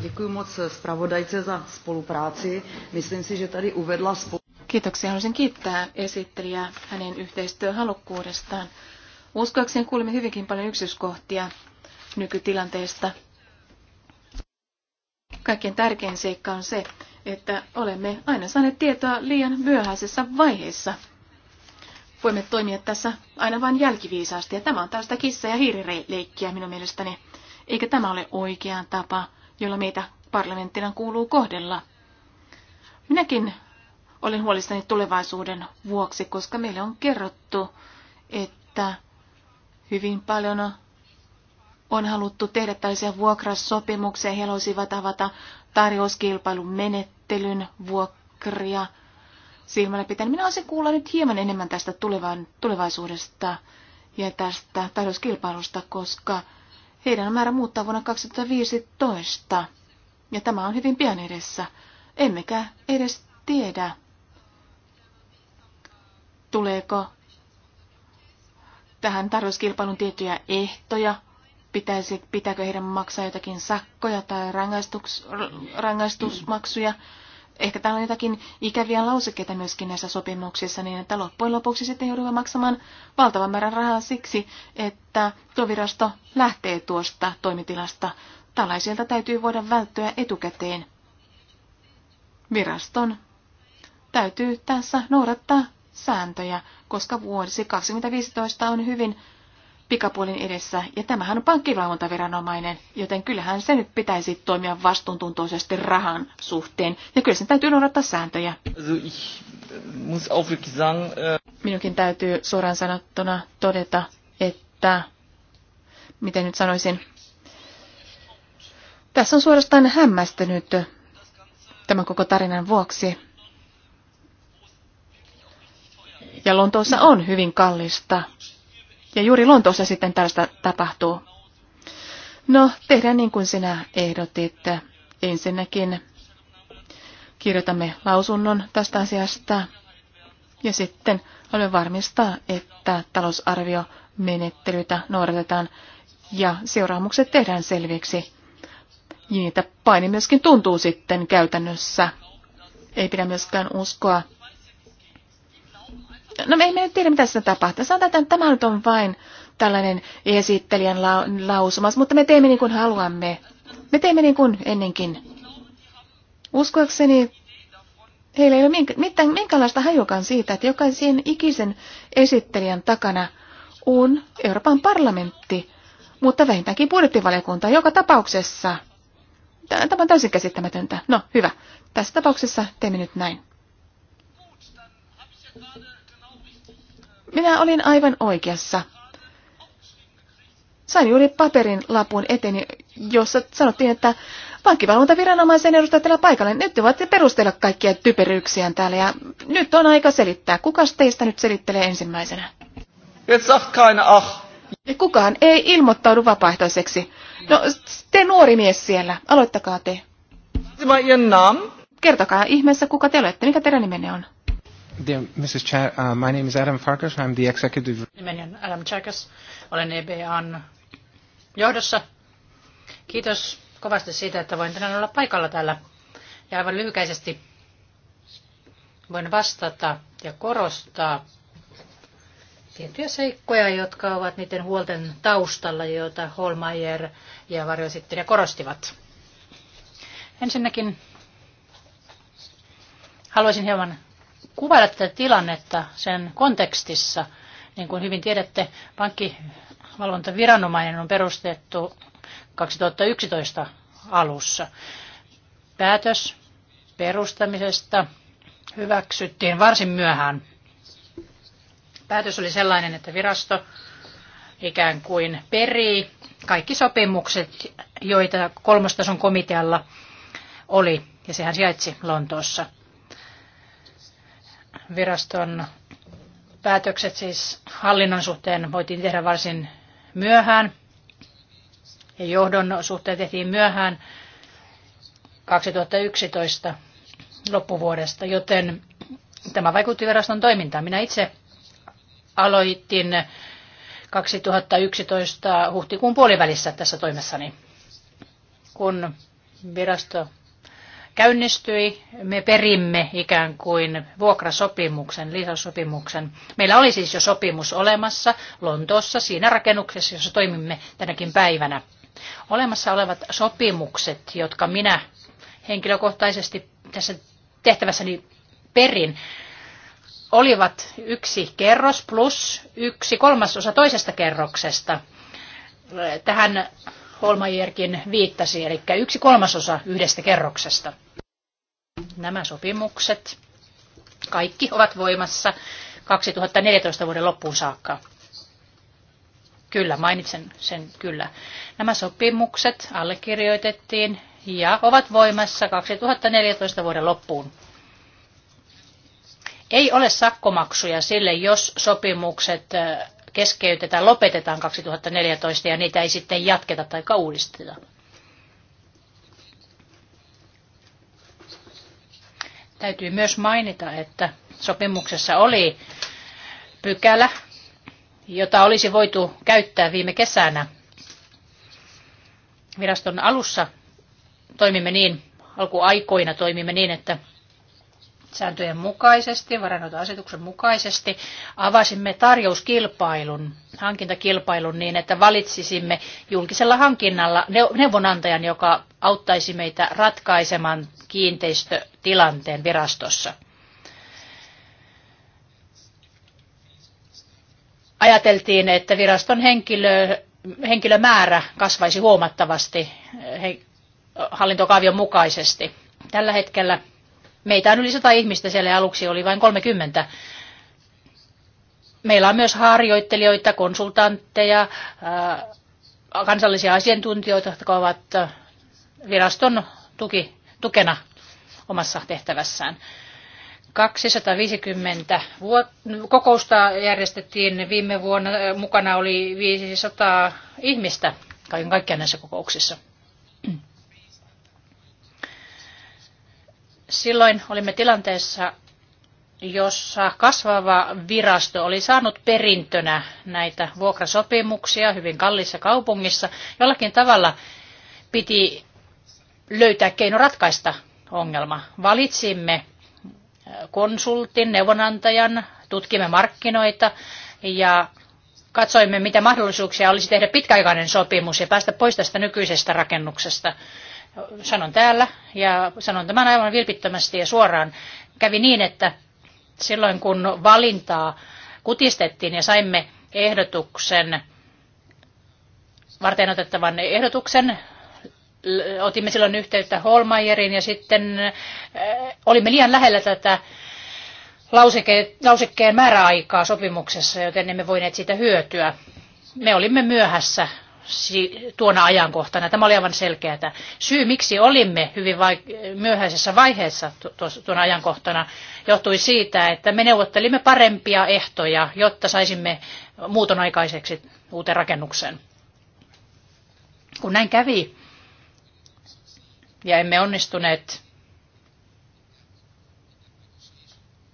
Kiitoksia. Haluaisin kiittää esittelijää hänen yhteistyöhalukkuudestaan. Uskoakseni kuulimme hyvinkin paljon yksityiskohtia nykytilanteesta Kaikkein tärkein seikka on se, että olemme aina saaneet tietoa liian myöhäisessä vaiheessa. Voimme toimia tässä aina vain jälkiviisaasti, ja tämä on tällaista kissa- ja hiirileikkiä minun mielestäni. Eikä tämä ole oikea tapa, jolla meitä parlamenttina kuuluu kohdella. Minäkin olen huolissani tulevaisuuden vuoksi, koska meille on kerrottu, että hyvin paljon on haluttu tehdä tällaisia vuokrasopimuksia. He haluaisivat avata tarjouskilpailun menettelyn vuokria silmällä pitäen. Minä olisin kuulla nyt hieman enemmän tästä tulevan, tulevaisuudesta ja tästä tarjouskilpailusta, koska heidän on määrä muuttaa vuonna 2015. Ja tämä on hyvin pian edessä. Emmekä edes tiedä, tuleeko tähän tarjouskilpailun tiettyjä ehtoja pitäisi, pitääkö heidän maksaa jotakin sakkoja tai rangaistusmaksuja. Ehkä täällä on jotakin ikäviä lausekkeita myöskin näissä sopimuksissa, niin että loppujen lopuksi sitten joudumme maksamaan valtavan määrän rahaa siksi, että virasto lähtee tuosta toimitilasta. Tällaisilta täytyy voida välttyä etukäteen. Viraston täytyy tässä noudattaa sääntöjä, koska vuosi 2015 on hyvin pikapuolin edessä. Ja tämähän on pankkivalvontaviranomainen, joten kyllähän se nyt pitäisi toimia vastuuntuntoisesti rahan suhteen. Ja kyllä sen täytyy noudattaa sääntöjä. Äh, äh, Minunkin täytyy suoraan sanottuna todeta, että miten nyt sanoisin, tässä on suorastaan hämmästynyt tämän koko tarinan vuoksi. Ja Lontoossa on hyvin kallista ja juuri Lontoossa sitten tällaista tapahtuu. No, tehdään niin kuin sinä ehdotit. Ensinnäkin kirjoitamme lausunnon tästä asiasta ja sitten haluamme varmistaa, että talousarviomenettelytä noudatetaan ja seuraamukset tehdään selviksi. Niitä paini myöskin tuntuu sitten käytännössä. Ei pidä myöskään uskoa, No me emme nyt tiedä, mitä tässä tapahtuu. Sanotaan, että tämä nyt on vain tällainen esittelijän la- lausumas, mutta me teemme niin kuin haluamme. Me teemme niin kuin ennenkin. Uskoakseni heillä ei ole minkä, mitään, minkälaista hajukaan siitä, että jokaisen ikisen esittelijän takana on Euroopan parlamentti, mutta vähintäänkin budjettivaliokunta joka tapauksessa. Tämä on täysin käsittämätöntä. No, hyvä. Tässä tapauksessa teemme nyt näin. Minä olin aivan oikeassa. Sain juuri paperin lapun eteni, jossa sanottiin, että pankkivalvontaviranomaisen edustajat täällä paikalle, nyt te voitte perustella kaikkia typeryyksiään täällä ja nyt on aika selittää. Kuka teistä nyt selittelee ensimmäisenä? Jetzt sagt keine ach. Kukaan ei ilmoittaudu vapaaehtoiseksi. No, te nuori mies siellä, aloittakaa te. Kertokaa ihmeessä, kuka te olette, mikä teidän nimenne on. Dear Mrs. Chair, uh, my name is Adam Farkas. I'm the executive. Nimeni on Adam Farkas. Olen EBAn johdossa. Kiitos kovasti siitä, että voin tänään olla paikalla täällä. Ja aivan lyhykäisesti voin vastata ja korostaa tiettyjä seikkoja, jotka ovat niiden huolten taustalla, joita Holmeier ja ja korostivat. Ensinnäkin haluaisin hieman kuvailla tätä tilannetta sen kontekstissa. Niin kuin hyvin tiedätte, pankkivalvontaviranomainen on perustettu 2011 alussa. Päätös perustamisesta hyväksyttiin varsin myöhään. Päätös oli sellainen, että virasto ikään kuin perii kaikki sopimukset, joita kolmostason komitealla oli, ja sehän sijaitsi Lontoossa – viraston päätökset siis hallinnon suhteen voitiin tehdä varsin myöhään ja johdon suhteen tehtiin myöhään 2011 loppuvuodesta, joten tämä vaikutti viraston toimintaan. Minä itse aloitin 2011 huhtikuun puolivälissä tässä toimessani, kun virasto käynnistyi, me perimme ikään kuin vuokrasopimuksen, lisäsopimuksen. Meillä oli siis jo sopimus olemassa Lontoossa siinä rakennuksessa, jossa toimimme tänäkin päivänä. Olemassa olevat sopimukset, jotka minä henkilökohtaisesti tässä tehtävässäni perin, olivat yksi kerros plus yksi kolmasosa toisesta kerroksesta. Tähän Holmajerkin viittasi, eli yksi kolmasosa yhdestä kerroksesta. Nämä sopimukset kaikki ovat voimassa 2014 vuoden loppuun saakka. Kyllä, mainitsen sen kyllä. Nämä sopimukset allekirjoitettiin ja ovat voimassa 2014 vuoden loppuun. Ei ole sakkomaksuja sille, jos sopimukset keskeytetään, lopetetaan 2014 ja niitä ei sitten jatketa tai uudisteta. Täytyy myös mainita, että sopimuksessa oli pykälä, jota olisi voitu käyttää viime kesänä. Viraston alussa toimimme niin, alkuaikoina toimimme niin, että sääntöjen mukaisesti, varainhoitoasetuksen mukaisesti, avasimme tarjouskilpailun, hankintakilpailun niin, että valitsisimme julkisella hankinnalla neuvonantajan, joka auttaisi meitä ratkaisemaan kiinteistötilanteen virastossa. Ajateltiin, että viraston henkilö, henkilömäärä kasvaisi huomattavasti eh, hallintokaavion mukaisesti. Tällä hetkellä Meitä on yli sata ihmistä siellä ja aluksi oli vain 30. Meillä on myös harjoittelijoita, konsultantteja, äh, kansallisia asiantuntijoita, jotka ovat äh, viraston tuki, tukena omassa tehtävässään. 250 vuot- kokousta järjestettiin viime vuonna. Mukana oli 500 ihmistä kaiken kaikkiaan näissä kokouksissa. Silloin olimme tilanteessa, jossa kasvava virasto oli saanut perintönä näitä vuokrasopimuksia hyvin kalliissa kaupungissa. Jollakin tavalla piti löytää keino ratkaista ongelma. Valitsimme äh, konsultin, neuvonantajan, tutkimme markkinoita ja katsoimme, mitä mahdollisuuksia olisi tehdä pitkäaikainen sopimus ja päästä pois tästä nykyisestä rakennuksesta sanon täällä ja sanon tämän aivan vilpittömästi ja suoraan, kävi niin, että silloin kun valintaa kutistettiin ja saimme ehdotuksen, varten otettavan ehdotuksen, otimme silloin yhteyttä Holmeierin ja sitten äh, olimme liian lähellä tätä lauseke, lausekkeen määräaikaa sopimuksessa, joten emme voineet siitä hyötyä. Me olimme myöhässä tuona ajankohtana. Tämä oli aivan selkeää. Syy, miksi olimme hyvin vaik- myöhäisessä vaiheessa tuona ajankohtana, johtui siitä, että me neuvottelimme parempia ehtoja, jotta saisimme muuton aikaiseksi uuteen rakennukseen. Kun näin kävi ja emme onnistuneet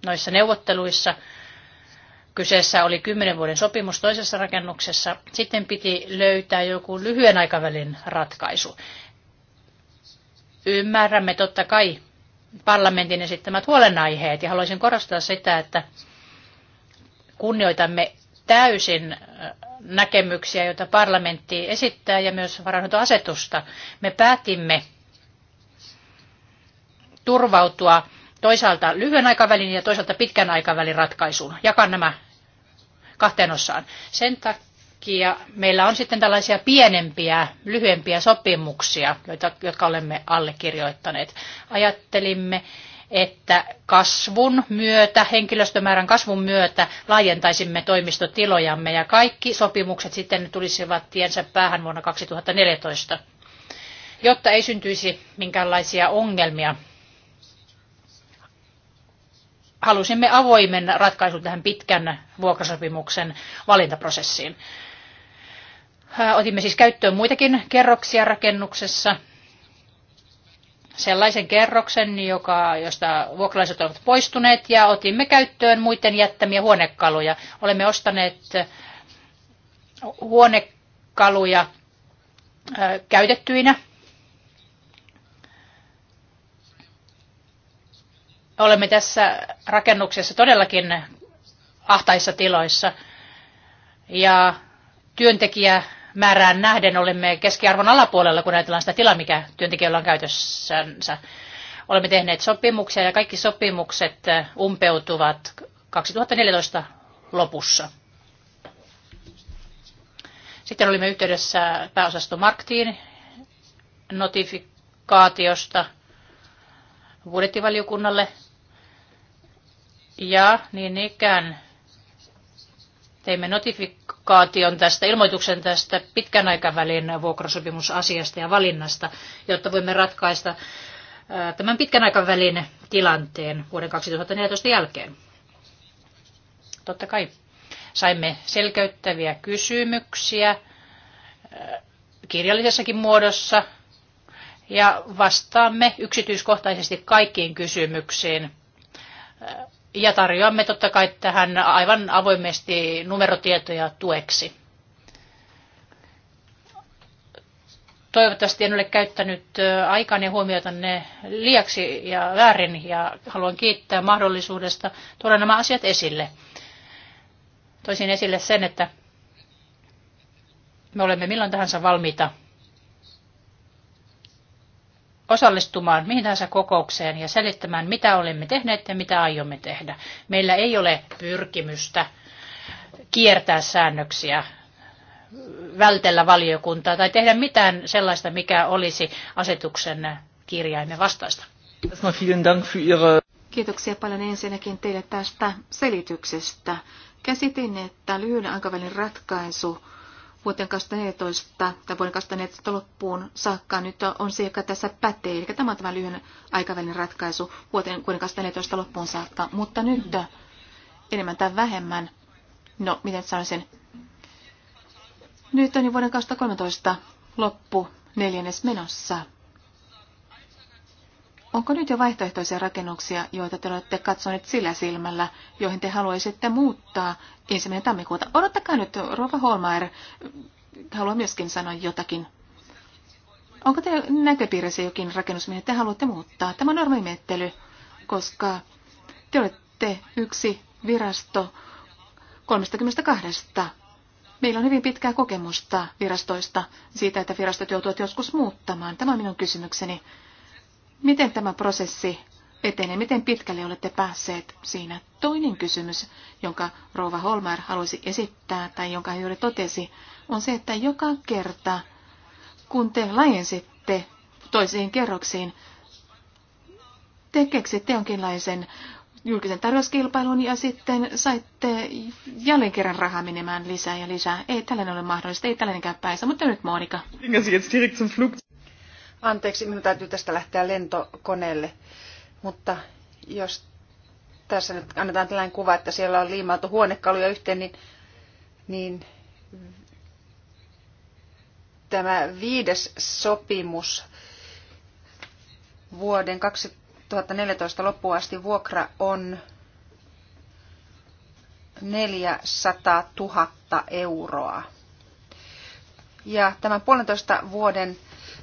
noissa neuvotteluissa, Kyseessä oli kymmenen vuoden sopimus toisessa rakennuksessa. Sitten piti löytää joku lyhyen aikavälin ratkaisu. Ymmärrämme totta kai parlamentin esittämät huolenaiheet ja haluaisin korostaa sitä, että kunnioitamme täysin äh, näkemyksiä, joita parlamentti esittää ja myös varainhoitoasetusta. Me päätimme turvautua toisaalta lyhyen aikavälin ja toisaalta pitkän aikavälin ratkaisuun. Jakan nämä kahteen osaan. Sen takia meillä on sitten tällaisia pienempiä, lyhyempiä sopimuksia, joita, jotka olemme allekirjoittaneet. Ajattelimme, että kasvun myötä, henkilöstömäärän kasvun myötä laajentaisimme toimistotilojamme ja kaikki sopimukset sitten tulisivat tiensä päähän vuonna 2014, jotta ei syntyisi minkäänlaisia ongelmia halusimme avoimen ratkaisun tähän pitkän vuokrasopimuksen valintaprosessiin. Äh, otimme siis käyttöön muitakin kerroksia rakennuksessa. Sellaisen kerroksen, joka, josta vuokralaiset ovat poistuneet, ja otimme käyttöön muiden jättämiä huonekaluja. Olemme ostaneet äh, huonekaluja äh, käytettyinä Olemme tässä rakennuksessa todellakin ahtaissa tiloissa. Ja työntekijämäärään nähden olemme keskiarvon alapuolella, kun ajatellaan sitä tilaa, mikä työntekijöillä on käytössänsä. Olemme tehneet sopimuksia ja kaikki sopimukset umpeutuvat 2014 lopussa. Sitten olimme yhteydessä pääosasto Marktiin notifikaatiosta budjettivaliokunnalle ja niin ikään teimme notifikaation tästä, ilmoituksen tästä pitkän aikavälin vuokrasopimusasiasta ja valinnasta, jotta voimme ratkaista tämän pitkän aikavälin tilanteen vuoden 2014 jälkeen. Totta kai saimme selkeyttäviä kysymyksiä kirjallisessakin muodossa ja vastaamme yksityiskohtaisesti kaikkiin kysymyksiin ja tarjoamme totta kai tähän aivan avoimesti numerotietoja tueksi. Toivottavasti en ole käyttänyt aikani ja huomiota ne liiaksi ja väärin ja haluan kiittää mahdollisuudesta tuoda nämä asiat esille. Toisin esille sen, että me olemme milloin tahansa valmiita osallistumaan mihin tahansa kokoukseen ja selittämään, mitä olemme tehneet ja mitä aiomme tehdä. Meillä ei ole pyrkimystä kiertää säännöksiä, vältellä valiokuntaa tai tehdä mitään sellaista, mikä olisi asetuksen kirjaimen vastaista. Kiitoksia paljon ensinnäkin teille tästä selityksestä. Käsitin, että lyhyen aikavälin ratkaisu vuoteen 2014 tai vuoden 2014 loppuun saakka nyt on se, joka tässä pätee. Eli tämä on tämä lyhyen aikavälin ratkaisu vuoteen 2014 loppuun saakka. Mutta nyt enemmän tai vähemmän, no miten sanoisin, nyt on jo vuoden 2013 loppu neljännes menossa. Onko nyt jo vaihtoehtoisia rakennuksia, joita te olette katsoneet sillä silmällä, joihin te haluaisitte muuttaa ensimmäinen tammikuuta? Odottakaa nyt, Rova Holmeier haluaa myöskin sanoa jotakin. Onko te näköpiirissä jokin rakennus, mihin te haluatte muuttaa? Tämä on normimettely, koska te olette yksi virasto 32. Meillä on hyvin pitkää kokemusta virastoista siitä, että virastot joutuvat joskus muuttamaan. Tämä on minun kysymykseni. Miten tämä prosessi etenee? Miten pitkälle olette päässeet siinä? Toinen kysymys, jonka Rova Holmer halusi esittää tai jonka hän juuri totesi, on se, että joka kerta, kun te laajensitte toisiin kerroksiin, te keksitte jonkinlaisen julkisen tarjouskilpailun ja sitten saitte jälleen kerran rahaa menemään lisää ja lisää. Ei tällainen ole mahdollista, ei tällainenkään päässä, mutta nyt Monika. Anteeksi, minun täytyy tästä lähteä lentokoneelle. Mutta jos tässä nyt annetaan tällainen kuva, että siellä on liimautu huonekaluja yhteen, niin, niin tämä viides sopimus vuoden 2014 loppuun asti vuokra on 400 000 euroa. Ja tämän puolentoista vuoden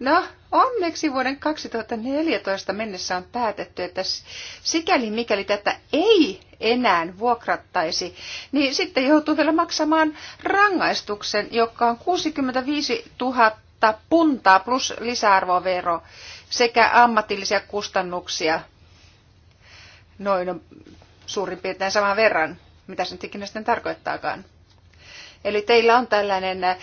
No, onneksi vuoden 2014 mennessä on päätetty, että sikäli mikäli tätä ei enää vuokrattaisi, niin sitten joutuu vielä maksamaan rangaistuksen, joka on 65 000 puntaa plus lisäarvovero sekä ammatillisia kustannuksia noin suurin piirtein saman verran, mitä se nyt ikinä sitten tarkoittaakaan. Eli teillä on tällainen äh,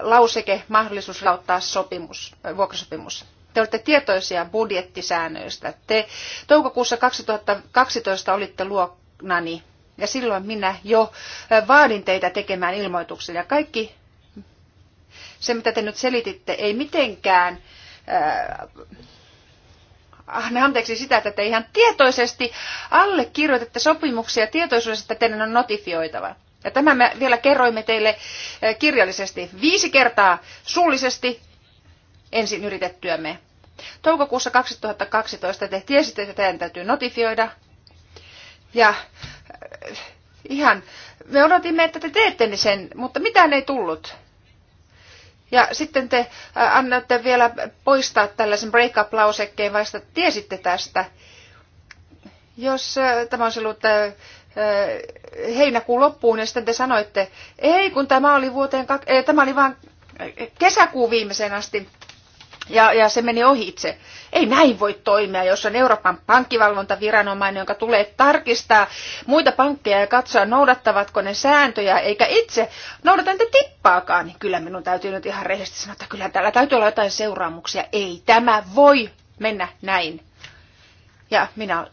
lauseke, mahdollisuus lauttaa sopimus, äh, vuokrasopimus. Te olette tietoisia budjettisäännöistä. Te toukokuussa 2012 olitte luoknani ja silloin minä jo äh, vaadin teitä tekemään ilmoituksen. Ja kaikki se, mitä te nyt selititte, ei mitenkään äh, anteeksi sitä, että te ihan tietoisesti allekirjoitatte sopimuksia tietoisuudesta, että teidän on notifioitava. Ja tämä me vielä kerroimme teille eh, kirjallisesti viisi kertaa suullisesti ensin yritettyämme. Toukokuussa 2012 te tiesitte, että teidän täytyy notifioida. Ja eh, ihan, me odotimme, että te teette sen, mutta mitään ei tullut. Ja sitten te eh, annatte vielä poistaa tällaisen break-up-lausekkeen, vaikka tiesitte tästä. Jos tämä olisi ollut heinäkuun loppuun ja sitten te sanoitte, ei kun tämä oli, vuoteen, tämä oli vain kesäkuun viimeisen asti ja, ja se meni ohitse. Ei näin voi toimia, jos on Euroopan pankkivalvontaviranomainen, jonka tulee tarkistaa muita pankkeja ja katsoa, noudattavatko ne sääntöjä, eikä itse noudata niitä tippaakaan. Niin kyllä minun täytyy nyt ihan rehellisesti sanoa, että kyllä täällä täytyy olla jotain seuraamuksia. Ei tämä voi mennä näin. Ja minä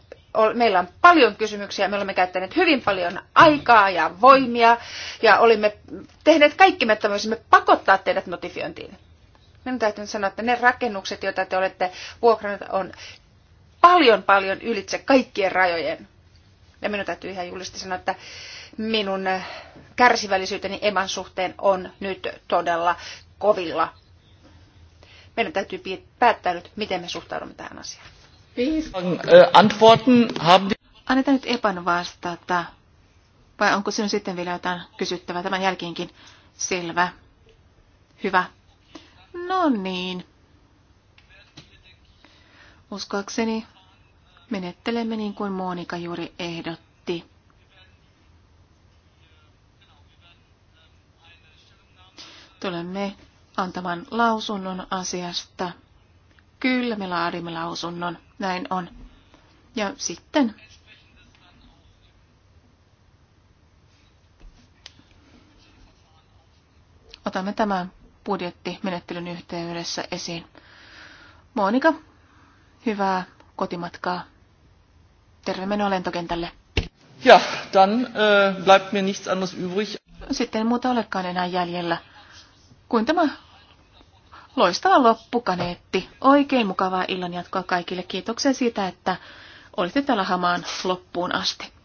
meillä on paljon kysymyksiä, me olemme käyttäneet hyvin paljon aikaa ja voimia ja olimme tehneet kaikki, että voisimme pakottaa teidät notifiointiin. Minun täytyy sanoa, että ne rakennukset, joita te olette vuokranneet, on paljon paljon ylitse kaikkien rajojen. Ja minun täytyy ihan julisti sanoa, että minun äh, kärsivällisyyteni emän suhteen on nyt todella kovilla. Meidän täytyy päättää nyt, miten me suhtaudumme tähän asiaan. Äh, Annetaan nyt Epan vastata. Vai onko sinun sitten vielä jotain kysyttävää tämän jälkeenkin? Selvä. Hyvä. No niin. Uskoakseni menettelemme niin kuin Monika juuri ehdotti. Tulemme antamaan lausunnon asiasta. Kyllä me laadimme lausunnon näin on. Ja sitten otamme tämän budjettimenettelyn yhteydessä esiin. Monika, hyvää kotimatkaa. Terve menoa lentokentälle. Ja, dann äh, bleibt mir nichts anderes übrig. Sitten muuta olekaan enää jäljellä kuin tämä loistava loppukaneetti. Oikein mukavaa illanjatkoa kaikille. Kiitoksia siitä, että olitte täällä hamaan loppuun asti.